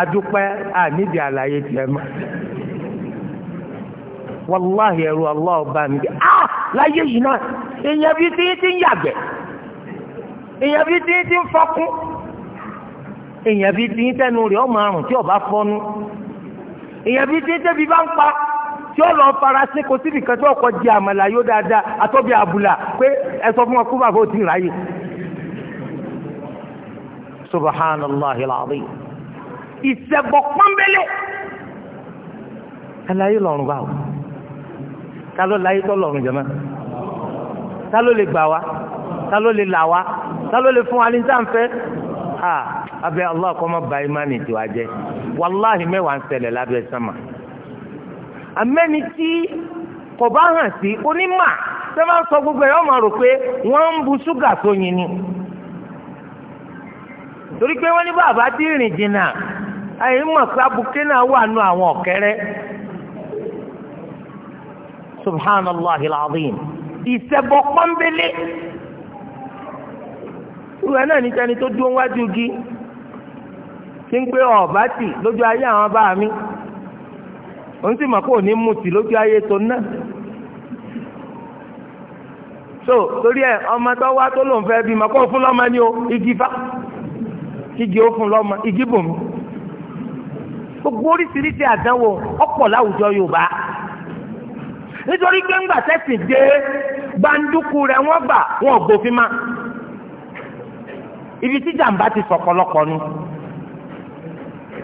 adúpẹ́ ànídìí àlàyé tiẹ̀ mọ́ wàláhì ẹ̀rù Allah bá mi dé ah láyé yìí náà èèyàn bíi tí tí ń yàgbẹ́ èèyàn bíi tí tí ń fọkún èèyàn bíi tí tẹnu rẹ̀ ọmọ àrùn tí ọba fọnú èèyàn bíi tí tẹ́bi bá ń pa tí ó lọ sí kò síbi kan tí ó kọ di àmàlà yóò dáadáa àtọ́bí àbùlà pé ẹ sọ fún wọn kó tí ì ráyè. subhanallah alazim ìṣẹ́gbọ́ pọ́nbélé aláyé lọ́rùn báwo ta ló láyé tó lọ́rùn jẹ́mọ́ ta ló lè gbà wá ta ló lè là wá ta ló lè fún wa ní sáǹfẹ́ abẹ́ amẹ́ni tí kò bá hàn sí onímà tẹ́ bá ń sọ gbogbo ẹ̀ ọmọ rò pé wọ́n ń bu ṣúgà tó yin ni torí pé wọ́n ní bàbá tí rìn jìnnà àyè mọ̀ pé abuké náà wà nù àwọn ọ̀kẹ́rẹ́ subhanallah alazim ìṣẹ́bọ pọ́nbélé ìwé náà níta ni tó dúró wájú igi tí ń pé ọ̀bá tì lójú ayé àwọn bá mi. òun sì mọ̀ kó ní mutí lójú ayé tó ná so torí ẹ ọmọ tó wá tó lòun fẹ́ bí mọ̀ kó fún lọ́mọ ni o igi fa igi ó fún lọ́mọ igi bòmí gbogbo oríṣiríṣi àdánwò ọ̀pọ̀ láwùjọ Yorùbá nítorí pé ńgbà tẹ́sìn dé gbàǹdùkú rẹ̀ wọ́n gbà wọ́n gbòfin ma ibi tí jàǹbá ti sọ̀pọ̀lọpọ̀ nu. So,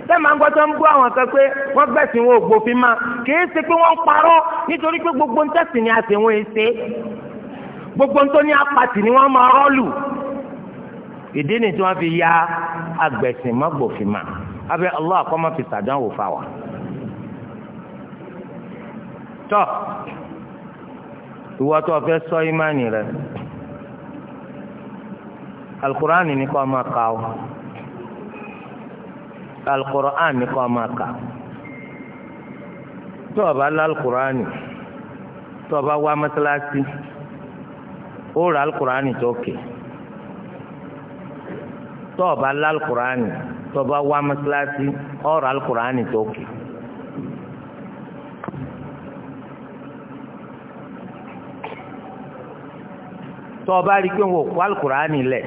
sẹ́mi àgbọ̀ tó ń bú àwọn kan pé wọ́n gbẹ̀sìn wọn ò gbòfin ma kìí ṣe pé wọ́n parọ́ nítorí pé gbogbo ntẹ́sì ni àtẹ̀wọ̀n èsè gbogbo ntóní apàtì ni wọ́n máa rọ́ọ̀lù ìdí ni tí wọ́n fi ya agbẹ̀sìn mọ́ gbòfin ma abẹ́ Allah àkọ́mọ́ fi sàdánwò fa wa. tọ́ ìwọ tó fẹ́ sọ ìmánì rẹ alukur'ani ni kò máa kà ó alukur'an ni kọ́ máa kà tó o bá lọ alukur'an tó o bá wá mọ́sálásí ó ra alukur'an tó kè tó o bá lọ alukur'an tó o bá wá mọ́sálásí ó ra alukur'an tó kè. tó o bá rí i pé wọn ò kó alukur'an lẹ̀.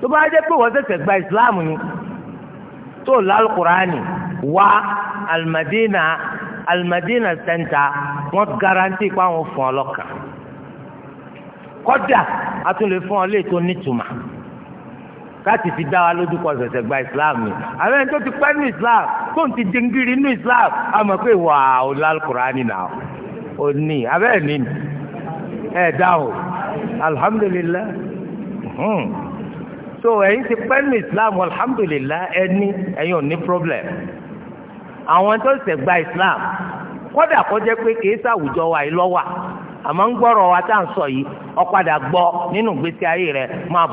tó bá jẹ́ pé wọ́n ṣẹ̀ṣẹ̀ gba ìsìláàmù ni tó lálùkùránì wá alimadina alimadina sẹ́ńtà wọ́n garanti pé àwọn fún ọ lọ́kàn kọ́dà a tún lè fún ọ lè tó nítumà láti fi dá wa lójú kọ ṣẹ̀ṣẹ̀ gba islam ni àwọn ẹni tó ti pẹ́ nínú islam tó ń ti dingiri nínú islam a mọ̀ pé wà ó lálùkùránì náà ó ní abẹ́ẹ̀ ní ẹ̀ dáhùn alhamdulilayi. Hmm. so ẹ̀yin ti pẹ́ islam alhamdulillah ẹni ẹ̀yin ò ní problem àwọn tó ṣẹ̀ gba islam kódà kó jẹ́ pé kìí sàwùjọ wa yìí lọ́wà àmọ́ ń gbọ́rọ̀ wa tá à ń sọ yìí ọ̀padà gbọ́ nínú gbèsè ayé rẹ̀ máa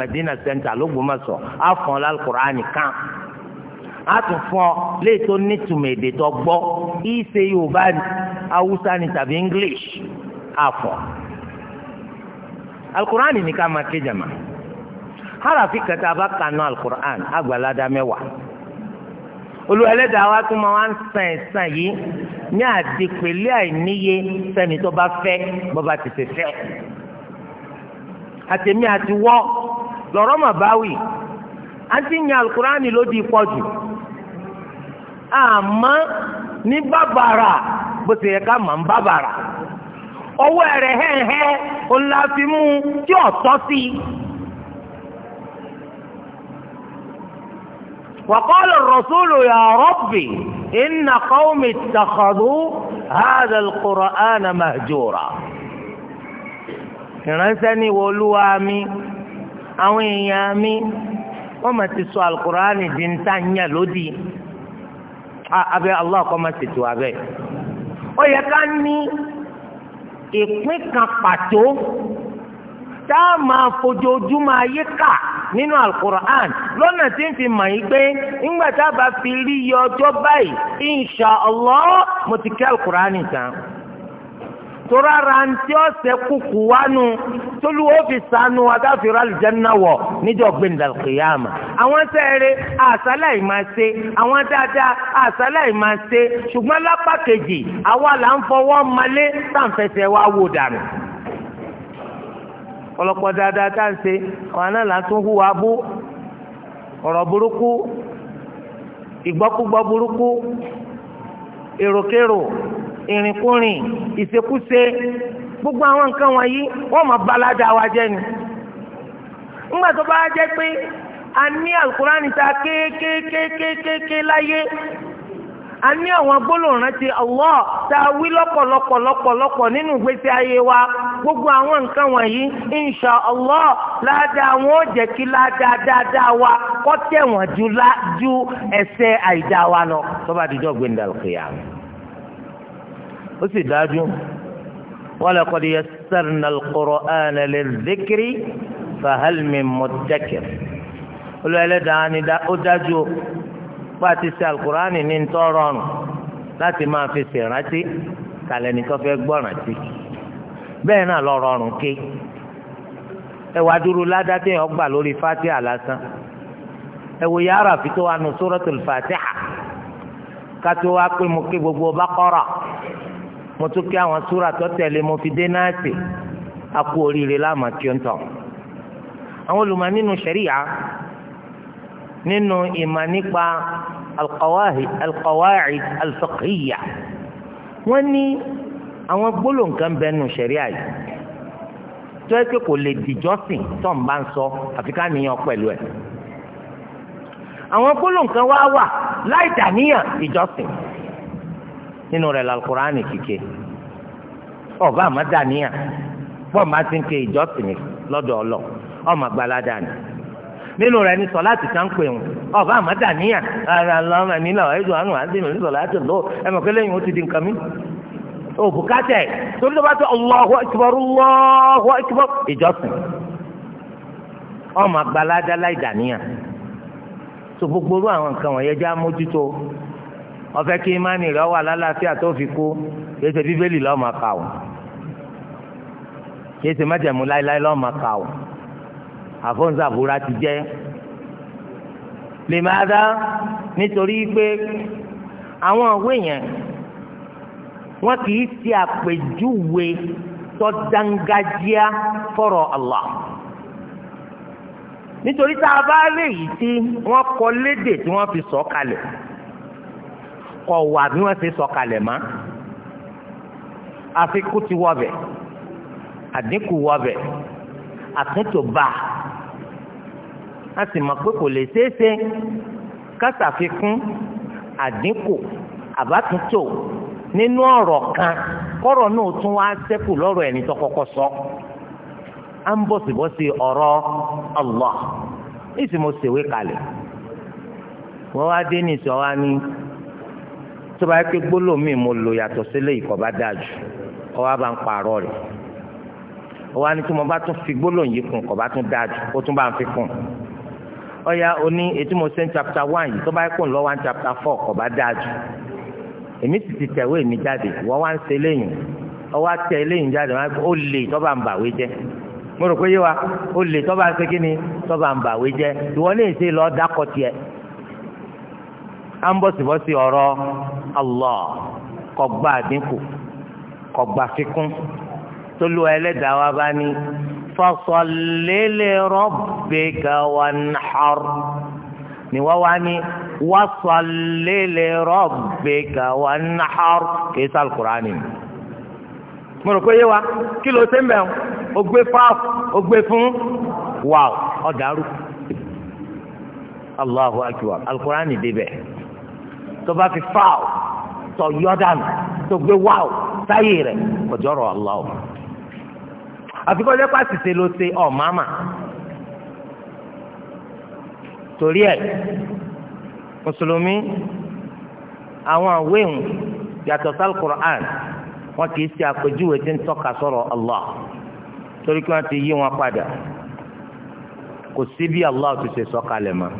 Medina center lÓgbómọ̀ṣọ́ á fún ọ lálùkùránì kan á tún gbọ́ ìṣe Yorùbá Haúsá ni harafi kẹta bá kanu alukur'an agbalada mẹ́wàá olùwẹ̀lẹ́dàá wa tún máa ń sàn ẹ̀sàn yìí ní àdìpẹ̀lẹ́ àìníye sẹ́ni tó bá fẹ́ bọ́ba ti fẹ́ fẹ́ àtẹ̀mí àti wọ́ lọ́rọ́ mà bá wì á ti yan alukur'an ló di pọ̀ jù àmọ́ ní bàbàrà bó ti yẹ ká mà ń bàbàrà ọwọ́ rẹ̀ hẹ́hẹ́ ọ̀làfimú tí ọ̀tọ́ sí i. وقال الرسول يا ربي إن قوم اتخذوا هذا القرآن مهجورا ìránṣẹ́ni wo olúwa mi àwọn èèyàn mi wọ́n máa ti sọ alukur'ani di ń tà ń yà lódì abẹ́ Allah kọ́ máa tètè wà bẹ́ẹ̀. ó yẹ ká ní ìpín kan pàtó tá a máa fojoojúmọ́ ayé kà nínú alukur'an lọ́nà tí ń fi mọ̀ yín pé ńgbà tá a bá fi rí iye ọjọ́ báyìí insha allah mo ti kí alukur'an nìkan tora ra ntí ọsẹ kúkú wánu tolu ọfiisanu adáfira alìjẹnà wọ níjọ́ gbẹndàlùkìyàmà àwọn sẹẹrẹ àṣálà yìí máa ṣe àwọn dáadáa àṣálà yìí máa ṣe ṣùgbọ́n lápá kejì àwa là ń fọwọ́ malé tá à ń fẹsẹ̀ wá wò dànù. Ọlọpọ dáadáa tá à ń ṣe àwọn náà là hùwà bú ọ̀rọ̀ burúkú ìgbọ́kúgbọ́ burúkú èròkérò ìrìnkúrìn ìṣekúṣe gbogbo àwọn nǹkan wọ̀nyí wọ́n balada wa jẹ́ ni ńgbà tó bá jẹ́ pé a ní alukurani ta kékékékékéké láyé a ní àwọn gbólóhùn rántí Allah tá wí lọ́pọ̀lọpọ̀lọpọ̀lọpọ̀ nínú ìgbésí ayé gbogbo àwọn nǹkan wọ̀nyí insha allah ládàá wọn ò jẹ́ kí ládàá dáadáa wa kọ́ tẹ̀wọ̀n ju ju ẹsẹ̀ àìdáa wa lọ tó bá dijọ́ gbẹ̀ndà lókèyà ó sì dájú wa laqad yassarna al-Qur'ana lil-dhikri fahal min muddakir olùwẹ̀lẹ́dàá ni ó dájú bá a alukur'ani ní ntọ́rọ̀rùn láti máa fi ṣèrántí kàlẹ́ gbọ́ràn sí i bẹ́ẹ̀ náà lọ rọrùn ké ẹ wá dúró ládá téèyàn gbà lórí fatiha lásán ẹ wò yàrá fi tó wà nù suratul fatiha kátó wá pé mo ké gbogbo baqara mo tún kí àwọn sóra tó tẹ̀lé mo fi dé náà sí akú oríire láàmà kí ó ń tọ̀ àwọn olùmọ̀ nínú sẹ̀ríyà nínú ìmọ̀ nípa alqawaid alqawaid wọ́n ní àwọn gbólóǹkan bẹnu ṣẹ̀ríà yìí tó yẹ pé kò lè dìjọ́sìn tó ń bá ń sọ àfi ká níyàn pẹ̀lú ẹ̀ àwọn gbólóǹkan wá wà láì dàníyàn ìjọ́sìn nínú rẹ̀ làlùkùránì kìkì ọba àmọ́ dàníyàn bọ́ọ̀mù bá ti ń ké ìjọ́sìn lọ́dọ̀ ọlọ́ ọmọ àgbàládà ni nínú rẹ ní sọlá ti ká ń wọn ọba àmàdàníyà ara lọmọ ẹni náà ẹjọ àánú àdínú ní sọlá ti lọ ẹ mọ pé lẹ́yìn ó ti di nǹkan mi o bùkátà ẹ̀ torí tó bá tó Allahu Akbar Allahu Akbar ìjọsìn ọmọ àgbàládá láì dàníyàn tó gbogbo orú àwọn nǹkan wọ̀nyẹn já mójútó ọ̀fẹ́ kí imáni rẹ̀ wà lálàáfíà tó fi kú yéésè bíbélì lọ́ọ́ máa kà ó yéésè májẹ̀mú láéláé lọ́ọ́ máa àfọ̀nsá àbúrá ti jẹ́ lè máa nítorí pé àwọn òwe yẹn wọn kì í ṣe àpèjúwe tó dángájíá Allah nítorí tá a bá rí èyí tí wọ́n kọ lédè tí wọ́n fi sọ kalẹ̀ kọ wà bí wọ́n ṣe sọ kalẹ̀ mọ́ àfikún ti wọbẹ̀ àdínkù wọbẹ̀ àtúntò bá a sì mọ̀ pé kò lè ṣeéṣe ká àdínkù àbátúntò nínú ọ̀rọ̀ kan kọ́rọ̀ náà tún wá sẹ́kù lọ́rọ̀ ẹni tó kọ́kọ́ sọ á ń bọ̀sibọ́sí ọ̀rọ̀ Allah ìsì mo ṣèwé kalẹ̀ wọ́n wá dé ní ìsọ̀ wa ní tó bá ké gbólómì mo lò yàtọ̀ sílé ìkọ̀ bá dáa jù ọ wá bá ń pààrọ̀ rẹ̀ ọ wá ní tí mo bá tún fi gbólóhùn yìí kún kọ̀ bá tún dáa jù ó tún bá ń fi kún ọ̀ya oní ètí mo ṣe ń chapter one yìí tó bá kún lọ́wọ́ ń chapter four kọ̀ bá dáa jù èmi sì ti tẹ̀wé mi jáde wọ́n wá ń ṣe léyìn ọwọ́ àtẹ léyìn jáde wọ́n á ó lè tọ́ba ń bàwé jẹ́ mo rò pé yé wa ó lè tọ́ba ń ṣe kí ni tọ́ba ń bàwé jẹ́ ìwọ lè ṣe lọ dákọ̀ tiẹ̀ à ń bọ̀sibọ́sí ọ̀rọ̀ Allah kò gbà àdínkù kò gbà fikún tolu ẹlẹ́dàá wa bá ní fasalli li rabbika wanhar. ni wọ́n wá ní wasalli li rabbika wanhar kìí sá alukurani mo rò pé yé wa kí ló ṣe ń bẹ̀ ọ́ gbé fáf ó gbé fún wà ọ́ dàrú allahu akbar alukurani débẹ̀ tó bá fi fáw tó yọ tó gbé wáw táyé rẹ̀ kọjọ́rọ̀ allahu àfikọ́jẹ́ pàṣẹ ṣe ló ṣe ọ̀ máma torí ẹ̀ mùsùlùmí àwọn àwéhùn yàtọ̀ sí alukur'an wọn kì í ṣe àpèjúwe tí ń tọ́ka sọ̀rọ̀ allah torí kí wọ́n ti yí wọn padà kò sí bí allah ti ṣe sọ̀kalẹ̀ mọ́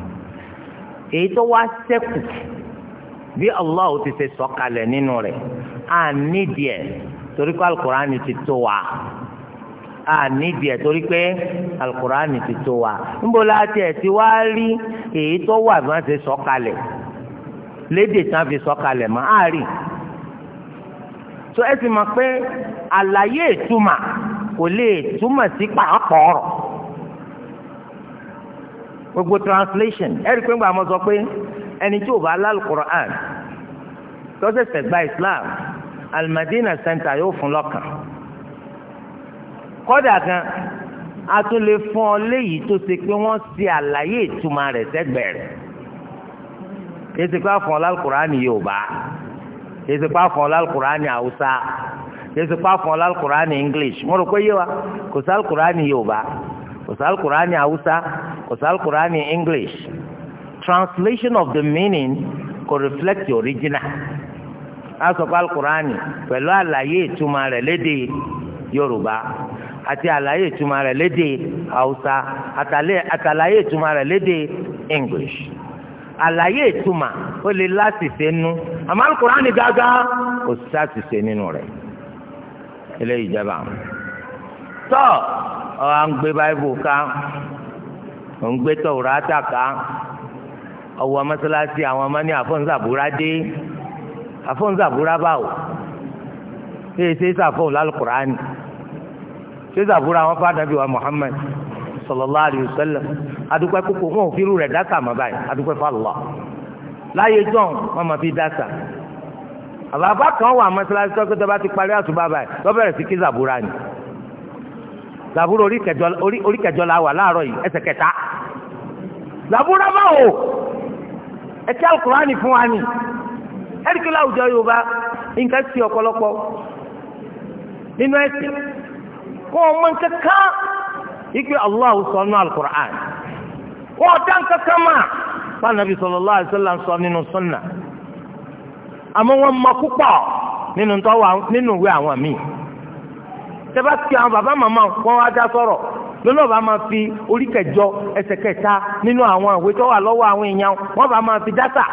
èyí tó wá ṣẹ́kù bí allah ti ṣe sọ̀kalẹ̀ nínú rẹ̀ à nídìí ẹ̀ torí kí alukur'an ti tó wa ànídìí ẹ̀ torí pé alukur'ani ti tó wa níbo la tiẹ̀ ti wá rí èyí tó wà bí wọ́n ti sọ kalẹ̀ lédè tán fi sọ kalẹ̀ mọ́ àárín so ẹ sì mọ̀ pé àlàyé ìtumà kò lè túmọ̀ sí pàápàá gbogbo translation ẹ rí i pé ń gbà mọ́ sọ pé ẹni tí o bá lálùkùránì tó ṣẹ̀ṣẹ̀ gba Islam Al-Madina Center yóò fún lọ́kàn kọ́dà gan a tún lè fún ọ léyìí tó ṣe pé wọ́n ṣe àlàyé ìtumọ̀ rẹ̀ sẹ́gbẹ̀ẹ́ rẹ̀ èsì pé àfọ̀n ọlálùkùránì Yorùbá èsì pé àfọ̀n ọlálùkùránì Haúsá èsì pé àfọ̀n ọlálùkùránì English mo rò pé yé wa kò sí àlùkùránì Yorùbá kò sí àlùkùránì Haúsá kò sí àlùkùránì English translation of the meaning could reflect the original a sọ pé àlùkùránì pẹ̀lú àlàyé ìtumọ̀ rẹ̀ lédè Yorùbá àti àlàyé ìtumọ̀ rẹ̀ lédè Haúsá àtàlàyé ìtumọ̀ rẹ̀ lédè English àlàyé ìtumọ̀ ó lè láṣìṣe nú àmọ́ alukurani gágá kò sáṣìṣe nínú rẹ̀ eléyìí jẹba tọ́ ọ à ń gbé báíbù ká ò ń gbé tọ̀wúrátà ká ọwọ́ mọ́sálásí àwọn ọmọ ní àfọ̀nsàbúrá dé àfọ̀nsàbúrá báwò ṣé ṣe é sàfọ̀n lálùkùránì ṣé zàbúrà wọn fún anabi wa Muhammad sallallahu alayhi wa sallam adúpẹ́ kókó wọn ò fi irú rẹ̀ dáta àmọ́ báyìí adúpẹ́ fún Allah láyé john wọn máa fi dáta àbàbà kan wà mọ́sálásí tó kótó bá ti parí àtúbà báyìí lọ́bẹ̀rẹ̀ sí kí zàbúrà ni zàbúrà orí kẹjọ la wà láàárọ̀ yìí ẹsẹ̀ kẹta zàbúrà báwo ẹtí alukurani fún wa ni ẹ̀ríkì láwùjọ Yorùbá nǹkan ti ọ̀pọ̀lọpọ̀ nínú ẹ̀sìn. kọ́ ọmọ nkankan ike allah sọ nínú alukur'an kọ́ ọ̀dà nkankan mà bá nàbí sallallahu alaihi wasallam sọ nínú sunna àmọ́ wọn mọ púpọ̀ nínú tọ́wọ́ nínú ìwé àwọn míì tẹ́fà ti àwọn bàbá màmá wọn wá dá sọ̀rọ̀ lọ́nà bá máa fi orí ẹsẹ̀ kẹta nínú àwọn ìwé tó wà àwọn èèyàn wọn bá máa fi tọ́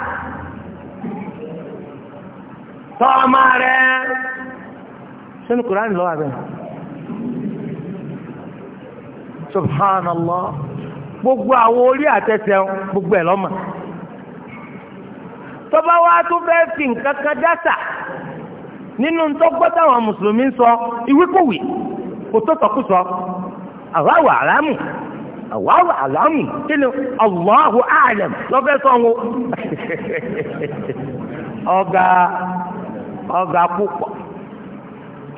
ọmọ sínú lọ́wọ́ subhanallah gbogbo àwọn orí àtẹsẹ̀ gbogbo ẹ̀ lọ́mọ tọ́ba wa tó fẹ́ fi nǹkan kan dáṣà nínú ntọ́gbọ́ táwọn mùsùlùmí sọ ìwíkúwì kò tó sọkúsọ àwáwò àlámù àwáwò àlámù kí ni Allahu a'lam lọ́fẹ́ sọ (laughs) ọ̀gá ọ̀gá púpọ̀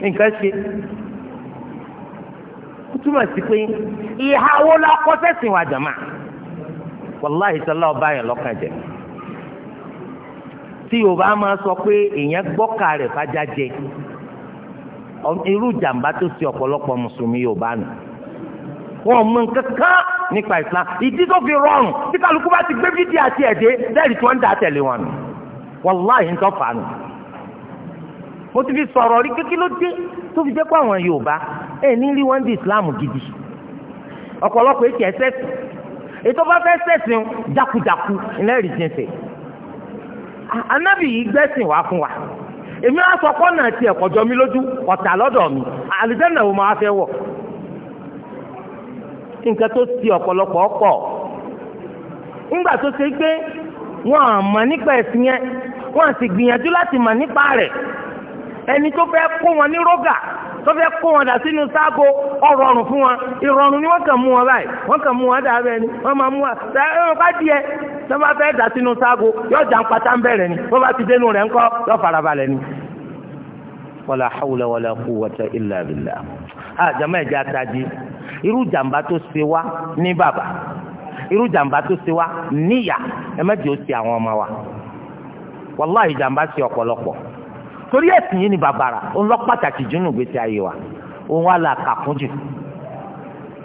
nǹkan ṣe. túmọ̀ sí pé ìhà wo la kọ́ sẹ́sìn wa jàmá wàláhì sọlá ọba yẹn lọ́kàn jẹ tí yorùbá máa sọ pé èèyàn gbọ́kà rẹ̀ fàjà jẹ irú jàǹbá tó ṣe ọ̀pọ̀lọpọ̀ mùsùlùmí yorùbá nù wọn mọ nǹkan kan nípa islam ìdí tó fi rọrùn tí kálukú bá ti gbé fídíò àti ẹ̀dẹ́ lẹ́rìí tí wọ́n ń dà tẹ̀lé wọn nù wàláhì ń tọ́ fà nù mo ti fi sọ̀rọ̀ rí kékeré ló dé tó fi jẹ́ pé àwọn yorùbá ẹ ní rí wọn bí islam gidi ọ̀pọ̀lọpọ̀ ètò ẹ̀sẹ̀ ètò bá fẹ́ sẹ̀sìn jákujáku iná rí jẹ́sẹ̀ anábì yìí gbẹ́sìn wá fún wa èmi á sọ kọ́nà tí ẹ̀kọ́ mi lójú ọ̀tà lọ́dọ̀ mi àlùjánnà wo máa fẹ́ wọ̀ nǹkan tó ti ọ̀pọ̀lọpọ̀ pọ̀ ńgbà tó ṣe gbé wọn à mọ̀ nípa ẹ̀sìn yẹn wọn à sì gbìyànjú láti mọ̀ nípa rẹ̀ ẹni tó fẹ́ kó wọn ní rógà tó fẹ́ kó wọn dà sínú sáàbò ọ̀rọ̀rùn fún wọn ìrọ̀rùn ni wọ́n kàn mú wọn báyìí wọ́n kàn mú wọn dà ni wọ́n máa mú wa bá díẹ̀ tó bá fẹ́ dà sínú sáàbò yóò jà ń pata ń bẹ̀rẹ̀ ni wọ́n bá ti dénú rẹ̀ ńkọ́ yóò ni. jama di. irú tó ṣe wá ní bàbá irú tó ṣe wá níyà jẹ́ ó ṣe àwọn ọmọ wa wàláhì torí ẹ̀sìn yìí ni bàbàrà òun lọ pàtàkì jùnú gbèsè ayé wa òun wà là kàkún jù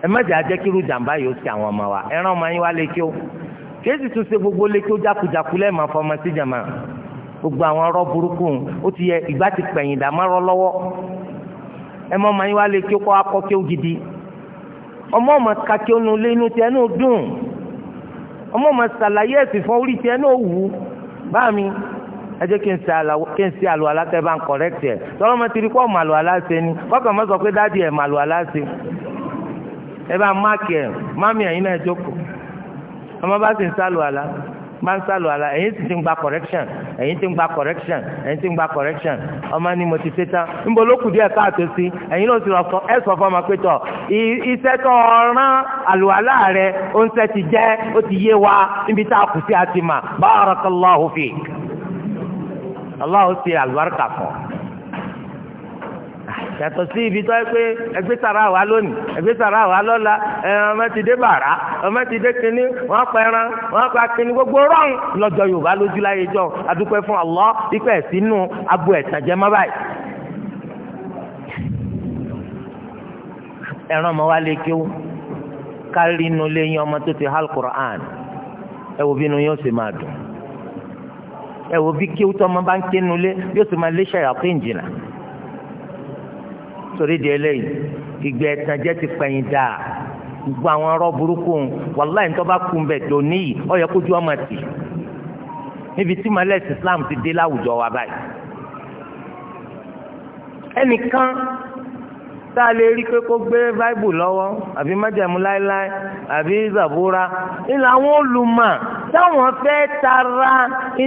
ẹ má jẹ́ ajẹ́ kíru jàǹbá yóò ṣe àwọn ọmọ wa ẹran ọmọ yín wá lé kí ó kéésì tún ṣe gbogbo lé kí ó jákujàku lẹ́ẹ̀ma fọmọ sí jàmá gbogbo àwọn ọ̀rọ̀ burúkú ó ti yẹ ìgbà ti pẹ̀yìn dàmárọ̀ lọ́wọ́ ẹ mọ ọmọ yín wá lé kí ó kọ́ akọ́ kí ó gidi ọmọ ọmọ kàkí ó nu lé inú tiẹ̀ náà dùn ọmọ ọmọ sàlàyé ẹ̀sìn fún orí tiẹ̀ náà wù báàmí ẹ jẹ́ kí n ṣe àlọ́ aláṣẹ bá ń kọ̀rẹ́tì ẹ̀ tọ́lọ́ mọ́ ti rí pọ́ màlúù aláṣẹ ni kọ́kàn mọ́ sọ pé dáàdi ẹ̀ màlúù aláṣẹ ẹ bá máàkì ẹ̀ mami ẹ̀yin náà jókòó ọmọ bá sì ń sálọ̀ àlá bá ń àlá sì ti ń gba correction ẹ̀yin ti ń gba correction ẹ̀yin ti ń gba correction ọmọ ni mo ti ṣe tán níbo ló kù díẹ̀ káàtó sí ẹ̀yin ló ti lọ sọ ẹ sọ fún ọmọ pé tọ iṣẹ́ tó rán àlùwàlá rẹ oúnjẹ ti jẹ́ ó ti yé wa níbi tá a kù sí àti mà aláwo ṣe àlùbáríkà fún ọ yàtọ̀ sí ibi tó yẹ pé ẹgbẹ́ sara wà lónìí ẹgbẹ́ sara wà lọ́la ọmọ ti dé bàrà ọmọ ti dé kínní wọ́n pa ẹran wọ́n pa kínní gbogbo rọ́ọ̀n lọ́jọ́ yorùbá lójú láyé jọ adúpẹ́ fún Allah ikú ẹ̀ sínú abo ẹ̀tàn jẹ́ báyìí. ẹran ọmọ wa lè kéwú kárí inú lẹ́yìn ọmọ tó ti hal Qur'an ẹ wo bínú yóò ṣe máa dùn ẹ wo bí kí wútọ́ ọmọ bá ń ké nulé yóò sì máa léṣe àpé ìjìnà torí di eléyìí ìgbẹ́ ẹ̀tànjẹ́ ti pẹ̀yìn dáa gbogbo àwọn ọ̀rọ̀ burúkú wàláì ń tọ́ba kú bẹ̀ tó níyì ó yẹ kójú ọmọ tì níbi tí malẹ́sì Islam ti dé láwùjọ wa báyìí ẹnìkan tá a lè rí i pé kó gbé báìbù lọ́wọ́ àbí májàmú láéláé àbí zàbúrà ilà àwọn olùmọ̀ táwọn fẹ́ tara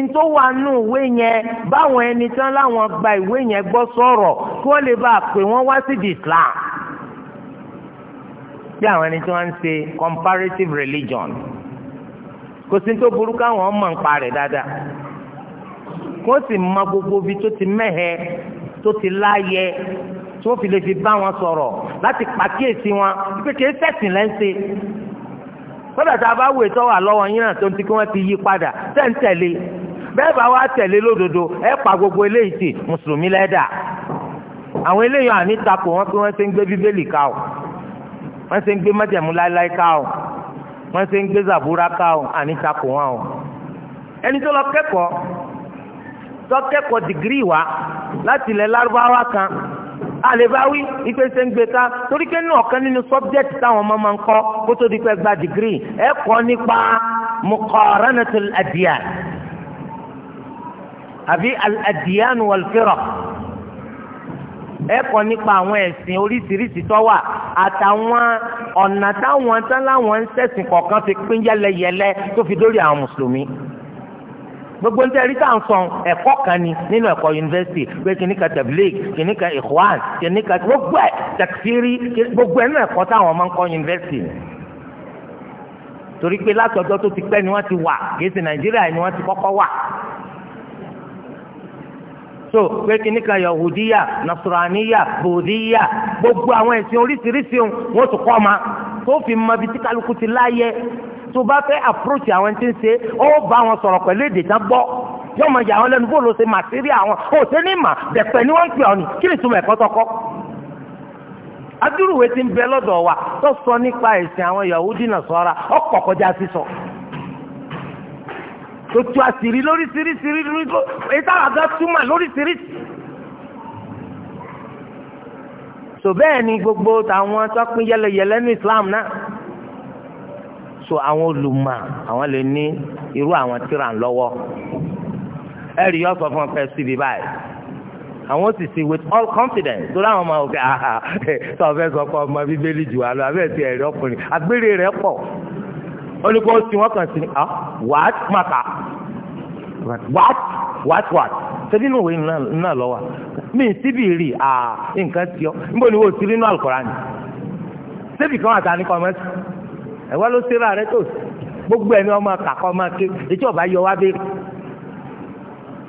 ntó wà nù ìwé yẹn báwọn ẹni tán láwọn gba ìwé yẹn gbọ́ sọ̀rọ̀ kí wọ́n lè bá a pè wọ́n wá sí di bí àwọn ẹni tí wọ́n ń ṣe comparative religion kò sí tó burú káwọn ọmọ ń pa rẹ̀ dáadáa kó sì mọ gbogbo ibi tó ti mẹ́hẹ tó ti láyẹ tí wọ́n fi lè fi bá wọn sọ̀rọ̀ láti pàkíyèsí wọn pé kìí sẹ̀sìn lẹ́ńsẹ̀ kódà tá a bá wò ètò wà lọ́wọ́ yín náà tó ń ti kí wọ́n ti yí padà tẹ̀ǹtẹ̀lé bẹ́ẹ̀ bá wá tẹ̀lé lódodo ẹ pa gbogbo eléyìí tì mùsùlùmí lẹ́dà àwọn eléyìí àní takò wọn pé wọ́n ṣe ń gbé bíbélì ká o wọ́n ṣe ń gbé májẹ̀mú láéláé ká o wọ́n ṣe ń gbé zàbúrà ká o àní takò wọn o ẹni tó lọ kẹ́kọ̀ọ́ tó kẹ́kọ̀ọ́ dìgírì wa láti ilẹ̀ lárúbáwá kan àlèbáwí ìpèsè ń gbèta torí pé náà kan nínú subject táwọn ọmọ máa ń kọ́ kó tó di pé gba degree ẹ kọ́ nípa muqaranatul adiyan àbí al-adiyan wal-firaq ẹ kọ́ nípa àwọn ẹ̀sìn oríṣiríṣi tó wà àtàwọn ọ̀nà táwọn tán ń ṣẹ̀sìn kọ̀ọ̀kan fi pín yẹlẹyẹlẹ tó fi dórí àwọn mùsùlùmí gbogbo ń tẹ́rí tá à ń sọ ẹ̀kọ́ kan ni nínú ẹ̀kọ́ yunifásitì pé kìíní ka tabligh kìíní ka ikhwan kìíní ka gbogbo ẹ̀ takfiri gbogbo ẹ̀ nínú ẹ̀kọ́ táwọn ọmọ ń kọ́ yunifásitì ni torí pé látọjọ́ tó ti pẹ́ ni wọ́n ti wà kìí ṣe nàìjíríà ni wọ́n ti kọ́kọ́ wà so pé kìíní ka yahudiya nasuraniya bòdíyà gbogbo àwọn ẹ̀sìn oríṣiríṣi wọn tó kọ́ ma tó fi mọ tí kálukú ti láyé tó bá fẹ́ approach àwọn tí ń ṣe ó bá wọn sọ̀rọ̀ pẹ̀lú èdè tán gbọ́ yóò mọ ìyàwó lẹ́nu bó ló ṣe màtírí àwọn ò ṣe ní mà bẹ̀pẹ̀ ni wọ́n ń pè ọ́ ní kí ni túmọ̀ ẹ̀kọ́ tọkọ́. adúrúwé ti ń bẹ lọ́dọ̀ wa tó sọ nípa ẹ̀sìn àwọn Yahudi Nasara ọ̀pọ̀ kọjá sísọ tó tu àṣírí lóríṣiríṣi èyí táwọn àgbà túmọ̀ lóríṣiríṣi. sọ bẹ́ẹ̀ ni gbogbo tàwọn tó pín yẹlẹyẹlẹ ní Islam náà so àwọn olùmọ̀ àwọn lè ní irú àwọn tíra lọ́wọ́ ẹ̀rí yọ sọ fún ọ pé síbi báyìí àwọn sì sí with all confidence tó láwọn máa wọ̀kẹ́ àhà tó ọ̀fẹ́ sọ pé ọmọ bíbélì jù wá lọ abẹ́ ti ẹ̀rí ọkùnrin agbére rẹ̀ pọ̀ olùkọ́ sí wọ́n kàn sí ni ah what maka what what what ṣebí inú ìwé náà lọ́wọ́ mi síbi rí ah nǹkan tí ọ níbo ni wo sí nínú àlùkòrán ni ṣebí kan àtàníkọ́ mẹ́sì ẹ̀wá ló ṣe ra rẹ tó gbogbo ẹni ọmọ kàkọ́ máa ké etí ọba yọ wá béèrè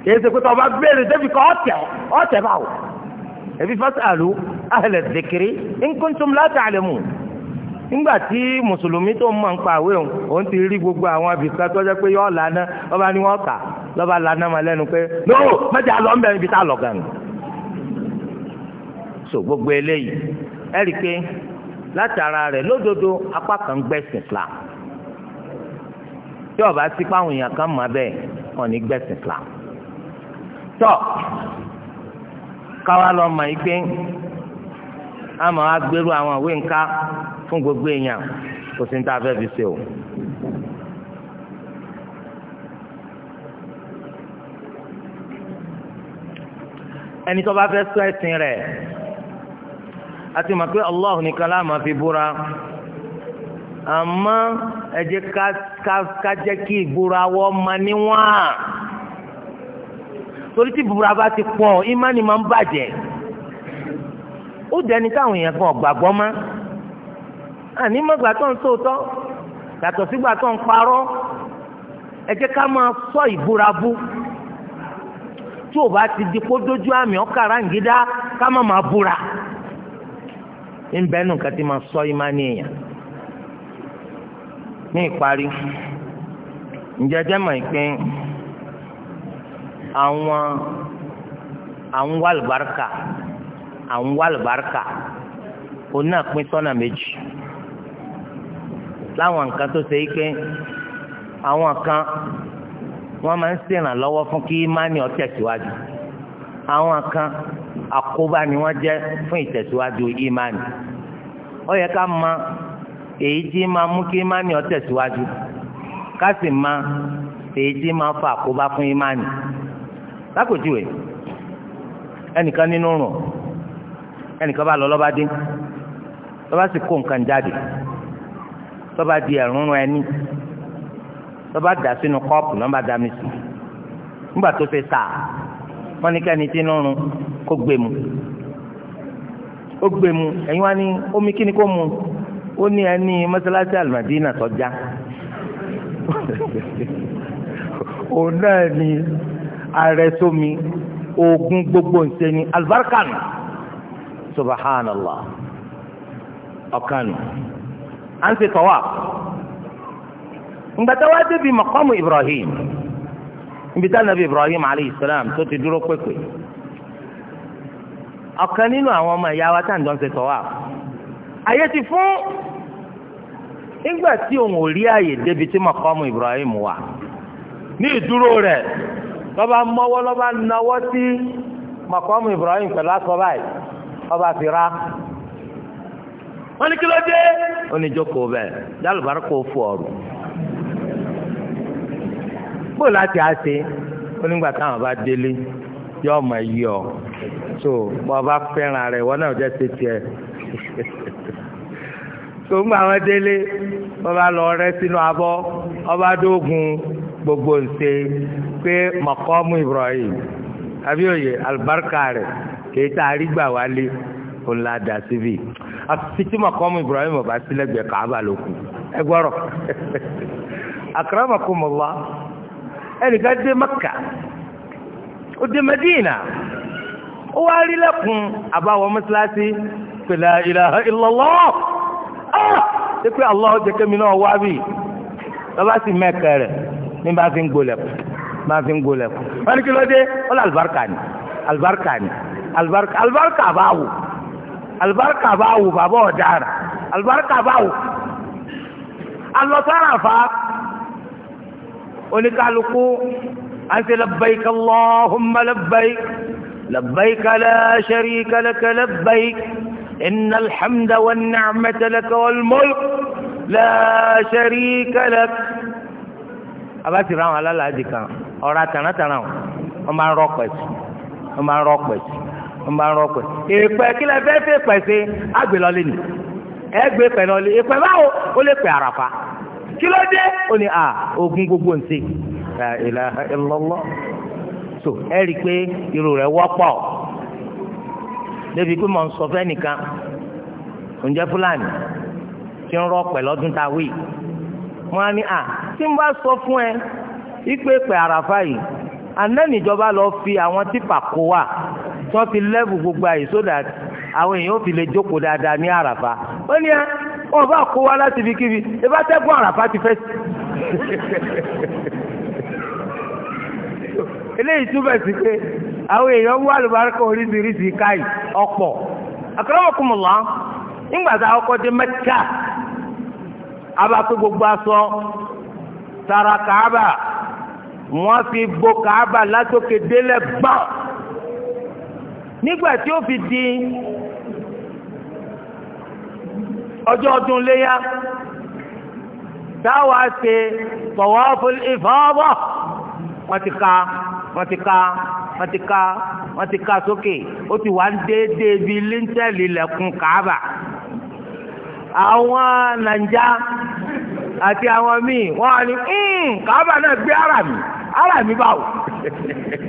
kìí ṣe pé tọba béèrè débi kọ ọ̀tẹ̀ ọ̀tẹ̀ báwò ẹbí fasalu ahla dhikri in kuntum la ta'lamun nígbà tí mùsùlùmí tó mọ̀ ń pa àwé òun òun ti rí gbogbo àwọn abìkà tó jẹ́ pé yọ̀ọ́ lana ọba ni wọ́n kà lọ́ba lana ma lẹ́nu pé no mẹ́ta lọ ń bẹ̀rẹ̀ ibi tá a lọ gan. so gbogbo eléyìí ẹ̀rí pé látara rẹ̀ lódodo apá kan gbẹ̀sìn Islam tí ọba sí páwọn èèyàn kan mọ̀ bẹ́ẹ̀ wọn ní gbẹ̀sìn Islam tọ́ káwa lọ mọ̀ igbe àmọ́ agbèrú àwọn ìwé ńká fún gbogbo èèyàn kò sí ní tá fẹ́ fi ṣe o. ẹni tó bá fẹ́ sọ ẹ̀sìn rẹ̀ àti mọ̀ pé Allah nìkan la máa fi búra àmọ́ ẹ jẹ́ ká jẹ́ kí ìbúra wọ́n ma níwọ̀n torí tí ìbúra bá ti pọ̀ ìmánì máa ń bàjẹ́ ó dẹni táwọn èèyàn kan gbàgbọ́ mọ́ àní mọ́gbà tó ń sòótọ́ yàtọ̀ sígbà tó ń parọ́ ẹ jẹ́ ká máa sọ ìbúra bú tí ò bá ti di kó dójú àmì ọ̀kàrà ń gidá ká má máa búra. ń bẹ́ẹ̀ nù kàtí máa sọ ìmánì èèyàn ní ìparí ǹjẹ́jẹ́ mọ̀ pé àwọn àwọn wàlùbáríkà àwọn wàlùbáríkà òun náà pín méjì láwọn nǹkan tó ṣe pé àwọn kan wọ́n máa ń ṣèrànlọ́wọ́ fún kí ìmánì ó tẹ̀síwájú àwọn kan àkóbá ni wọ́n jẹ́ fún ìtẹ̀síwájú ìmánì ó yẹ ká mọ èyí tí máa mú kí ìmánì ó tẹ̀síwájú ká sì mọ èyí tí máa fa àkóbá fún ìmánì lápèjúwe ẹnìkan nínú rùn ẹnìkan bá lọ lọ́ba dé lọ́ba sì kó nǹkan jáde lọ́ba di ẹ̀rún ẹni lọ́ba dà sínú kọ́ọ̀pù lọ́ba dà mí sí nígbà tó ṣe sáà wọ́n ní kẹ́ni tí ń rún kó gbé mu ó gbé mu ẹ̀yin wá ní omi kí ni kó mu ó ní ẹni mọ́sálásí àlùmọ̀dínà sọ́jà (laughs) òun náà ni ààrẹ sómi oògùn gbogbo ǹṣe ni albarkan subhanallah ọ̀kanu à ń ṣe tọ́wà ǹgbàtà wá débi maqamu Ibrahim. ibi nabi Ibrahim alayhi salam tó ti dúró pépè ọ̀kan nínú àwọn ọmọ ìyá wa táǹdọ̀ ń ṣe tọ́wà ayé ti fún nígbà tí òun ò rí Ibrahim wà ní ìdúró rẹ̀ lọ́ba mọ́wọ́ lọ́ba nawọ́ sí Ibrahim pẹ̀lú ọba fi ra wọ́n ní kí ló dé bẹ́ẹ̀ bó láti á ṣe onígbà táwọn bá délé yóò mọ iyì ọ so bọ́ọ̀ bá fẹ́ràn rẹ̀ wọ́n náà jẹ́ ṣe tiẹ̀ so ń gba àwọn délé wọ́n bá lọ rẹ́ sínú abọ́ wọ́n bá dógun gbogbo ṣe pé mọ̀kọ́mù Ibrahim àbí òye alibarika rẹ̀ kìí tá a rí gbà wálé òun la dà síbi àfi tí Ibrahim ọba sílẹ̀ gbẹ̀ kàá bà lókun ẹ gbọ́rọ̀ àkàrà mọ̀kọ́mù ọba ẹnìkan dé Mẹ́kà ó dé Mẹ́dínà ó wá rí lẹ́kùn àbáwọ̀ mọ́sálásí pé la ilaha illallah ah! ṣé pé Allah jẹ́ kémi náà wá bì lọ́ba sì mẹ́kà rẹ̀ ní bá fi ń gbolẹ̀kùn bá fi ń gbolẹ̀kùn wọ́n ní kí ló dé ó lọ àlùbáríkà ni àlùbáríkà ni àlùbáríkà àlùbáríkà àlùbáríkà bá bàbá ọ̀daràn àlùbáríkà bá wù alọ́sára fa oníkálukú àti labbaik allahumma labbaik labbaik la sharika laka labbaik innal hamda wan ni'mata laka wal mulk la sharika lak abasi ra wọn alálàájì kan ọ̀rọ̀ àtàràtàrà wọn máa ń rọ pẹ̀sì wọn máa ń rọ pẹ̀sì wọn máa ń rọ pẹ̀sì èèpẹ̀ kí lẹ fẹ́ fẹ́ pẹ̀sì àgbélọ́lé ni ẹ gbé pẹ̀lọ́lé èèpẹ̀ báwo ó lè pẹ̀ àràfà kí ló dé ó ní à ogun gbogbo ń la ilaha illallah so ẹ rí i pé irú rẹ̀ wọ́pọ̀ débi pé mo ń sọ fẹ́ nìkan oúnjẹ fúlàní tí ń rọ pẹ̀lú ọdún tá a wí mo á ní à tí n bá sọ fún ẹ ipe pẹ àràfà yìí anẹ́nìjọba lọ fi àwọn tipa kó wa tí wọ́n fi lẹ́bù gbogbo àyè sódà àwọn èèyàn ò fi lè jókòó dáadáa ní àràfà ó ní ẹ wọn bá kó wa láti fi kíbi ìbá tẹ́gbọ́n àràfà ti fẹ́ sí. eléyìí túbọ̀ sí pé àwọn èèyàn wú àlùbáríkà oríṣiríṣi káyì ọ̀pọ̀ àkàràwọ̀kùnmùlá nígbà tá a kọ́kọ́ dé gbogbo aṣọ tara Kaaba wọ́n fi bo Kaaba látòkè délẹ̀ gbọ́n nígbà tí ó ọjọ́ ọdún léyà táwa ṣe tawafu al-ifada wọ́n ti ka wọ́n ti ka wọ́n ti ka wọ́n ti ka sókè ó ti wà ń déédéé bíi líńtẹ́ẹ̀lì lẹ̀kùn kàábà àwọn nàìjà àti àwọn míì wọ́n á ní hmm, kàábà náà gbé ara mi ara mi báwò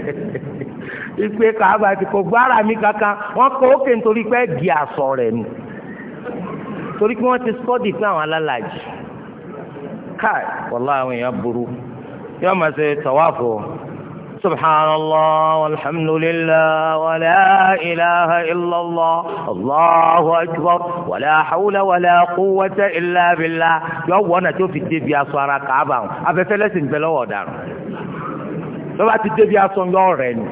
(laughs) ìpè kàábà ti kò gbá ara mi kankan wọ́n kọ́ òkè nítorí pé gíà sọ rẹ̀ ni torí pé wọ́n ti sọ́ọ̀dì fún àwọn alálàájì káì wàlá àwọn èèyàn burú yóò máa ṣe tàwáàfọ̀ subhanallah walhamdulillah wàlá ilaha illallah allahu akbar wàlá hawla wàlá quwwata illa billah yóò wọ́nà tó fi débi aṣọ ara kàábà wọn afẹ́fẹ́ lẹ́sìn bẹ́ẹ̀ lọ́wọ́ ọ̀daràn lọ́ba ti débi aṣọ yóò rẹ̀ ni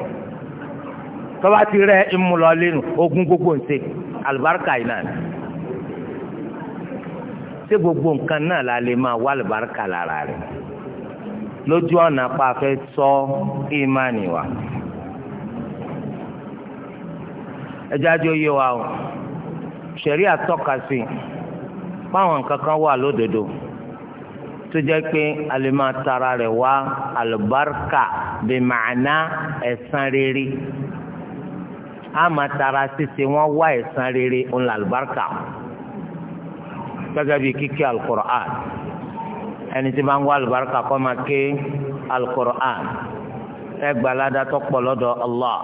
tọ́ba ti rẹ ìmúlọ̀lẹ́nu ogun gbogbo ń ṣe àlùbáríkà yìí náà ṣé gbogbo nǹkan náà la lè máa wá àlùbáríkà lára rẹ̀ lójú ọ̀nà pa fẹ́ sọ ìmánì wa ẹjẹ́ àjọ yé wa o ṣẹ̀rí àtọ́ka sí fáwọn nǹkan kan wà lódodo tó jẹ́ pé a lè máa tara rẹ̀ wá àlùbáríkà bí màánà ẹ̀san rere a máa tara ṣíṣe wọ́n wá ẹ̀san rere ńlá àlùbáríkà gẹ́gẹ́ bí kíké alukur'an ẹni tí máa ń wá alùbáríkà kọ́ máa ké alukur'an ẹ gbà ládàtọ̀ pọ̀ lọ́dọ̀ Allah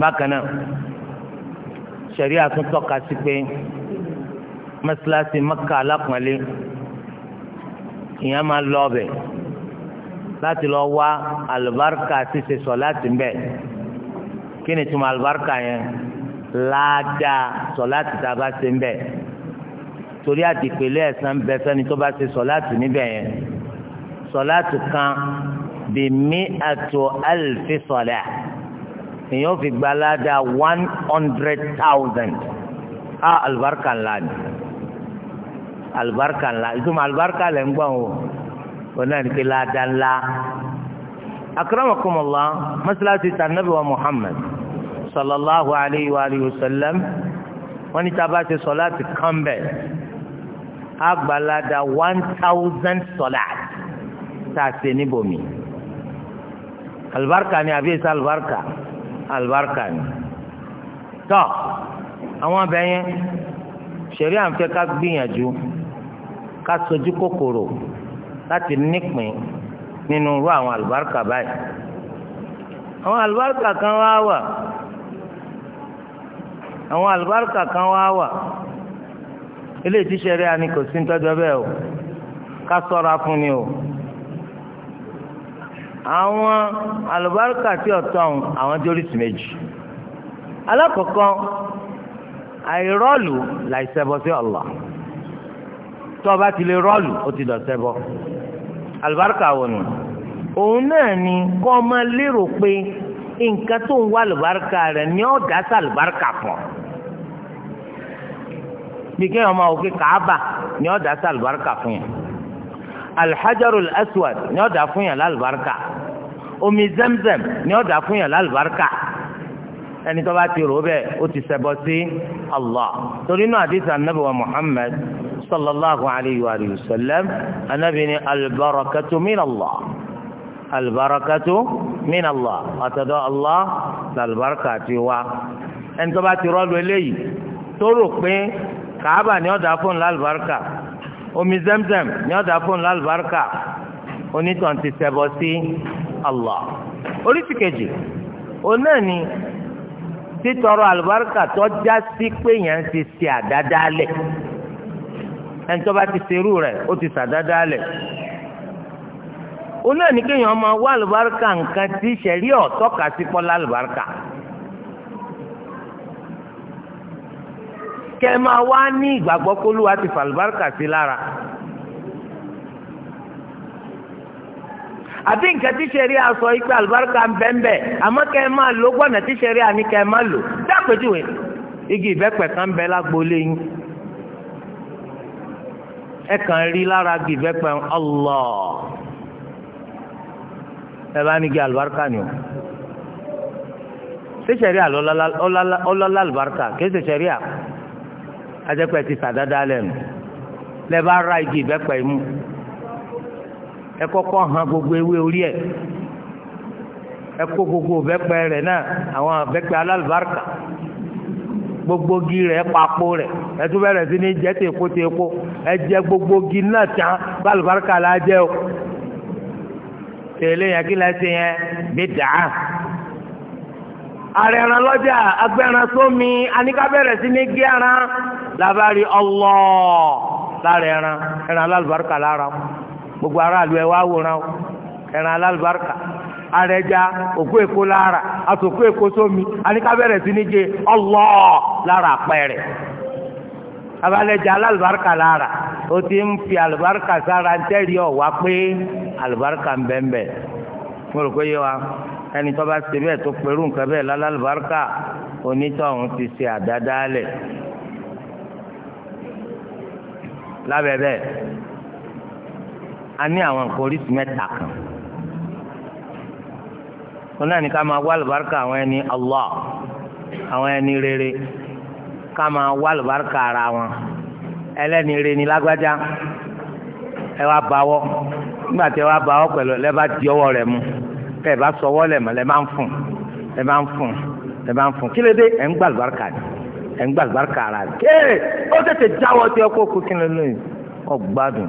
bákan náà sẹ̀rí àtúntọ́ka sí pé mọ́sálásí mẹ́kà alápọ̀nlé ìyẹn máa lọ ọbẹ̀ láti lọ wá alùbáríkà ṣíṣe sọ láti ń bẹ̀ kí ni túmọ̀ alùbáríkà yẹn láadáa sọláàtì tá a bá ṣe ń bẹ̀ torí àdìpẹ̀lẹ̀ ẹ̀san bẹ fẹ́ni tó bá ṣe sọláàtì níbẹ̀ yẹn sọláàtì kan bí mi àtò àlùfí sọlẹ̀ èèyàn fi gba láadáa one hundred thousand a àlùbáríkà ńlá ni àlùbáríkà ńlá ìtumọ̀ àlùbáríkà lẹ̀ ń gbọ́n o wọn náà ní pé láadáa ńlá akramakumullah mọ́sálásí tànàbí wa Muhammad sallallahu alayhi wa alihi wa sallam wọ́n ní tábà ṣe sọláàtì kan bẹ̀ àgbàládà one thousand sọláàtì tá a ṣe níbòmí alibarika ni àbí ẹsẹ alibarika alibarika ni tọ àwọn abẹ yẹn ṣẹ̀rí à ń ká gbìyànjú ká sojú kòkòrò láti nípìn nínú irú àwọn alibarika báyìí àwọn alibarika kan wá wà àwọn àlùbáríkà kan wá wà ilé ìtísẹ́ rẹ̀ ni kò sí ń tọ́jú bẹ́ẹ̀ o ká sọ́ra fún ni o àwọn àlùbáríkà tí ọ̀tọ̀ àwọn dóríṣi méjì alákọ̀ọ́kọ́ àìrọ́ọ̀lù làìṣẹbọ sí Allah tó bá ti lè rọ́ọ̀lù ó ti dọ̀ṣẹbọ àlùbáríkà wọ̀nù òun náà ni kọ́ ọ máa lérò pé nǹkan tó ń wá àlùbáríkà rẹ̀ ni ó dá sí àlùbáríkà pọ̀ bí kéèyàn máa wò pé kàába ni ó dá sí àlùbáríkà fún yẹn alhajarul aswad ni ó dá fún yẹn lálùbáríkà omi zemzem ni ó dá fún yẹn lálùbáríkà ẹni tó bá ti rò bẹ́ẹ̀ ó ti ṣẹbọ sí allah torí náà àdìsí anabi wa muhammad sallallahu alayhi wa sallam anabi ni albarakatu min allah alibarakatu minala ọ̀tọ̀dọ̀ Allah lalibaraka ti wa ẹni tó bá ti rọ́ọ̀lù eléyìí tó rò pé kàábà ni ọ̀dà fún lalibaraka omi zemzem ni ọ̀dà fún lalibaraka onítàn ti ṣẹbọ sí Allah oríṣi kejì òun ni títọrọ alibarika tó já sí pé yẹn ti ṣe àdádálẹ̀ ẹni tó bá ti ṣerú rẹ̀ ó ti ṣàdádálẹ̀. onu náà kéèyàn máa wá àlùbáríkà nǹkan tí sẹ̀rí ọ̀tọ́ka sí pọ́lá àlùbáríkà. kẹ́ ẹ máa wá ní ìgbàgbọ́ kólúwa ti fàlùbáríkà sí lára. àbí nǹkan tí sẹ̀rí àsọ ipe àlùbáríkà ń bẹ́ńbẹ́ àmọ́ kẹ́ ẹ máa gbọ́nà tí sẹ̀rí àní igi kan ń bẹ lágboolé yín ẹ igi ẹ bá ní kí alùbáríkà ni o ṣé sẹ̀ríà ọlọ́lá alùbáríkà kìí ṣe sẹ̀ríà ajẹ́pẹ́ ti sàdáadáa lẹ́nu lẹ́ bá ra igi ìbẹ́pẹ́ imú ẹ kọ́kọ́ hàn gbogbo ewé orí ẹ̀ ẹ kó gbogbo ìbẹ́pẹ́ rẹ̀ náà àwọn ìbẹ́pẹ́ alálùbáríkà gbogbo gi rẹ̀ papò rẹ̀ ẹ tún bẹ̀rẹ̀ sí ní jẹ́ tèkó tèkó ẹ jẹ gbogbo gi náà tán bá alùbáríkà la jẹ́ o. tẹ̀lé yẹn kí la yẹn bí dàá. ààrẹ ẹran lọ́jà agbẹ́ran sómi aníkábẹ̀rẹ̀ sí ní gé ẹran làbárí ọlọ́ lára ẹran ẹran alálùbáríkà lára gbogbo aráàlú ẹ wá wòran o ẹran alálùbáríkà arẹja òkú èkó lára àtòkú èkó sómi aníkábẹ̀rẹ̀ sí ní gé ọlọ́ lára àpẹẹrẹ. abalẹ̀jà alálùbáríkà lára ó ti ń fi alùbáríkà sára ń tẹ́rì ọ̀wá pé alùbáríkà ń bẹ́ńbẹ́ mo rò pé yé wa ẹni tó bá ṣe bẹ́ẹ̀ tó pẹ̀lú nǹkan bẹ́ẹ̀ lálálùbáríkà onítọ̀hún ti ṣe àdádálẹ̀ lábẹ́ bẹ́ẹ̀ a ní àwọn nǹkan oríṣi mẹ́ta kan wọn náà ní ká máa wá alùbáríkà àwọn ẹni Allah àwọn ẹni rere ká máa wá àlùbáríkà ara wọn ẹlẹ́ni rẹ ni lágbájá ẹ wá báwọ́ nígbà tí ẹ wá báwọ́ pẹ̀lú ẹ bá di ọwọ́ rẹ mu kẹ ẹ bá sọwọ́ lẹ̀ mọ́ ẹ máa ń fún ẹ máa ń fún ẹ máa ń fún kí ló dé ẹ ń gbà àlùbáríkà ni ẹ ń gbà àlùbáríkà ara rẹ kéè ó tètè jáwọ́ tí ẹ kú kí ló lóyún ọ gbádùn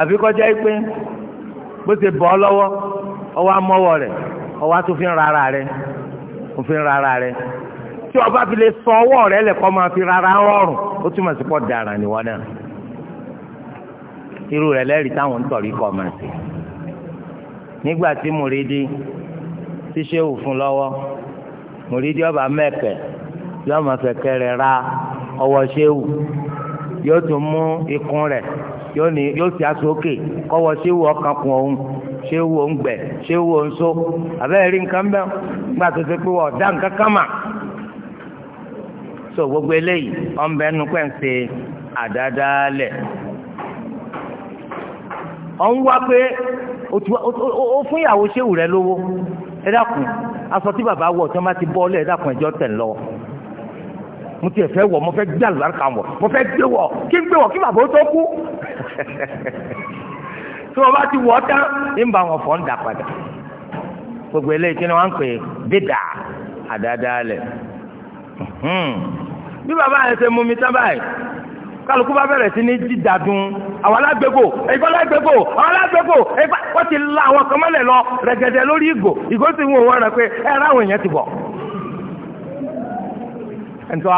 àfi yìí pé bó ṣe bọ́ lọ́wọ́ ọwọ́ amọ́wọ́ rẹ̀ ọwọ́ atúfin rárá rẹ̀ òfin rárá rẹ tí ọba fi lè sọ ọwọ́ rẹ lẹ́kọ́ máa fi rárá rọrùn ó túmọ̀ sí pọ̀ dára níwọ náà irú rẹ lẹ́rìí táwọn ń tọ̀rí kọ́ máa ṣe nígbà tí mùrídì ti ṣe òfin lọ́wọ́ mùrídì ọba mẹ́kẹ̀ yóò máa fẹ̀kẹ́ rẹ̀ ra ọwọ́ ṣéwù yóò tún mú ikùn rẹ̀ yóò sì aṣọ òkè kọ́wọ́ ṣéwù ọkàn kún òun ṣé wo ń gbẹ ṣé wo ń so àbẹ́rẹ́ rí nǹkan bẹ́ẹ̀ nígbà tó ṣe pé wọ́n dá nǹkan kan mà so gbogbo eléyìí wọ́n bẹ nu pẹ́ ń ṣe àdádálẹ̀ ọ̀ ń wá pé ó fún ìyàwó ṣéwù rẹ lówó ẹ dákun aṣọ tí bàbá wọ̀ tí wọ́n bá ti bọ́ ọ́lẹ̀ ẹ dákun ẹ̀jọ́ tẹ̀ lọ́wọ́ mo ti fẹ́ wọ̀ mo fẹ́ gbé àlùbáríkà wọ̀ mo fẹ́ gbé wọ̀ kí n gbé wọ̀ kí bàbá ó tó kú (laughs) tí wọ́n bá ti wọ̀ ọ́ tán ń bá wọn fọ́ ń dà padà gbogbo eléyìí kí ni wọ́n ń pè bídà àdáadáalẹ̀ hmm. bí bàbá yẹn ṣe mú mi tán báyìí kálukú bá bẹ̀rẹ̀ sí ní dídàdún àwọn alágbègbò ẹ̀gbọ́n alágbègbò àwọn alágbègbò ẹ̀gbọ́n wọ́n ti la àwọn kan mọ́lẹ̀ lọ rẹ̀gẹ̀dẹ̀ lórí ìgò ìgò sì ń wò wọ́n rẹ̀ pé ẹ̀rọ àwọn èèyàn ti bọ̀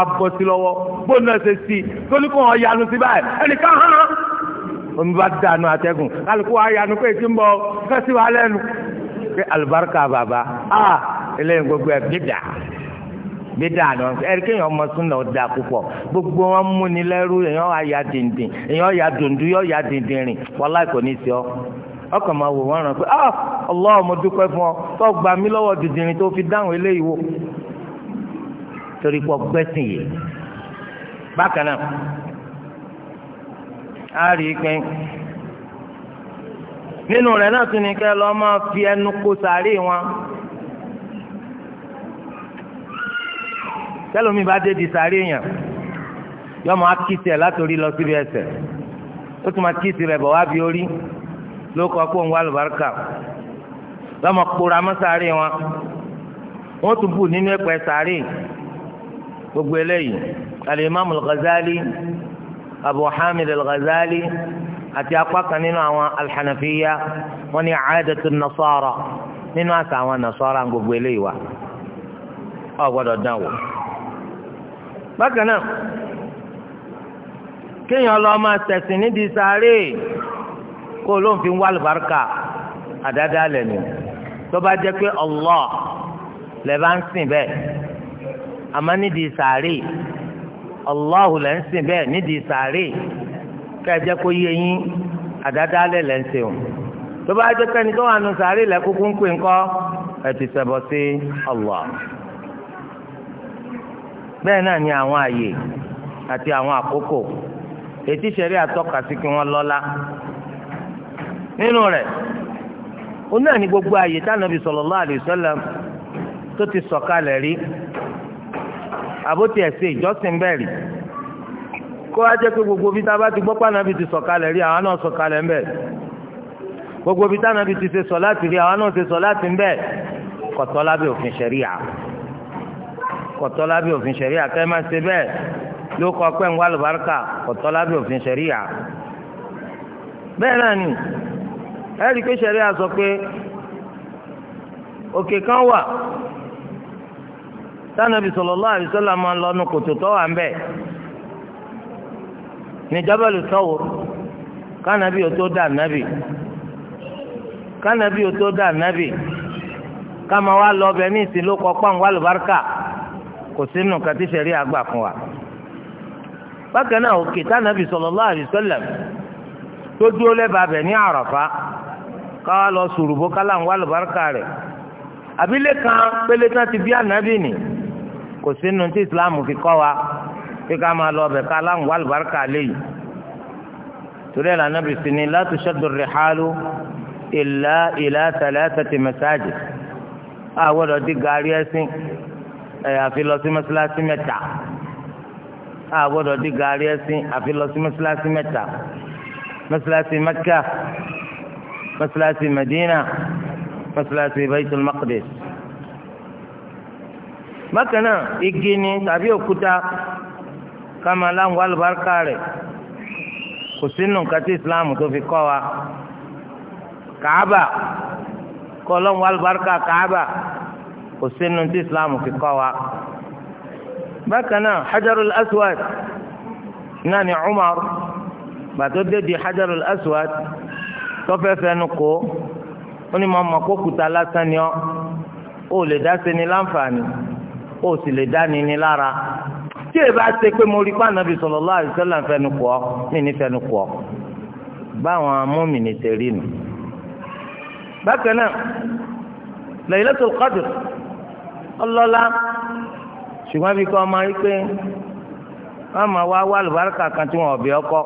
abọ́ sí lọ́wọ́ bóun náà ṣe sí tóníkùn ọ̀yanu sí báyìí ẹnìkan hàn án omi dànù àtẹ̀gùn kálukú wa yanu pé tí ń bọ̀ fẹ́sí wa lẹ́nu pé bàbá a eléyìí gbogbo ẹ̀ bídà bídà nù ẹ̀ríkẹ́ yẹn ọmọ súnà ọ̀dà púpọ̀ gbogbo wọn múni lẹ́rú èèyàn àyà dìndín èèyàn àyà dùndú yóò yà dìndín rìn ọkàn máa wò wọn ràn pé ọ tó gbà mí lọ́wọ́ tó fi dáhùn eléyìí wò torí pọ̀ gbẹ́sìn á rí i pé nínú rẹ̀ náà tún ní kẹ́ lọ́ọ́ máa fi ẹnu kó sàárè wọn. tẹlomi bá dé di sáré yàn yọmọ akíti ẹ látòrí lọ síbi ẹsẹ̀ ó tún ma kíti rẹ bọ wá bí orí ló kọ kó ń wá lùbáríkà lọmọ kpora mọ sáré wọn wọn tún bù nínú ẹ̀pẹ̀ sáré gbogbo eléyìí Al-Imam abu hamid al-ghazali àti apá kan nínú àwọn alhànàfíyà wọ́n ní àádẹ́tù nasara nínú àṣà àwọn nasara gbogbo eléyìí wa ọ gbọ́dọ̀ dán wò. bákan náà kéèyàn lọ máa tẹ̀sìn nídìí sáré kó ló ń fi wá àlùbáríkà àdáda lẹ́nu tó bá jẹ́ pé Allah lè bá ń sìn bẹ́ẹ̀ àmọ́ nídìí sáré. Allahu lẹ́ ń sìn bẹ́ẹ̀ nídìí sàárè kẹ́ẹ̀jẹ́ kó yé yín àdádálẹ̀ lẹ́ ń sìn o tó bá jẹ́ pẹ́ni tó wà nù sàárè lẹ́ kúkú ń pè ńkọ́ ẹ̀ ti ṣẹbọ sí Allah bẹ́ẹ̀ náà ni àwọn àyè àti àwọn àkókò ètí ìṣẹ̀rí àtọ́ka sí kí wọ́n lọ́lá nínú rẹ̀ ó náà gbogbo àyè tí Ànábì sallallahu tó ti sọ̀kalẹ̀ rí àbótí ẹ̀sìn ìjọsìn bẹ́ẹ̀ rí kó wá jẹ́ pé gbogbo bí tábà ti gbọ́ pànàbí ti sọ̀kalẹ̀ rí àwọn náà sọ̀kalẹ̀ ńbẹ̀ gbogbo bí tánàbí ti ṣe sọ láti rí àwọn náà ṣe sọ láti ńbẹ̀ kọ̀tọ́ lábẹ́ òfin ṣẹ̀ríà kọ̀tọ́ lábẹ́ òfin ṣẹ̀ríà kẹ́ máa ṣe bẹ́ẹ̀ ló kọ́ pẹ́ ń wá lùbáríkà kọ̀tọ́ lábẹ́ òfin ṣẹ̀ríà bẹ́ẹ̀ náà ni ẹ̀rí pé ṣẹ̀ríà sọ pé òkè kan wà sanabi sallallahu alaihi wasallam máa ń lọ nu kòtò wà ń bẹ ní kanabi Thawr kánabi ò tó dà nabi kánabi ò tó dà nabi káma wá lọ bẹ ní ìsìn ló kọ pọn wà lùbáríkà kò sínú kàtí sẹrí àgbà fún wa bákan náà òkè tánabi sallallahu alaihi tó dúró lẹ́bàá bẹ̀ ní àràfá káwá lọ sùrùbó kálá ń wá àbílẹ̀ kan pélé ti bí ànábì nìyí. kò sínú tí ìsìláàmù fi kọ́ wa pé ká máa lọ ọbẹ̀ ká láǹgbá àlùbáríkà léyìí torí ẹ̀ lànà bìsí ni la tushaddu rihalu illa ila thalathati masajid àwọ̀dọ̀ di gàrí ẹ̀sìn ẹ̀ àfi lọ mẹ́ta àwọ̀dọ̀ di gàrí ẹ̀sìn àfi lọ mẹ́ta mọ́sálásí Mẹ́kà mọ́sálásí Mẹ́dínà mọ́sálásí Baitul Maqdis bákan náà igi ni tàbí òkúta kama láwọn alùbáríkà rẹ̀ kò sínú nǹkan tí islam tó fi kọ́ wa kàába kọ́ lọ́wọ́ alùbáríkà kàába kò sínú tí islam fi kọ́ wa bákan náà hajarul aswad náà ni umar gbàtó dédì hajarul aswad tọ́fẹ́ kó ó ní mọ́ ọmọ kókùtà lásán ni ọ́ ó lè dá sí ni láǹfààní ó sì lè dáni ní lára tí èyí bá ṣe pé mo rí pa nàbì sallallahu alaihi wasallam fẹnu kọ mí ní fẹnu kọ báwọn mùmínì ṣe rí nu. bákan náà Laylatul Qadr ọlọ́lá ṣùgbọ́n bí kò máa rí pé wọ́n máa wá wá àlùbáríkà kan tí wọ́n ọ̀bẹ ọkọ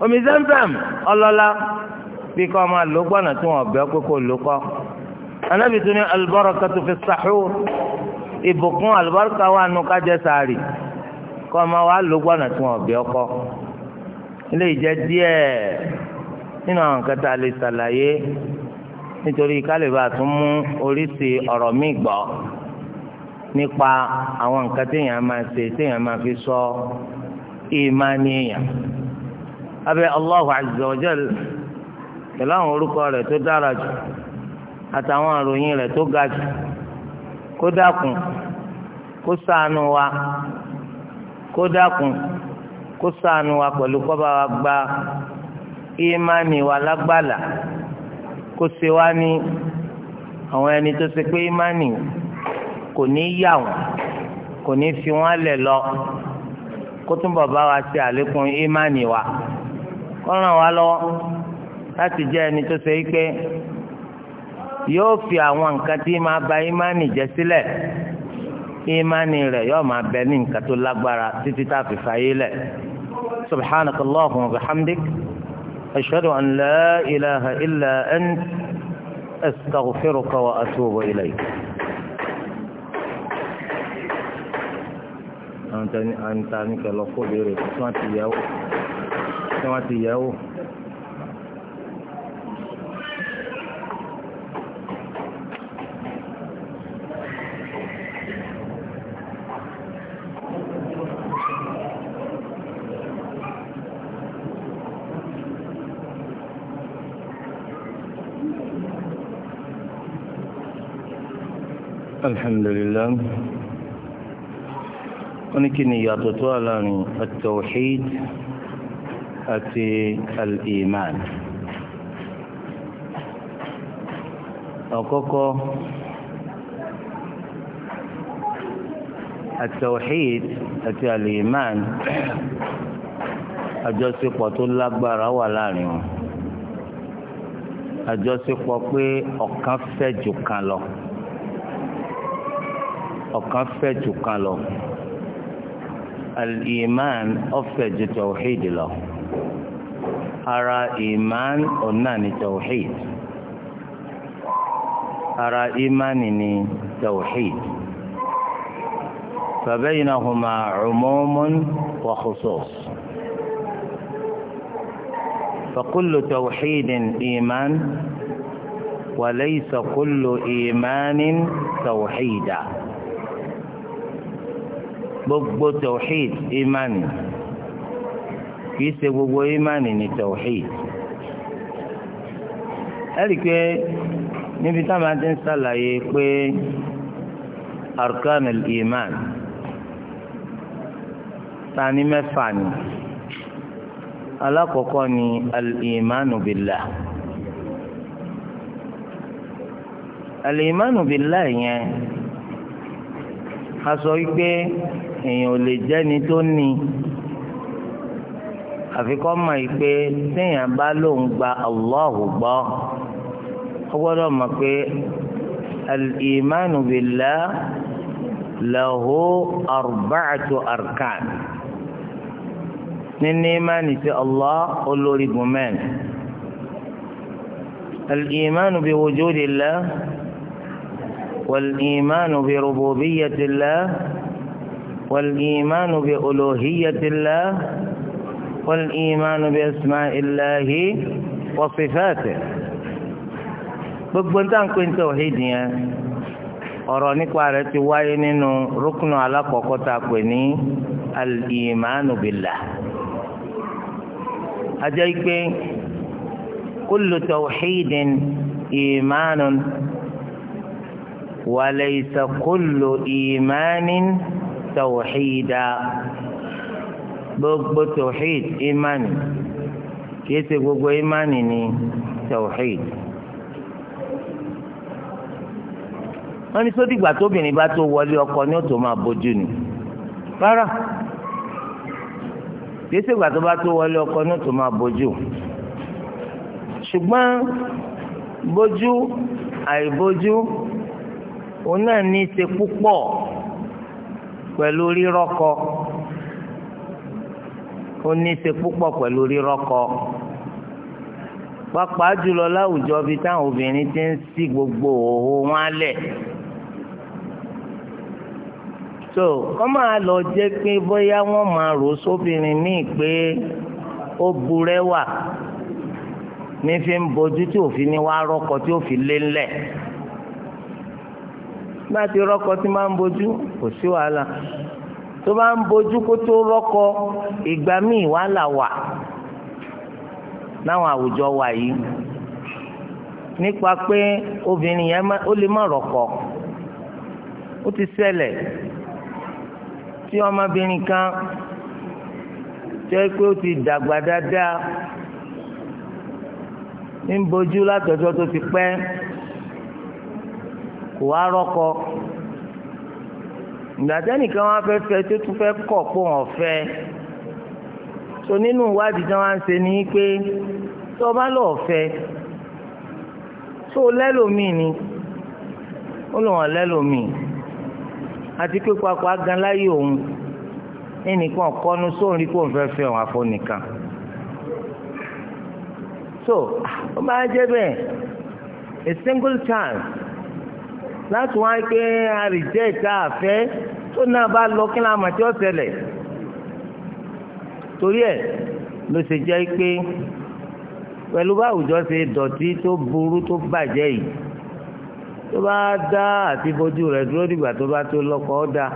omi zamzam ọlọ́lá bí kò máa lò gbọ́nà tí wọ́n ọ̀bẹ ọkọ kò lò kọ́ anábìtú ni albarakatu fi sahur ìbùkún àlùbáríkà wà nù kájẹ sàárì kọ́ ọ máa wá lò gbọ́nà tí wọ́n ọ̀bẹ ọkọ ilé ìjẹ díẹ̀ nínú àwọn kẹta lè ṣàlàyé nítorí kálíbà tún mú oríṣi ọ̀rọ̀ míì gbọ́ nípa àwọn nǹkan téèyàn máa ṣe téèyàn máa fi sọ ìmánì abẹ Allahu azza wa jal pẹ̀lú àwọn orúkọ rẹ̀ tó dára jù àtàwọn àròyìn rẹ̀ tó ga jù. kó dákun kó ṣàánú wa kó dákun kó ṣàánú wa pẹ̀lú kọ́ba wa gba ìmánì wa lágbàlá kó ṣe wá ní àwọn ẹni tó ṣe pé ìmánì kò ní yà wọ́n kò ní fi wọ́n lẹ̀ lọ kó túnbọ̀ bá wa ṣe àlékún ìmánì wa kó ràn wá lọ́wọ́ láti jẹ́ ẹni tó ṣe é pé. yóò fi àwọn nǹkan tí máa ba ìmánì jẹ́ sílẹ̀ ìmánì rẹ̀ yóò máa bẹ ní nǹkan tó lágbára títí tá a fi fàyè lẹ̀ subhanaka allahumma wa bihamdik ashhadu an la ilaha illa ant astaghfiruka wa atubu ilayk. àwọn tani kẹlọ kó béèrè tí wọn ti yẹ wò tí wọn ti yẹ wò. alhamdulillah wọ́n ní kí ni ìyàtọ̀ tó wà láàrin at-tawhid àti al-iman àkọ́kọ́ at-tawhid àti al-iman àjọṣepọ̀ tó lágbára wà láàrin àjọṣepọ̀ pé ọ̀kan fẹ́ jù kan lọ. ọ̀kan fẹ̀ jù kan lọ al-iman ọ̀fẹ̀ jù tawhid lọ ara iman ọ̀nà ni tawhid ara iman ni tawhid fabaynahuma umumun wa khusus. فكل توحيد إيمان وليس كل إيمان توحيدا gbogbo tawhid imani kìí ṣe gbogbo imani ni tawhid ẹ̀rí pé níbi táwọn àti ń ṣàlàyé pé arkanul iman tani mẹ́fà ni alákọ̀ọ́kọ́ ni al-imanu billah al-imanu billah yẹn a sọ wípé èèyàn ò lè jẹ́ni tó ní àfi kọ́ mọ̀ yìí pé téèyàn bá lóun gba Allahu gbọ́ ó gbọ́dọ̀ mọ̀ pé al-imanu billah lahu arba'atu arkan nínú ìmánì sí Allah olórí gùnmẹ́n al-imanu bi wujudillah wal-imanu bi rububiyatillah. والإيمان بألوهية الله والإيمان بأسماء الله وصفاته gbogbo ń tàn pé ń tawhid yẹn ọ̀rọ̀ nípa rẹ̀ ti wáyé nínú rúkùnù alákọ̀ọ́kọ́ tá a pè ní al-imanu billah ajá ikpe kullu tawhidin imanun wa laysa kullu imanin. tawhida gbogbo tawhid imani kìí ṣe gbogbo imani ni tawhid. wọ́n ní sódìgbà tóbìnrin bá tó wọlé ọkọ ní ó tó máa bójú ni rárá kìí ṣègbà tó bá tó wọlé ọkọ ní ó tó máa bójú ṣùgbọ́n bójú àìbójú òun náà ní í ṣe púpọ̀ pẹ̀lú rírọ́kọ ó ní í ṣe púpọ̀ pẹ̀lú rírọ́kọ pàápàá jùlọ láwùjọ bíi táwọn obìnrin ti ń sí gbogbo òhò wọn lẹ̀ so kọ́ máa lọ jẹ́ pé bóyá wọ́n máa rò sóbìnrin míì pé ó burẹ́wà ní fi ń bojú tí òfin ni wàá rọ́kọ tí òfin fi lé ńlẹ̀. bá ti rọ́kọ tí máa ń bojú kò sí wàhálà tó bá ń bojú kó tó rọ́kọ ìgbà míì wàhálà wà láwọn àwùjọ wa yìí nípa pé obìnrin yẹn ó lè má rọ́kọ ó ti ṣẹlẹ̀ tí ọmọbìnrin kan jẹ́ pé ó ti dàgbà dáadáa ń bojú látọjọ́ tó ti pẹ́ kò wá rọ́kọ wọn fẹ́ fẹ́ tó tún fẹ́ kọ̀ pé wọ́n fẹ́ so nínú ìwádìí tí wọ́n ṣe ni pé tó bá lọ́ọ́ fẹ́ tó lẹ́lòmíì ni ó lò wọ́n lẹ́lòmíì àti pé papọ̀ agan láyé òun ẹnìkan kọ́nu sóun rí kó n fẹ́ fẹ́ òun so ó máa jẹ́ bẹ́ẹ̀ a single chance láti wá pé àrìjẹ́ ìta àfẹ́ tó náà bá lọ kí láàmà tí ó ṣẹlẹ̀ torí ẹ̀ ló ṣe jẹ́ pé pẹ̀lú bá àwùjọ ṣe dọ̀tí tó burú tó bàjẹ́ yìí tó bá dá àti bojú rẹ̀ dúró dìgbà tó bá tó lọ́kọ ó dá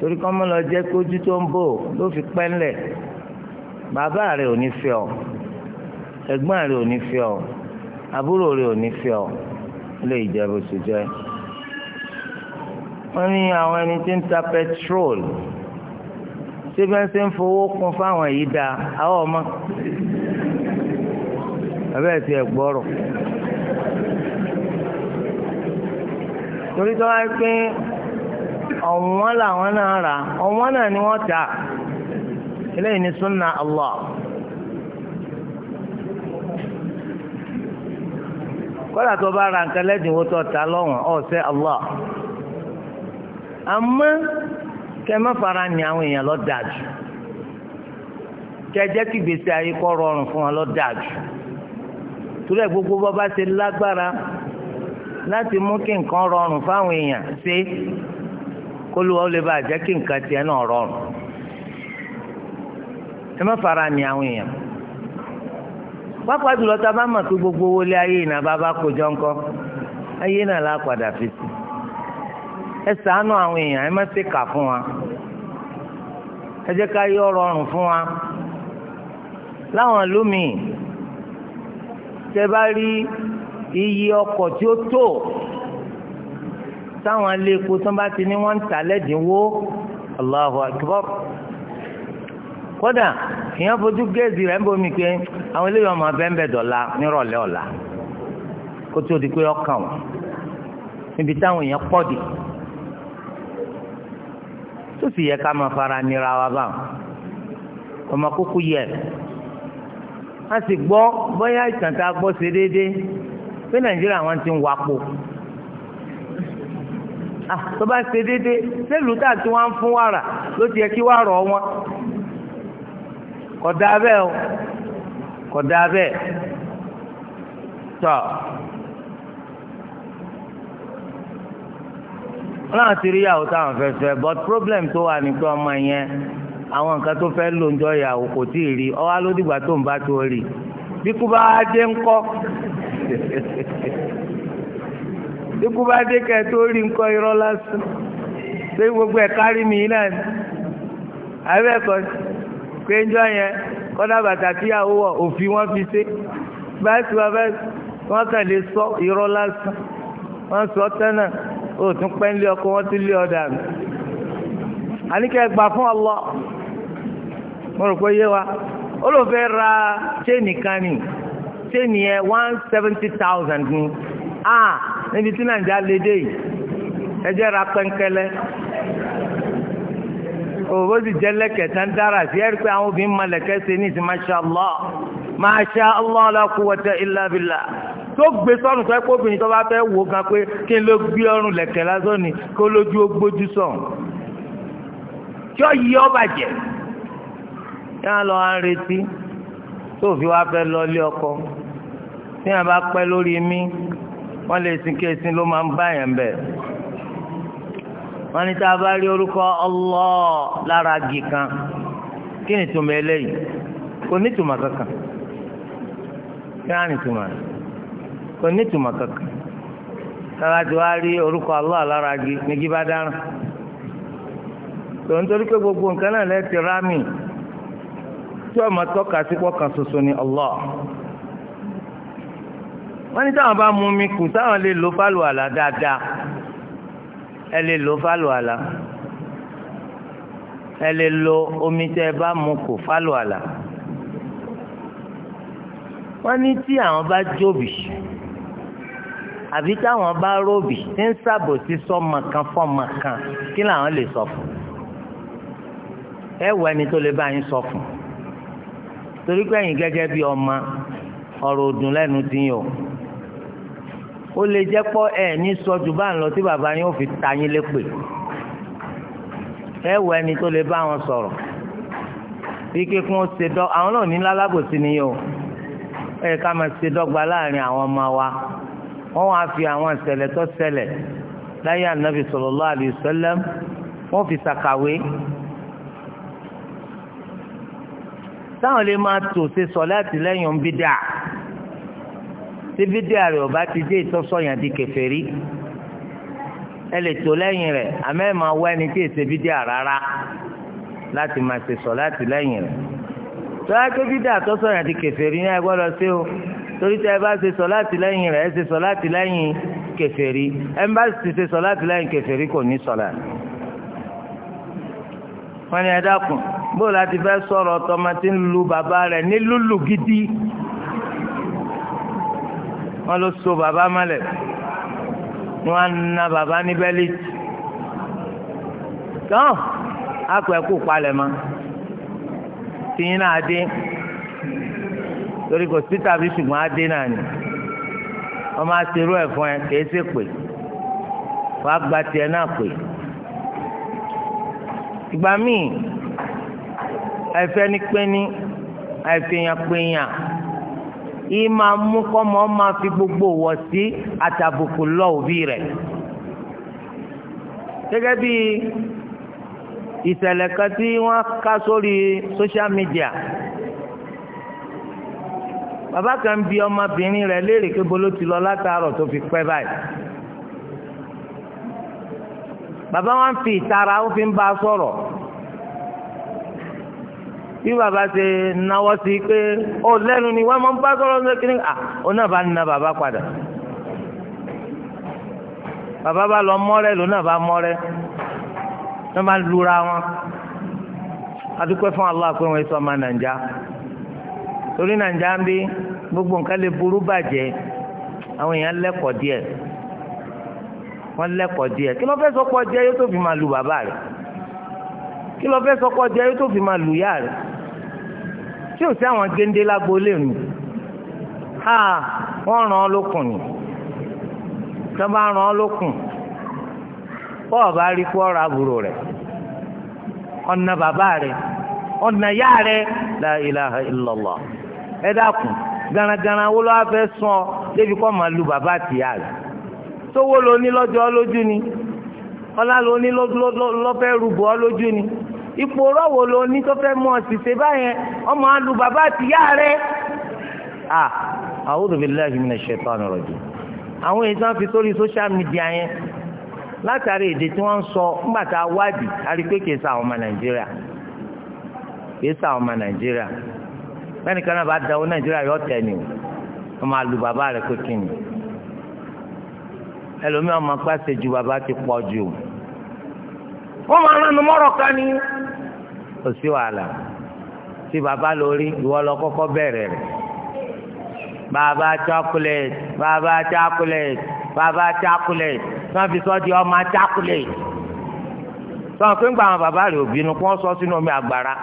torí kọ́ mọ́ lọ jẹ́ pé ojú tó ń bò ló fi pẹ́ ńlẹ̀ bàbá rẹ̀ ò ní fẹ́ ọ ẹ̀gbọ́n rẹ̀ ò ní fẹ́ ọ àbúrò rẹ̀ ò ní fẹ́ ọ. ilé ìjẹbù sì jẹ wọ́n ní àwọn ẹni tí ń ta petrol síbẹ̀ ń ṣe ń fowó kún fáwọn yìí dáa àwọn ọmọ abẹ́ẹ̀ ti ẹ̀ gbọ́rọ̀ torí tó wá pé ọ̀wọ́n làwọn náà rà ọ̀wọ́n náà ni wọ́n ta eléyìí ni sunna Allah. kọ́dà tó bá ra nǹkan lẹ́dínwó tó ta lọ́wọ́n ọ̀sẹ̀ Allah àmọ́ kẹ má fara ni àwọn èèyàn lọ dáa jù kẹ jẹ́ kí gbèsè ayé kó rọrùn fún wọn lọ dáa jù torí ẹ̀ gbogbo bọ́ ṣe lágbára láti mú kí nǹkan rọrùn fáwọn èèyàn ṣe kó ló wọ́n lè bá jẹ́ kí nǹkan tiẹ̀ náà rọrùn ẹ fara ni àwọn èèyàn pápá jùlọ tá a bá mọ̀ pé gbogbo owó lé ayé ìnà bá bá kó jọ ńkọ́ ayé náà la padà fi sí ẹ ṣàánú àwọn èèyàn ẹ má ṣe kà fún wa ẹ jẹ́ ká yọ rọrùn fún wa láwọn ìlú míì tẹ bá rí iye ọkọ̀ tí ó tó táwọn ilé epo tó bá ti ní wọ́n ń tà lẹ́dínwó Allahu Akbar kódà èèyàn fojú géèzì rẹ̀ ń bomi pé àwọn eléyìí ọmọ bẹ́ńbẹ́ dọ̀la nírọ̀lẹ́ ọ̀la kó tó di pé ọkàn wọn níbi táwọn èèyàn pọ̀ dì tó sì yẹ ká máa fara nira wa báwọn ọmọ kúkú yẹ a sì gbọ́ bóyá ìtàn tá a gbọ́ ṣe déédéé pé nàìjíríà wọn ti ń wapo ah, tó bá ṣe déédéé sẹ́lùú tá a ti ń fún wàrà ló ti yẹ kí wàrà wọn kọ̀dá bẹ́ẹ̀ o kọ̀dá bẹ́ẹ̀ tọ́ náà ti rí ìyàwó táwọn fẹ́ fẹ́ but problem tó wà ní pé ọmọ yẹn àwọn nǹkan tó fẹ́ lò ń jọ ìyàwó kò tí ì rí ọwá ló dìgbà tó ń bá tó rí bí kú bá dé ńkọ́ (laughs) bí kú bá dé kẹ́ tó rí ńkọ́ irọ́ lásán pé gbogbo ẹ̀ kárí mi náà ni àbẹ́ẹ̀kọ́ sí. pé ń yẹn kọ́dà bàtà wọ̀ òfin wọ́n fi ṣe báyìí wọ́n fẹ́ wọ́n kàn sọ irọ́ lásán wọ́n sọ tẹ́nà ó tún pẹ́ wa ó ra chain kan ni chain yẹn one seventy thousand ni ah níbi tí nàìjíríà lédè yìí ẹ jẹ́ ra òwò sì jẹ́ lẹ́kẹ̀ẹ́ tán dára sí ẹ̀rí pé àwọn obìnrin máa lẹ̀kẹ́ ṣe ní ìsìn masha allah masha allah la quwwata illa billah tó gbé sọ́nù fẹ́ kóbìnrin tó bá fẹ́ wò gan pé kí n ló gbé ọrùn lẹ̀kẹ̀ lásán ni kó lójú ó gbójú sàn kí ọ yí ọ bàjẹ́ kí wọ́n lọ ń retí tó fi wá fẹ́ lọ ilé ọkọ tí wọ́n bá pẹ́ lórí mi wọ́n lè sin kí esin ló máa ń báyàn bẹ́ẹ̀ wọ́n ní tá a bá rí orúkọ Allah lára agi kan kí ni túmọ̀ eléyìí kò ní túmọ̀ kankan kí á ní túmọ̀ kò ní túmọ̀ kankan tára tí wàá rí orúkọ Allah lára agi nígi bá dára tòun torí pé gbogbo nǹkan náà lẹ́ẹ̀tì rámì tí ọmọ tọ́ka sí pọ́kàn ṣoṣo ni Allah wọ́n ní táwọn bá mú mi kù táwọn lè lo fálùwàlà dáadáa ẹ lè lo fálù àlà ẹ lè lo omi tẹ ẹ bá mu kò fálù àlà wọ́n ní tí àwọn bá jóbi àbí táwọn bá róbì tí ń ṣàbòsí sọ́mọ kan fọ́mọ kan kí làwọn lè sọ fún ẹ wọ ẹni tó lè bá yín sọ fún torí pé ẹ̀yin gẹ́gẹ́ bí ọmọ ọ̀rọ̀ òdùn lẹ́nu dín yìí ó lè jẹ́ pọ́ ẹ̀ ní sọ́jú bá ń lọ tí bàbá yín ó fi ta yín lépè ẹ wọ ẹni tó lè bá wọn sọ̀rọ̀ bí kíkún ó ṣe dọ́ àwọn náà ní lálábòsí ni yóò ẹ ká máa ṣe dọ́gba láàrin àwọn ọmọ wa wọ́n wá fi àwọn ìṣẹ̀lẹ̀ tó ṣẹlẹ̀ láyé ànábì sallallahu alaihi wasallam wọ́n fi ṣàkàwé táwọn lè máa tò ṣe sọ láti lẹ́yìn ń bí dáa tí fídíò rẹ̀ ọba ti dé ìtọ́sọ̀yàn di kèfèrí ẹ lè tó lẹ́yìn rẹ̀ àmọ́ ẹ máa wá ẹni tí èsè fídíò rárá láti máa ṣe sọ láti lẹ́yìn rẹ̀ tọ́lá tó fídíò àtọ́sọ̀yàn di kèfèrí ní ẹgbẹ́ lọ sí o torí tẹ́ ẹ bá ṣe sọ láti lẹ́yìn rẹ̀ ẹ ṣe sọ láti lẹ́yìn kèfèrí ẹ bá sì ṣe sọ láti lẹ́yìn kèfèrí kò ní sọ̀lá wọ́n ní ẹ dákun bó láti fẹ́ sọ̀rọ̀ tọmọ wọ́n ló so bàbá mọ́lẹ̀ wọ́n á na bàbá ní bẹ́líìtì tán akọ̀ ẹ̀kú palẹ̀ mọ́ tìyín náà dé torí kò sí tàbí ṣùgbọ́n á dé náà ni wọ́n máa ṣerú ẹ̀ fún ẹ kì í ṣe pè wàá gba tiẹ̀ náà pè ìgbà míì àìfẹ́ni pé ní àìfihàn pé yàn yìí máa mú kọ́mọ máa fi gbogbo wọ̀ sí àtàbùkù lọ òbí rẹ̀. gẹ́gẹ́ bí ìṣẹ̀lẹ̀ kan tí wọ́n ká sórí social media bàbá kan bi ọmọbìnrin rẹ̀ léèrè pé bolo ti lọ látàárọ̀ tó fi pẹ́ báyìí. bàbá wọn fi ìtara ó fi ń bá a sọ̀rọ̀ bí bàbá ṣe náwó sí pé ó lẹ́nu ni wọ́n máa ń bá sọ̀rọ̀ ní kíni à ó náà bá na bàbá padà bàbá bá lọ mọ́rẹ́ ló náà bá mọ́rẹ́ náà bá lura wọn adúpẹ́ fún Allah pé wọ́n sọ ọmọ nàìjà torí nàìjà ń bí gbogbo nǹkan lè burú bàjẹ́ àwọn èèyàn lẹ́kọ̀ọ́ díẹ̀ wọ́n lẹ́kọ̀ọ́ díẹ̀ kí ló fẹ́ sọ́kọ́ díẹ̀ yóò tó fi máa lu bàbá rẹ̀ kí ló fẹ́ sọ́kọ́ díẹ̀ yóò tó fi máa lu ìyá rẹ̀ tí ò sí àwọn géńdé lágboolé nù a wọ́n ràn án lókun ni tó bá ràn án lókun bọ́ ọ̀bá rí kú ọ̀rọ̀ àbúrò rẹ̀ ọ̀nà bàbá rẹ̀ ọ̀nà yá rẹ̀ la ilaha illallah ẹ dákun garagara wo ló wá fẹ́ sùn ọ débi kọ́ máa lu bàbá àtìyá rẹ̀ sówó lo ní lọ́jọ́ lójú ni ọlá lo ní lọ́fẹ́ rúbọ lójú ni. Lo, lo, lo, lo, ipò rọ́wọ́ ló ní tó fẹ́ mú ọ báyẹn ọmọ bàbá àti ìyá rẹ. àwọn èyí fi sórí social media yẹn látàrí èdè tí wọ́n ń sọ ńgbà wádìí sa àwọn ọmọ nàìjíríà sa àwọn ọmọ nàìjíríà bẹ́ẹ̀ nìkan náà bá da owó nàìjíríà yọ tẹ̀ ni o wọ́n bàbá rẹ̀ pé ni kò sí wàhálà tí bàbá lórí ìwọ lọ kọ́kọ́ bẹ̀rẹ̀ rẹ̀ bàbá chocolate bàbá chocolate bàbá chocolate tí wọ́n fi sọ di ọmọ chocolate sọ̀rọ̀ pé ń gba àwọn bàbá rẹ̀ òbí nu kí wọ́n sọ sínú omi àgbàrá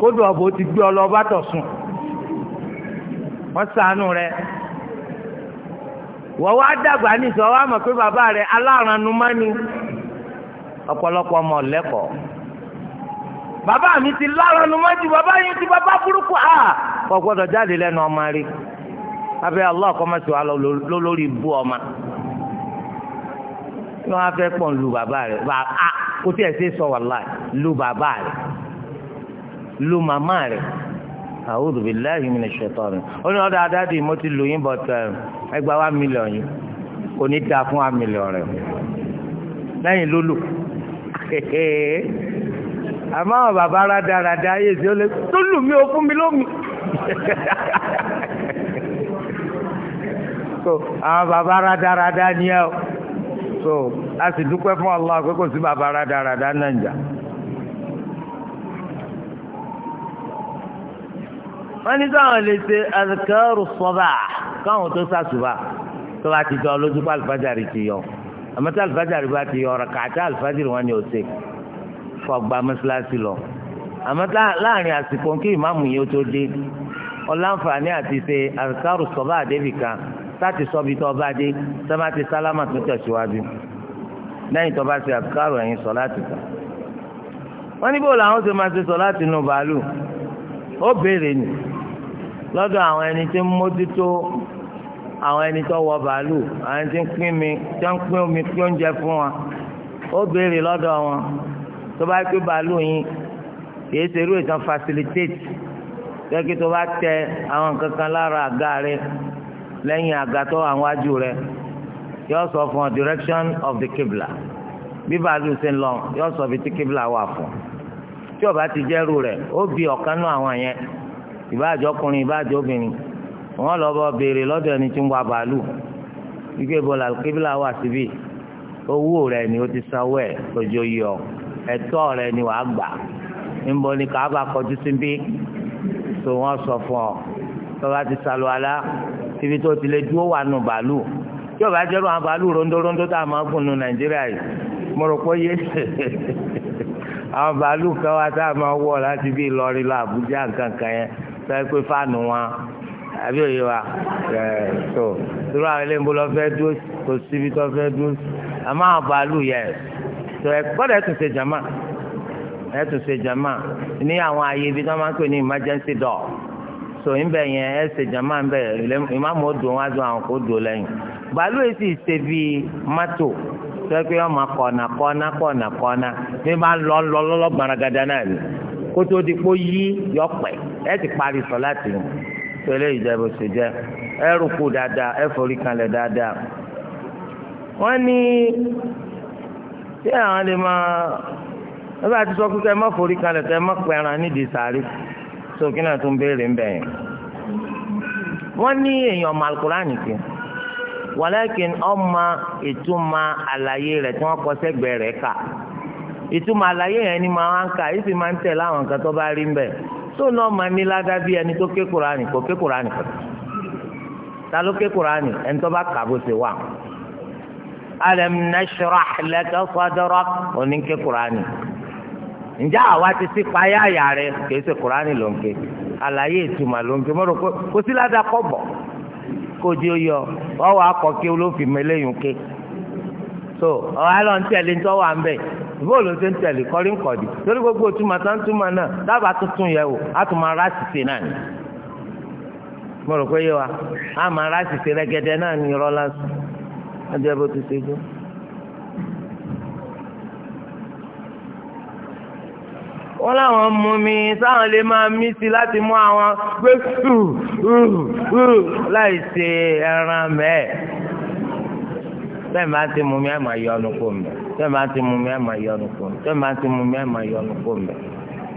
kódò ọ̀bọ ti gbé ọ lọ bá tọ̀ sùn wọ́n sànù rẹ wọ́n wá dàgbà nìṣọ́ wọ́n á mọ̀ pé bàbá rẹ̀ aláranumá ni ọ̀pọ̀lọpọ̀ ọmọ lẹ́kọ̀ọ́ bàbá mi ti lára nu mọ́jú bàbá yín ti bàbá burúkú à kò gbọ́dọ̀ jáde lẹ́nu ọmọ rí abẹ́ Allah kọ́ máa ti wà lórí ibú ọmọ ní wọn fẹ́ pọ̀ lu bàbá rẹ̀ bàbá kò tí ẹ̀ ṣe sọ wàhálà lu bàbá rẹ̀ lu màmá rẹ̀ a'udhu billahi minash shaitani ó ní ọ̀dọ̀ adáde mo ti lù yín bọ̀tẹ̀ um, ẹgbàá wa mílíọ̀n yìí kò ní ta fún wa mílíọ̀n rẹ̀ lẹ́yìn lólù. (laughs) àmọ́ àwọn bàbá rádaràda ayé tí ó lé tó lù mí o fún mi lómi (laughs) so àwọn bàbá rádaràda ni ẹ o so a sì dúpẹ́ fún Allah pé kò sí bàbá rádaràda náà jà. wọ́n ní sáwọn lè ṣe àzìkárù sọ́bà káwọn tó sàṣùbà tó bá ti jọ lójú pàlùfájà rè ti yọ àmọ́ tí alifájàrí bá ti yọ ọ̀rọ̀ kàtà alifájàrí wọn ni ò ṣe fọgbà mọ́ṣáláṣí lọ àmọ́ láàrin àsìkò kí ìmáàmù yìí ó tó dé ọláǹfààní àti ṣe àrùkárù sọ́bà àdébì kan láti sọ́bi tó bá dé sẹ́mà ti sálámà tó tẹ̀síwájú lẹ́yìn tó bá ṣe àrùkárù ẹ̀yìn sọ láti kà wọ́n ní bó làwọn ṣe máa ṣe sọ láti nu bàálù ó béèrè nì lọ́dọ̀ àwọn ẹni tí ń mójútó àwọn ẹni tó wọ bàálù àwọn tí ń pín mi tí ń pín omi pín oúnjẹ fún wa ó béèrè lọ́dọ̀ wọn tó bá pín bàálù yín kìí ṣe irú ìtàn facilitate kẹ́kí tó bá tẹ àwọn kankan lára àga rẹ lẹ́yìn àga tó àwọn ajú rẹ yóò sọ fún ọ direction of the kibla bí bàálù ṣe ń lọ yóò sọ fi tí kibla wà fún tí ó bá ti jẹ́rù rẹ̀ ó bi ọ̀kan náà àwọn yẹn ìbáàjọ́ ọkùnrin ìbáàjọ́ obìnrin wọ́n lọ bọ́ béèrè lọ́dọ̀ ẹni tí ń wa bàálù ike bọ́lá kébìlà wà síbí owó rẹ̀ ni ó ti sanwó ẹ̀ lójó yọ ẹ̀tọ́ rẹ̀ ni wàá gbà ńbọ ni kàába kọjú síbí tó wọ́n sọ fún ọ tọ́ba ti sàlù alá ibi tó ti lè dúró wà nù bàálù tí ọba jẹ́rú àwọn bàálù rondórondó tá a máa gùn nù nàìjíríà yìí mo rò pé yé (laughs) àwọn bàálù kan wá tá a máa wọ̀ láti bí Ìlọrin lọ Àbújá nǹkan kan yẹn sọ pé fáànù wọn àbí òye wa tó irú àwọn ilé ńbọ lọ fẹ́ dúró kò síbi tó fẹ́ dúró àmọ́ àwọn bàálù yẹ tó ẹ gbọ́dọ̀ ẹ tún ṣe jàmá ẹ tún ṣe jàmá ní àwọn àyè ibi tó máa ń pè ní emergency door so ńbẹ yẹn ẹ ṣe jàmá ńbẹ ìmáàmù ó dùn wá dùn àwọn kò dùn lẹ́yìn bàálù yìí sì ṣe bíi mọ́tò tó ẹ pé wọ́n máa kọ̀ọ̀nà kọ́ọ̀nà kọ̀ọ̀nà kọ́ọ̀nà bí wọ́n bá ń lọ lọ lọ́lọ́ náà ni kótó di kó yí yọpẹ̀ ẹ ti parí sọ láti rìn tẹ̀lé ìjẹ́bù sì jẹ́ ẹ rúkú dáadáa ẹ forí kanlẹ̀ dáadáa. wọ́n ní tí àwọn lè máa ẹ bá ti sọ pé kẹ́ ẹ má forí kanlẹ̀ kẹ́ ẹ má pẹran nídìí sàárì sókè náà tún béèrè ń bẹ̀yẹn. wọ́n ní èèyàn malkurani kì wàlẹ́kìn ọmọ ìtumọ̀ àlàyé rẹ̀ tí wọ́n kọ sẹ́gbẹ̀ẹ́ rẹ̀ kà ìtumọ̀ àlàyé yẹn ni màá ń kà èyí sì máa ń tẹ̀ láwọn nǹkan tó bá rí ń bẹ̀ tó náà máa ní ládá bí ẹni tó ké kuraani kò ké kuraani kò ta ló ké kuraani ẹni tó bá kà bó ṣe wà alam nashrah laka sadrak òní ké kuraani ǹjẹ́ àwa ti sí payá àyà kìí ṣe kuraani ló ń ké àlàyé ìtumọ̀ ló ń ké mọ́tò kò sí ládá kọ́ bọ̀ kó di oyọ ọwọ́ akọ̀ olófin mẹ́lẹ́yìn ké so ọ̀ bóòlù ló ṣe ń tẹ̀lé kọrí nkọ̀dí torí gbogbo túmọ̀ tán túmọ̀ náà dábàá tuntun yẹ wò á tún máa ráàsì ṣe náà ni mo rò pé yé wa á máa ráàsì ṣe rẹ́gẹ́dẹ́ náà ní irọ́ lásán ẹjẹ bó ti ṣe jẹ́. wọ́n láwọn mú mi sáwọn lè máa mí sí láti mú àwọn gbé láì ṣe ẹran mẹ́ẹ̀ bẹ́ẹ̀ máa ti mú mi ẹ̀ máa yọ ọnu kó mbẹ́ bẹ́ẹ̀ máa ti mú mi ẹ̀ máa yọ ọnu kó mbẹ́ bẹ́ẹ̀ máa ti mú mi ẹ̀ máa yọ ọnu kó mbẹ́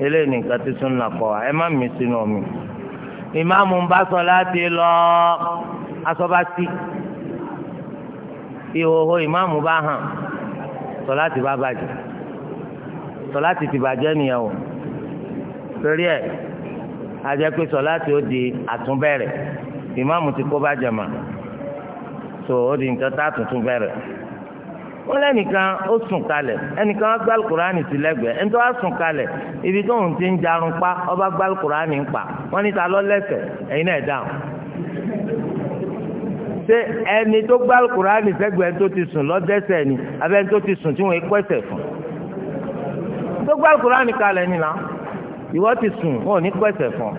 eléyìí nìkan ti sún nà kọ́ wa ẹ má mi sínú omi. ìmáàmù ń bá sọ láti lọ asọ́bátì ìhòòhò ìmáàmù bá hàn sọ láti bá bàjẹ́ sọ láti ti bàjẹ́ nìyẹn o torí ẹ̀ ajẹ́ sọ láti ó di àtúnbẹ̀rẹ̀ ìmáàmù ti kó bàjẹ́ mà tó o di nǹkan tá a tuntun bẹ̀rẹ̀ wọ́n lẹ́nìkan ó sùn kalẹ̀ ẹnìkan wá gbá alukurani sí lẹ́gbẹ̀ẹ́ ẹni tó wá sùn kalẹ̀ ibi tó ń ti ń jarun pa ọba gbá alukurani ń pa wọ́n ní ta lọ lẹ́sẹ̀ ẹ̀yin náà dáhùn. ṣé ẹni tó gbá alukurani sẹ́gbẹ̀ẹ́ tó ti sùn lọ́dẹ́sẹ̀ ni abẹ́ni tó ti sùn tí wọ́n kọ́ ẹ̀sẹ̀ fún. tó gbá alukurani kalẹ̀ nìyà ìwọ ti sùn wọn ò ní kọ́ ẹ̀sẹ̀ fún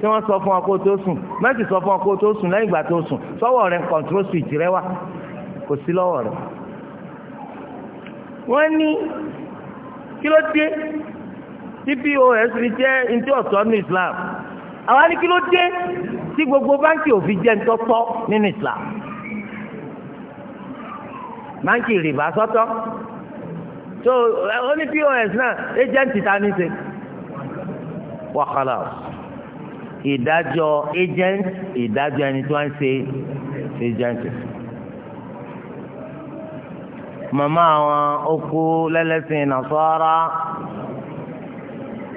tí wọ́n sọ fún ọ kó tó sùn mẹ́tì sọ fún ọ kó tó sùn lẹ́yìn ìgbà tó sùn sọ́wọ́ rẹ control switch rẹ wà kò sí lọ́wọ́ rẹ. wọ́n ní kí ló dé tí pos fi jẹ́ ntí ọ̀tọ̀ ní Islam àwa ní kí ló dé tí gbogbo báńkì ò fi jẹ́ ntọ́tọ́ nínú Islam báńkì rìbá sọ́tọ̀ so ó ní pos náà agent ta ní ṣe wàhálà o ìdájọ́ agent ìdájọ́ ẹni tí wọ́n ń ṣe agent. màmá àwọn okú lẹ́lẹ́sìn nàṣọ́ra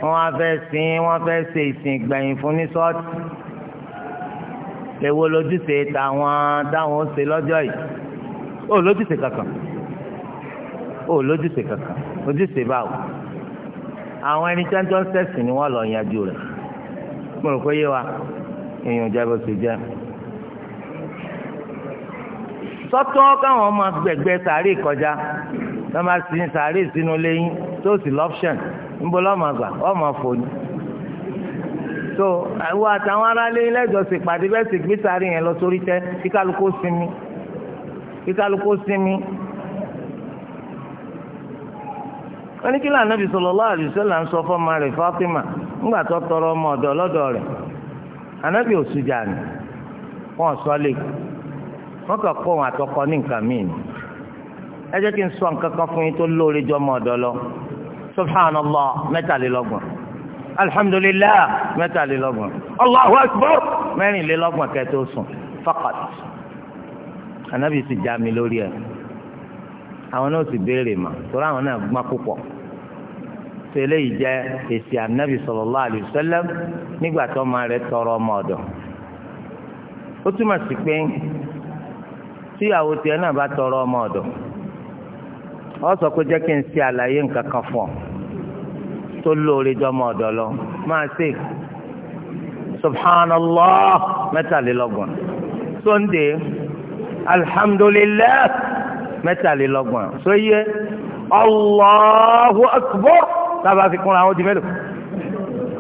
wọ́n fẹ́ sìn wọ́n fẹ́ ṣe ìsìn gbẹ̀yìn fún ní ṣọ́ọ̀tì èwo lójúṣe tàwọn táwọn ṣe lọ́jọ́ yìí ó lójúṣe kankan ó lójúṣe kankan ojúṣe báwo àwọn ẹni tí wọ́n ń sẹ̀sìn ni wọ́n lọ yanjú rẹ̀ mo rò pé yé wa èèyàn jábọ̀ sí jẹ́ sọ́tọ́ káwọn ọmọ gbẹ̀gbẹ́ sàárè kọjá wọ́n máa sin sàárè sínú lẹ́yìn tó sì lọ́pṣẹ̀n níbo lọ́mọ àgbà ọmọ fòní. tó àwọn àtàwọn lẹ́jọ́ sì pàdé bẹ́ẹ̀ sì gbé sàárè yẹn lọ sórí tẹ́ kíkálukó sinmi kíkálukó sinmi wọ́n ní kí lànà bí sallallahu alaihi wasallam ń sọ fọ́mọ rẹ̀ Fatima ńgbà tó tọrọ ọmọ ọ̀dọ̀ lọ́dọ̀ rẹ̀ ànábì òsùjà ni wọ́n sọ lé wọ́n kàn kọ́ wọn àtọkọ ní nǹkan míì ni ẹ jẹ́ kí n sọ nǹkan kan fún yín tó lóore jọ ọmọ ọ̀dọ̀ lọ subhanallah mẹ́tàlélọ́gbọ̀n alhamdulillah mẹ́tàlélọ́gbọ̀n allahu akbar mẹ́rìnlélọ́gbọ̀n kẹ́ẹ́ tó sùn faqat ànábì sì mi lórí ẹ̀. àwọn náà sì béèrè mà torí àwọn náà gbọ́n púpọ̀ tẹ́lẹ̀ yìí jẹ́ èsì sallallahu alaihi wasallam nígbà tó máa rẹ̀ tọrọ ọmọ ọ̀dọ̀ ó túmọ̀ sí pé tíyàwó tiẹ̀ náà bá tọrọ ọmọ ọ̀dọ̀ ọ sọ pé jẹ́ kí n ṣe àlàyé nǹkan kan fún ọ tó lóore jọ ọmọ ọ̀dọ̀ subhanallah mẹ́tàlélọ́gbọ̀n mẹ́tàlélọ́gbọ̀n so yẹ Allahu akbar tábà fi kúnra àwọn ó di mélòó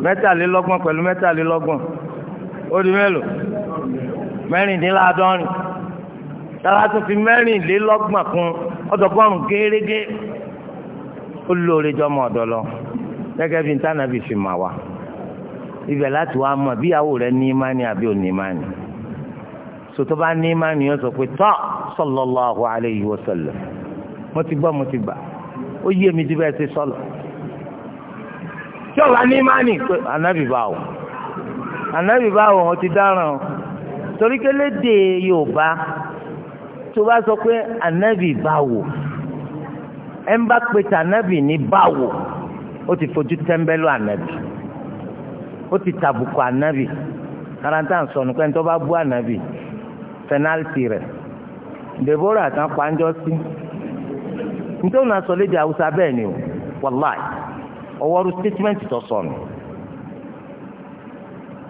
mẹ́tàlélọ́gbọ̀n pẹ̀lú mẹ́tàlélọ́gbọ̀n ó di mélòó mẹ́rìndínláàádọ́rin tábà tún fi mẹ́rìnlélọ́gbọ̀n kún ọ̀dọ́gbọ̀rún gérégé ó lóore jọmọ ọ̀dọ́ lọ gẹ́gẹ́ bí ntànàbì fi mà wá ibẹ̀ láti wá mọ̀ bíyàwó rẹ ní imáni àbí òní imáni sòtò bá ní má nìyẹn sọ pé tọ́ sallallahu alayhi wa sallam mo ti gbọ́ mo ti gbà ó yé mi ti bẹ́ẹ̀ ṣe sọ̀lọ̀ tí ọ̀la ní má nì pé ànábì bá wò ànábì bá wò wọ́n ti dáràn torí kélédè Yorùbá tó bá sọ pé ànábì bá wò ẹ ń bá pe tànábì ní bá wò ó ti fojú tẹ́ńbẹ́lú ànábì ó ti tàbùkù ànábì ara tá à ń sọ bá bú ànábì pẹnáltì rẹ̀ Deborah tán panjọ́ sí nítorí náà sọ léde haúsá bẹ́ẹ̀ ni o wàláì ọwọ́rú statement tó sọ nù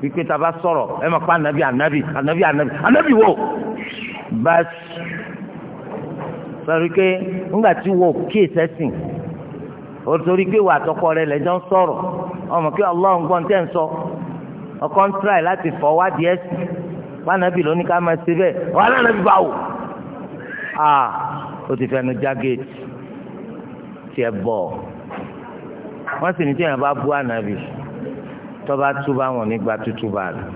wípé tá a bá sọ̀rọ̀ ẹ máa pa wo bàs sọ̀rọ̀ pé ńgbà tí wo kí sẹ́sìn o torí pé wà àtọkọ rẹ lẹ́jọ́ ń sọ̀rọ̀ ọmọ kí ọlọ́run gbọ́n tẹ́ ń sọ ọkọ ń tíráì láti pànàbì ló ní ká máa ṣe bẹ́ẹ̀ wà á nànàbì bá wò a ó ti fẹnu já géètì tiẹ̀ bọ̀ wọ́n sì ní tí yẹn bá bú ànàbì tọ́ba túbà wọn nígbà tútù bá rẹ̀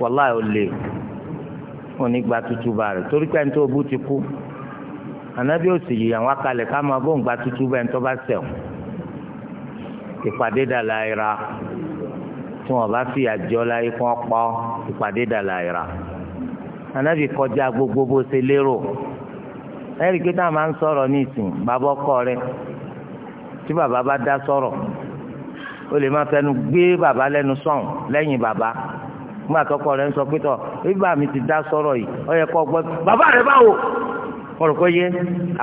wàláì ó lè wọn nígbà tútù bá rẹ̀ torí pé ẹni tó bú ti kú ànábì òsì yìí àwọn akalẹ̀ ká máa bó ń gba tútù bá ẹni bá ṣẹ̀ ìpàdé dàlà ìra tí wọn bá fi àjọ láyé kí wọn pa ọ ìpàdé dàlà ìrà anabi kọjá gbogbo bó ṣe lérò ẹrí pé táwọn máa ń sọ̀rọ̀ ní ìsìn bàbá ọkọ rẹ tí bàbá bá dá sọ̀rọ̀ o lè má fẹnu gbé bàbá lẹ́nu sọ̀n lẹ́yìn bàbá nígbà tọkọ rẹ ń sọ pé tọ bíbá mi ti dá sọ̀rọ̀ yìí ó yẹ kó gbọ́ bàbá rẹ báwo mo rò pé yé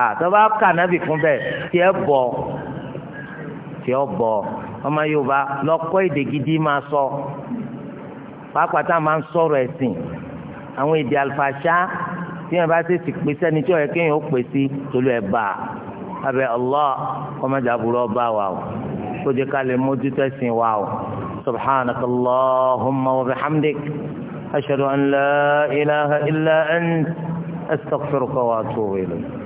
àtọ́ bá kà nábì fún bẹ́ẹ̀ tí ẹ bọ̀ tí ọ bọ̀ ọmọ yorùbá lọ́kọ́ èdè gidi máa sọ pàápàá tá a máa ń sọ̀rọ̀ ẹ̀sìn àwọn èdè àlùfàṣà tí wọn bá ṣe ti pè sẹ́ni tí ọ̀yẹ́ kéèyàn ó pè sí tolú ẹ̀ bá a abẹ Allah kọ́mọdé àbúrò ọba wa o kó jẹ́ ká lè mójútó ẹ̀sìn wa o subhanaka Allahumma wa bihamdik ashhadu an la ilaha illa ant astaghfiruka wa atubu ilayk.